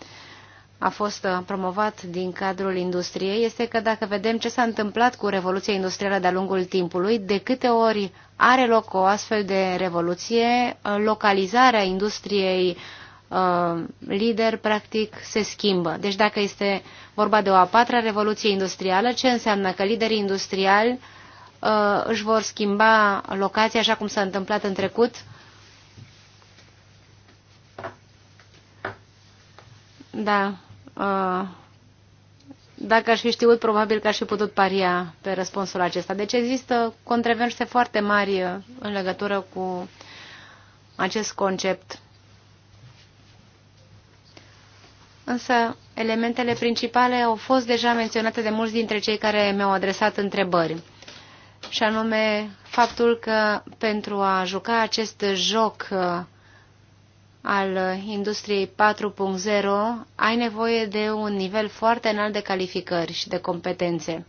a fost promovat din cadrul industriei, este că dacă vedem ce s-a întâmplat cu revoluția industrială de-a lungul timpului, de câte ori are loc o astfel de revoluție, localizarea industriei uh, lider practic se schimbă. Deci dacă este uh, vorba de o a patra revoluție industrială, ce înseamnă că liderii industriali uh, își vor schimba locația așa cum s-a întâmplat în trecut, Da. Uh, dacă aș fi știut, probabil că aș fi putut paria pe răspunsul acesta. Deci există contravenște foarte mari în legătură cu acest concept. Însă Elementele principale au fost deja menționate de mulți dintre cei care mi-au adresat întrebări, și anume faptul că pentru a juca acest joc uh, al industriei 4.0 ai nevoie de un nivel foarte înalt de calificări și de competențe.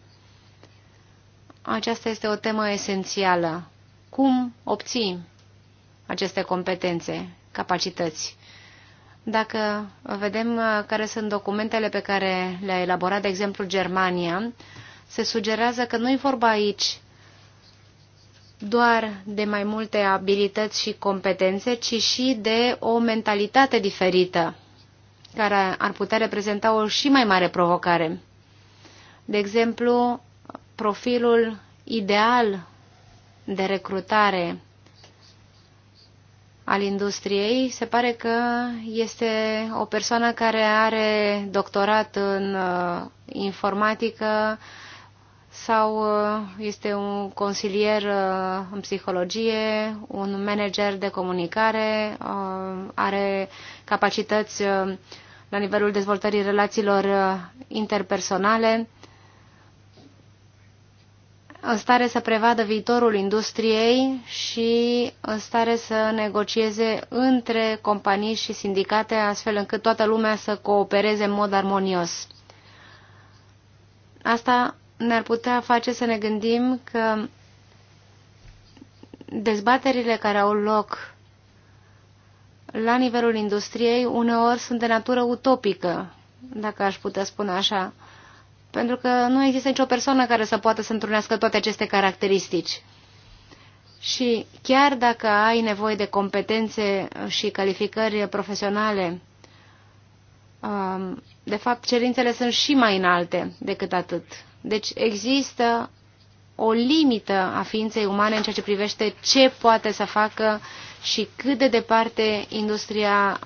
Aceasta este o temă esențială. Cum obții aceste competențe, capacități? Dacă vedem uh, care sunt documentele pe care le-a elaborat, de exemplu, Germania, se sugerează că nu-i vorba aici doar de mai multe abilități și competențe, ci și de o mentalitate diferită, care ar putea reprezenta o și mai mare provocare. De exemplu, profilul ideal de recrutare al industriei. Se pare că este o persoană care are doctorat în uh, informatică sau uh, este un consilier uh, în psihologie, un manager de comunicare, are capacități la nivelul dezvoltării relațiilor interpersonale în stare să prevadă viitorul industriei și în stare să negocieze între companii și sindicate, astfel încât toată lumea să coopereze în mod armonios. Asta ne-ar putea face să ne gândim că dezbaterile care au loc la nivelul industriei uneori sunt de natură utopică, dacă aș putea spune așa pentru că nu există nicio persoană care să poată să întrunească toate aceste caracteristici. Și chiar dacă ai nevoie de competențe și calificări profesionale, um, de fapt cerințele sunt și mai înalte decât atât. Deci există o limită a ființei umane în ceea ce privește ce poate să facă uh, și cât de departe industria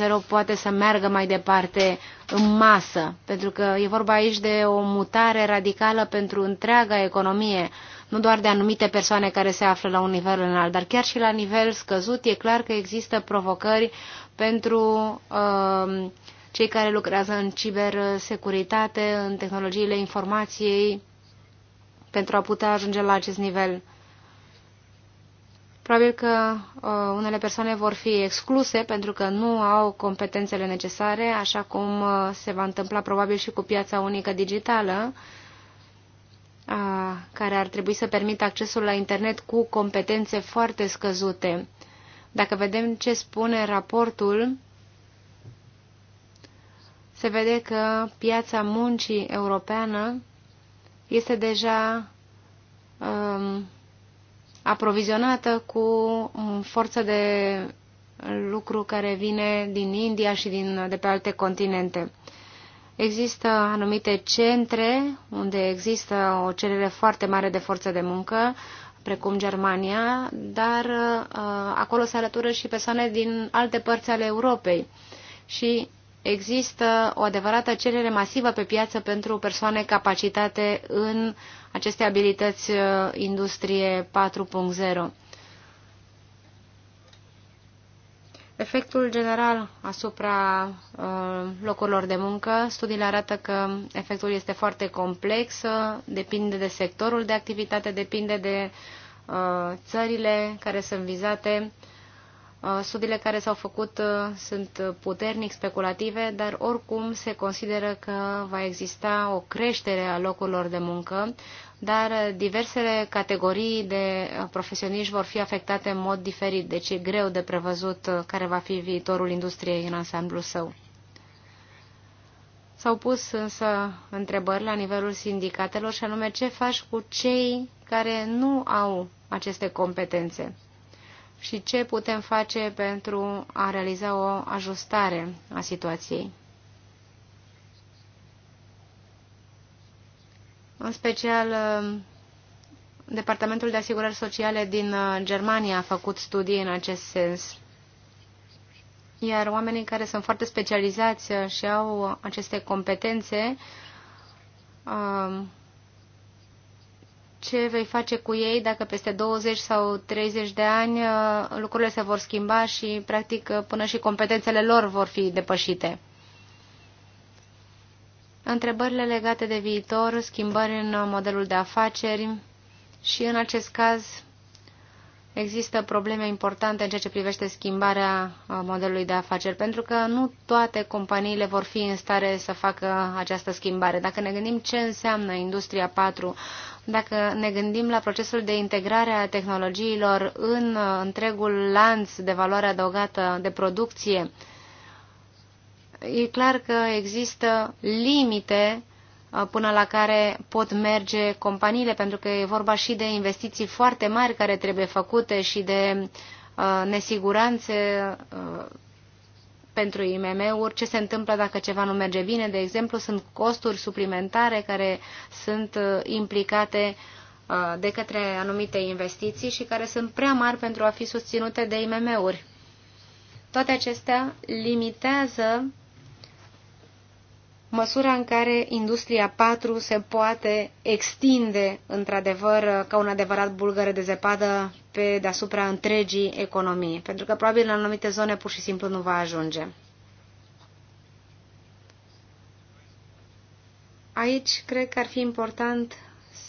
4.0 poate să meargă mai departe în masă, pentru că e vorba aici de o mutare radicală pentru întreaga economie, nu doar de anumite persoane care se află la un nivel înalt, dar chiar și la nivel scăzut e clar că există provocări pentru uh, cei care lucrează în cibersecuritate, în tehnologiile informației, pentru a putea ajunge la acest nivel. Probabil că uh, unele persoane vor fi excluse pentru că nu au competențele necesare, așa cum uh, se va întâmpla probabil și cu piața unică digitală, uh, care ar trebui să permită accesul la internet cu competențe foarte scăzute. Dacă vedem ce spune raportul, se vede că piața muncii europeană este deja Uh, aprovizionată cu um, forță de lucru care vine din India și din, de pe alte continente. Există anumite centre unde există o cerere foarte mare de forță de muncă, precum Germania, dar uh, acolo se alătură și persoane din alte părți ale Europei. Și există o adevărată cerere masivă pe piață pentru persoane capacitate în aceste abilități uh, industrie 4.0. Efectul general asupra uh, locurilor de muncă, studiile arată că efectul este foarte complex, uh, depinde de sectorul de activitate, depinde de uh, țările care sunt vizate, uh, Uh, studiile care s-au făcut uh, sunt puternic speculative, dar oricum se consideră că va exista o creștere a locurilor de muncă, dar uh, diversele categorii de profesioniști vor fi afectate în mod diferit, deci e greu de prevăzut care va fi viitorul industriei în ansamblu său. S-au pus însă întrebări la nivelul sindicatelor și anume ce faci cu cei care nu au aceste competențe și ce putem face pentru a realiza o ajustare a situației. În special, Departamentul de Asigurări Sociale din uh, Germania a făcut studii în acest sens. Iar oamenii care sunt foarte specializați uh, și au aceste competențe uh, ce vei face cu ei dacă peste 20 sau 30 de ani uh, lucrurile se vor schimba și, practic, uh, până și competențele lor vor fi depășite. Întrebările legate de viitor, schimbări în uh, modelul de afaceri și, în acest caz, există probleme importante în ceea ce privește schimbarea modelului de afaceri, pentru că nu toate companiile vor fi în stare să facă această schimbare. Dacă ne gândim ce înseamnă Industria 4, dacă ne gândim la procesul de integrare a tehnologiilor în uh, întregul lanț de valoare adăugată de producție, e clar că există limite uh, până la care pot merge companiile, pentru că e vorba și de investiții foarte mari care trebuie făcute și de uh, nesiguranțe pentru IMM-uri, ce se întâmplă dacă ceva nu merge bine, de exemplu, sunt costuri suplimentare care sunt uh, implicate uh, de către anumite investiții și care sunt prea mari pentru a fi susținute de IMM-uri. Toate acestea limitează măsura în care Industria 4 se poate extinde într-adevăr ca un adevărat bulgăre de zăpadă pe deasupra întregii economii, pentru că probabil în anumite zone pur și simplu nu va ajunge. Aici cred că ar fi important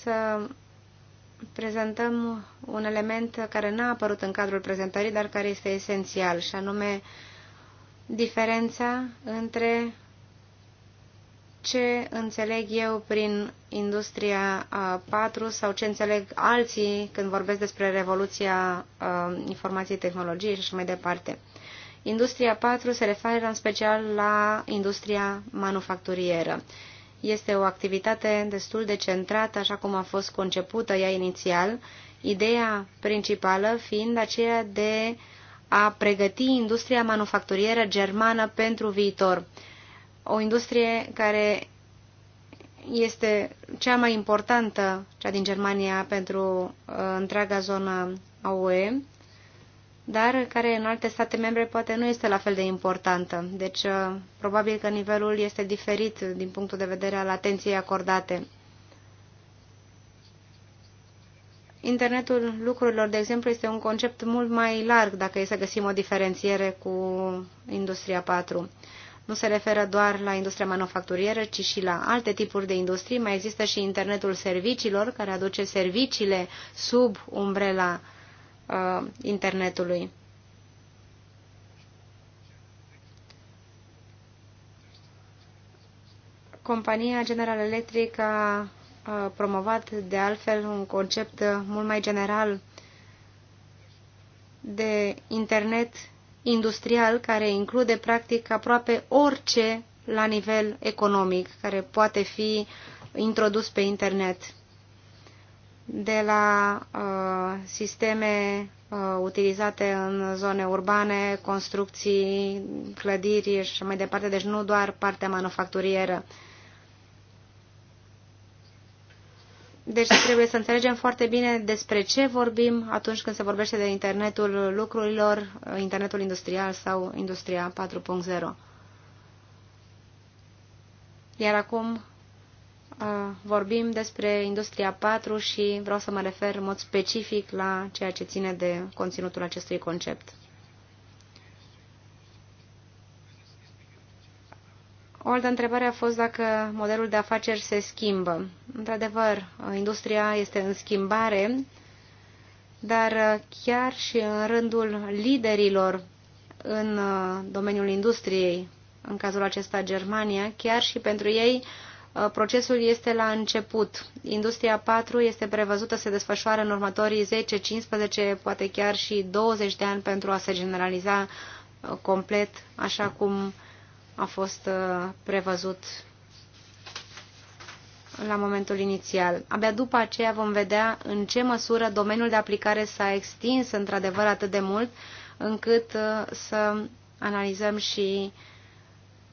să prezentăm un element care n-a apărut în cadrul prezentării, dar care este esențial, și anume diferența între ce înțeleg eu prin industria 4 sau ce înțeleg alții când vorbesc despre revoluția informației, tehnologiei și așa mai departe. Industria 4 se referă în special la industria manufacturieră. Este o activitate destul de centrată, așa cum a fost concepută ea inițial, ideea principală fiind aceea de a pregăti industria manufacturieră germană pentru viitor o industrie care este cea mai importantă, cea din Germania, pentru uh, întreaga zonă a UE, dar care în alte state membre poate nu este la fel de importantă. Deci, uh, probabil că nivelul este diferit din punctul de vedere al atenției acordate. Internetul lucrurilor, de exemplu, este un concept mult mai larg dacă e să găsim o diferențiere cu Industria 4 nu se referă doar la industria manufacturieră, ci și la alte tipuri de industrie. Mai există și internetul serviciilor, care aduce serviciile sub umbrela uh, internetului. Compania General Electric a promovat de altfel un concept mult mai general de internet industrial care include practic aproape orice la nivel economic care poate fi introdus pe internet. De la uh, sisteme uh, utilizate în zone urbane, construcții, clădiri și mai departe, deci nu doar partea manufacturieră. Uh, Deci trebuie să înțelegem foarte bine despre ce vorbim atunci când se vorbește de internetul lucrurilor, internetul industrial sau industria 4.0. Iar acum vorbim despre industria 4 și vreau să mă refer în mod specific la ceea ce ține de conținutul acestui concept. O altă întrebare a fost dacă modelul de afaceri se schimbă. Într-adevăr, industria este în schimbare, dar uh, chiar și în rândul liderilor în uh, domeniul industriei, în cazul acesta Germania, chiar și pentru ei uh, procesul este la început. Industria 4 este prevăzută să se desfășoare în următorii 10, 15, poate chiar și 20 de ani pentru a se generaliza complet, așa cum a fost uh, prevăzut la momentul inițial. Abia după aceea vom vedea în ce măsură domeniul de aplicare s-a extins într-adevăr atât de mult încât uh, să analizăm și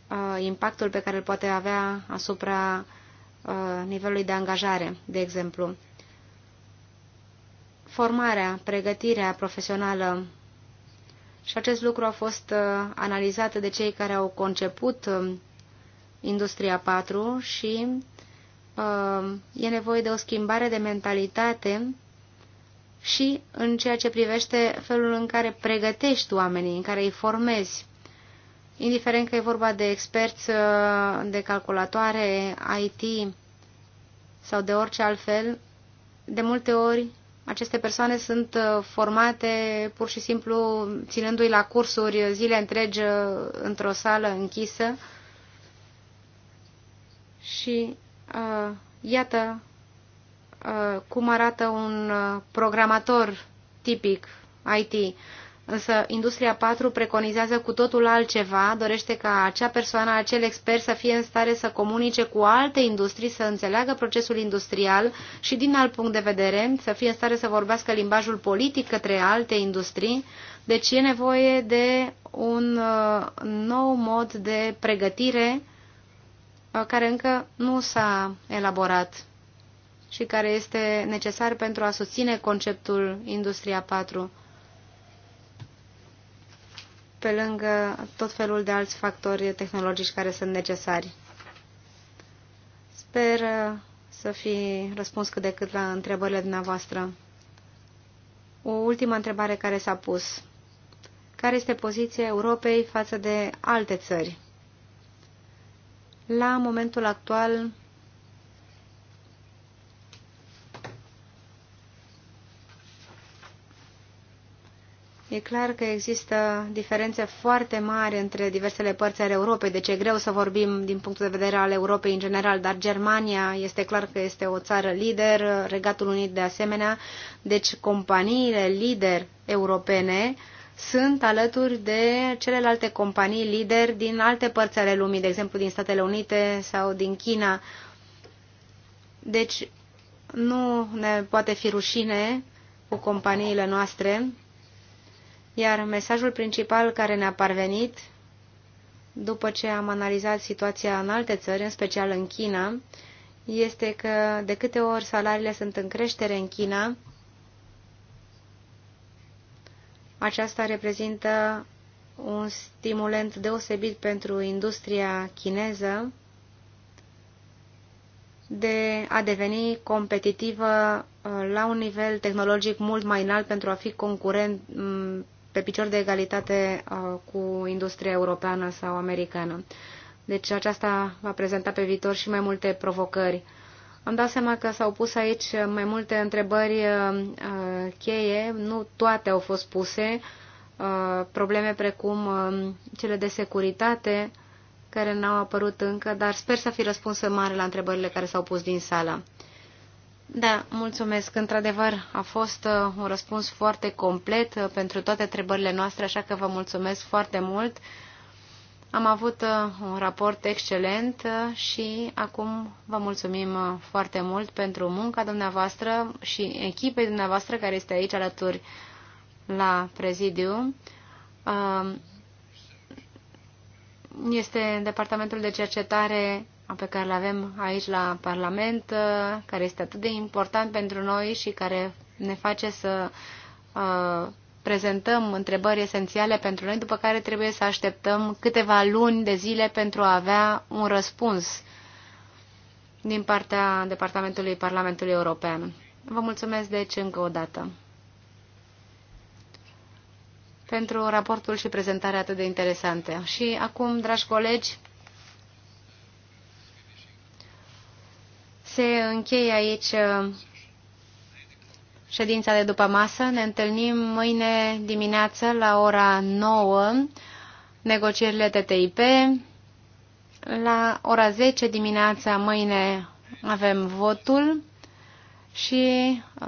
uh, impactul pe care îl poate avea asupra nivelului de angajare, de exemplu. Formarea, pregătirea profesională și acest lucru a fost uh, analizat de cei care au conceput um, Industria 4 și um, e nevoie de o schimbare de mentalitate și în ceea ce privește felul în care pregătești oamenii, în care îi formezi, indiferent că e vorba de experți, uh, de calculatoare, IT sau de orice altfel, de multe ori aceste persoane sunt uh, formate pur și simplu ținându-i la cursuri zile întregi uh, într-o sală închisă și uh, iată uh, cum arată un uh, programator tipic IT. Însă Industria 4 preconizează cu totul altceva, dorește ca acea persoană, acel expert să fie în stare să comunice cu alte industrii, să înțeleagă procesul industrial și din alt punct de vedere să fie în stare să vorbească limbajul politic către alte industrii. Deci e nevoie de un uh, nou mod de pregătire uh, care încă nu s-a elaborat și care este necesar pentru a susține conceptul Industria 4 pe lângă tot felul de alți factori tehnologici care sunt necesari. Sper uh, să fi răspuns cât de cât la întrebările dumneavoastră. O ultimă întrebare care s-a pus. Care este poziția Europei față de alte țări? La momentul actual, E clar că există diferențe foarte mari între diversele părți ale Europei, deci e greu să vorbim din punctul de vedere al Europei în general, dar Germania este clar că este o țară lider, Regatul Unit de asemenea, deci companiile lider europene sunt alături de celelalte companii lider din alte părți ale lumii, de exemplu din Statele Unite sau din China. Deci nu ne poate fi rușine cu companiile noastre iar mesajul principal care ne-a parvenit, după ce am analizat situația în alte țări, în special în China, este că de câte ori salariile sunt în creștere în China, aceasta reprezintă un stimulent deosebit pentru industria chineză de a deveni competitivă uh, la un nivel tehnologic mult mai înalt pentru a fi concurent pe picior de egalitate uh, cu industria europeană sau americană. Deci aceasta va prezenta pe viitor și mai multe provocări. Am dat seama că s-au pus aici mai multe întrebări uh, uh, cheie, nu toate au fost puse, probleme precum cele de securitate care n-au apărut încă, dar sper să fi răspuns în mare la întrebările care s-au pus din sală. Da, mulțumesc. Într-adevăr, a fost uh, un răspuns foarte complet uh, pentru toate întrebările noastre, așa că vă mulțumesc foarte mult. Am avut uh, un raport excelent și acum vă mulțumim foarte mult pentru munca dumneavoastră și echipei dumneavoastră care este aici alături la prezidiu. Este departamentul de cercetare pe care le avem aici la Parlament, uh, care este atât de important pentru noi și care ne face să uh, prezentăm întrebări esențiale pentru noi, după care trebuie să așteptăm câteva luni de zile pentru a avea un răspuns din partea Departamentului Parlamentului European. Vă mulțumesc deci încă o dată pentru raportul și prezentarea atât de interesante. Și acum, dragi colegi, Se încheie aici uh, ședința de după masă. Ne întâlnim mâine dimineață la ora 9, negocierile TTIP. La ora 10 dimineața mâine avem votul și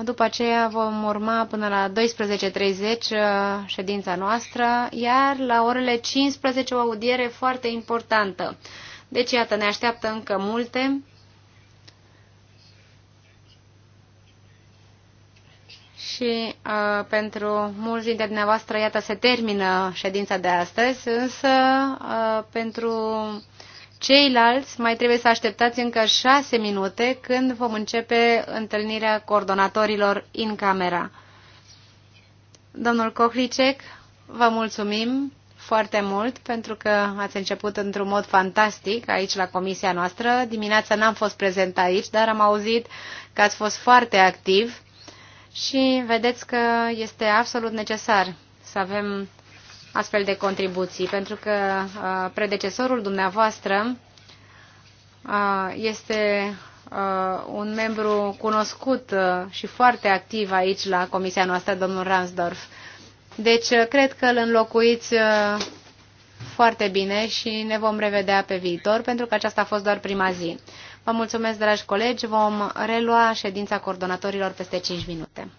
după aceea vom urma până la 12.30 uh, ședința noastră, iar la orele 15 o audiere foarte importantă. Deci, iată, ne așteaptă încă multe. și uh, pentru mulți dintre dumneavoastră, iată, se termină ședința de astăzi, însă uh, pentru ceilalți mai trebuie să așteptați încă șase minute când vom începe întâlnirea coordonatorilor în camera. Domnul Cohlicek, vă mulțumim foarte mult pentru că ați început într-un mod fantastic aici la comisia noastră. Dimineața n-am fost prezent aici, dar am auzit că ați fost foarte activ și vedeți că este absolut necesar să avem astfel de contribuții, pentru că uh, predecesorul dumneavoastră uh, este uh, un membru cunoscut și foarte activ aici la comisia noastră, domnul Ransdorf. Deci, cred că îl înlocuiți foarte bine și ne vom revedea pe viitor, pentru că aceasta a fost doar prima zi. Vă mulțumesc, dragi colegi. Vom relua ședința coordonatorilor peste 5 minute.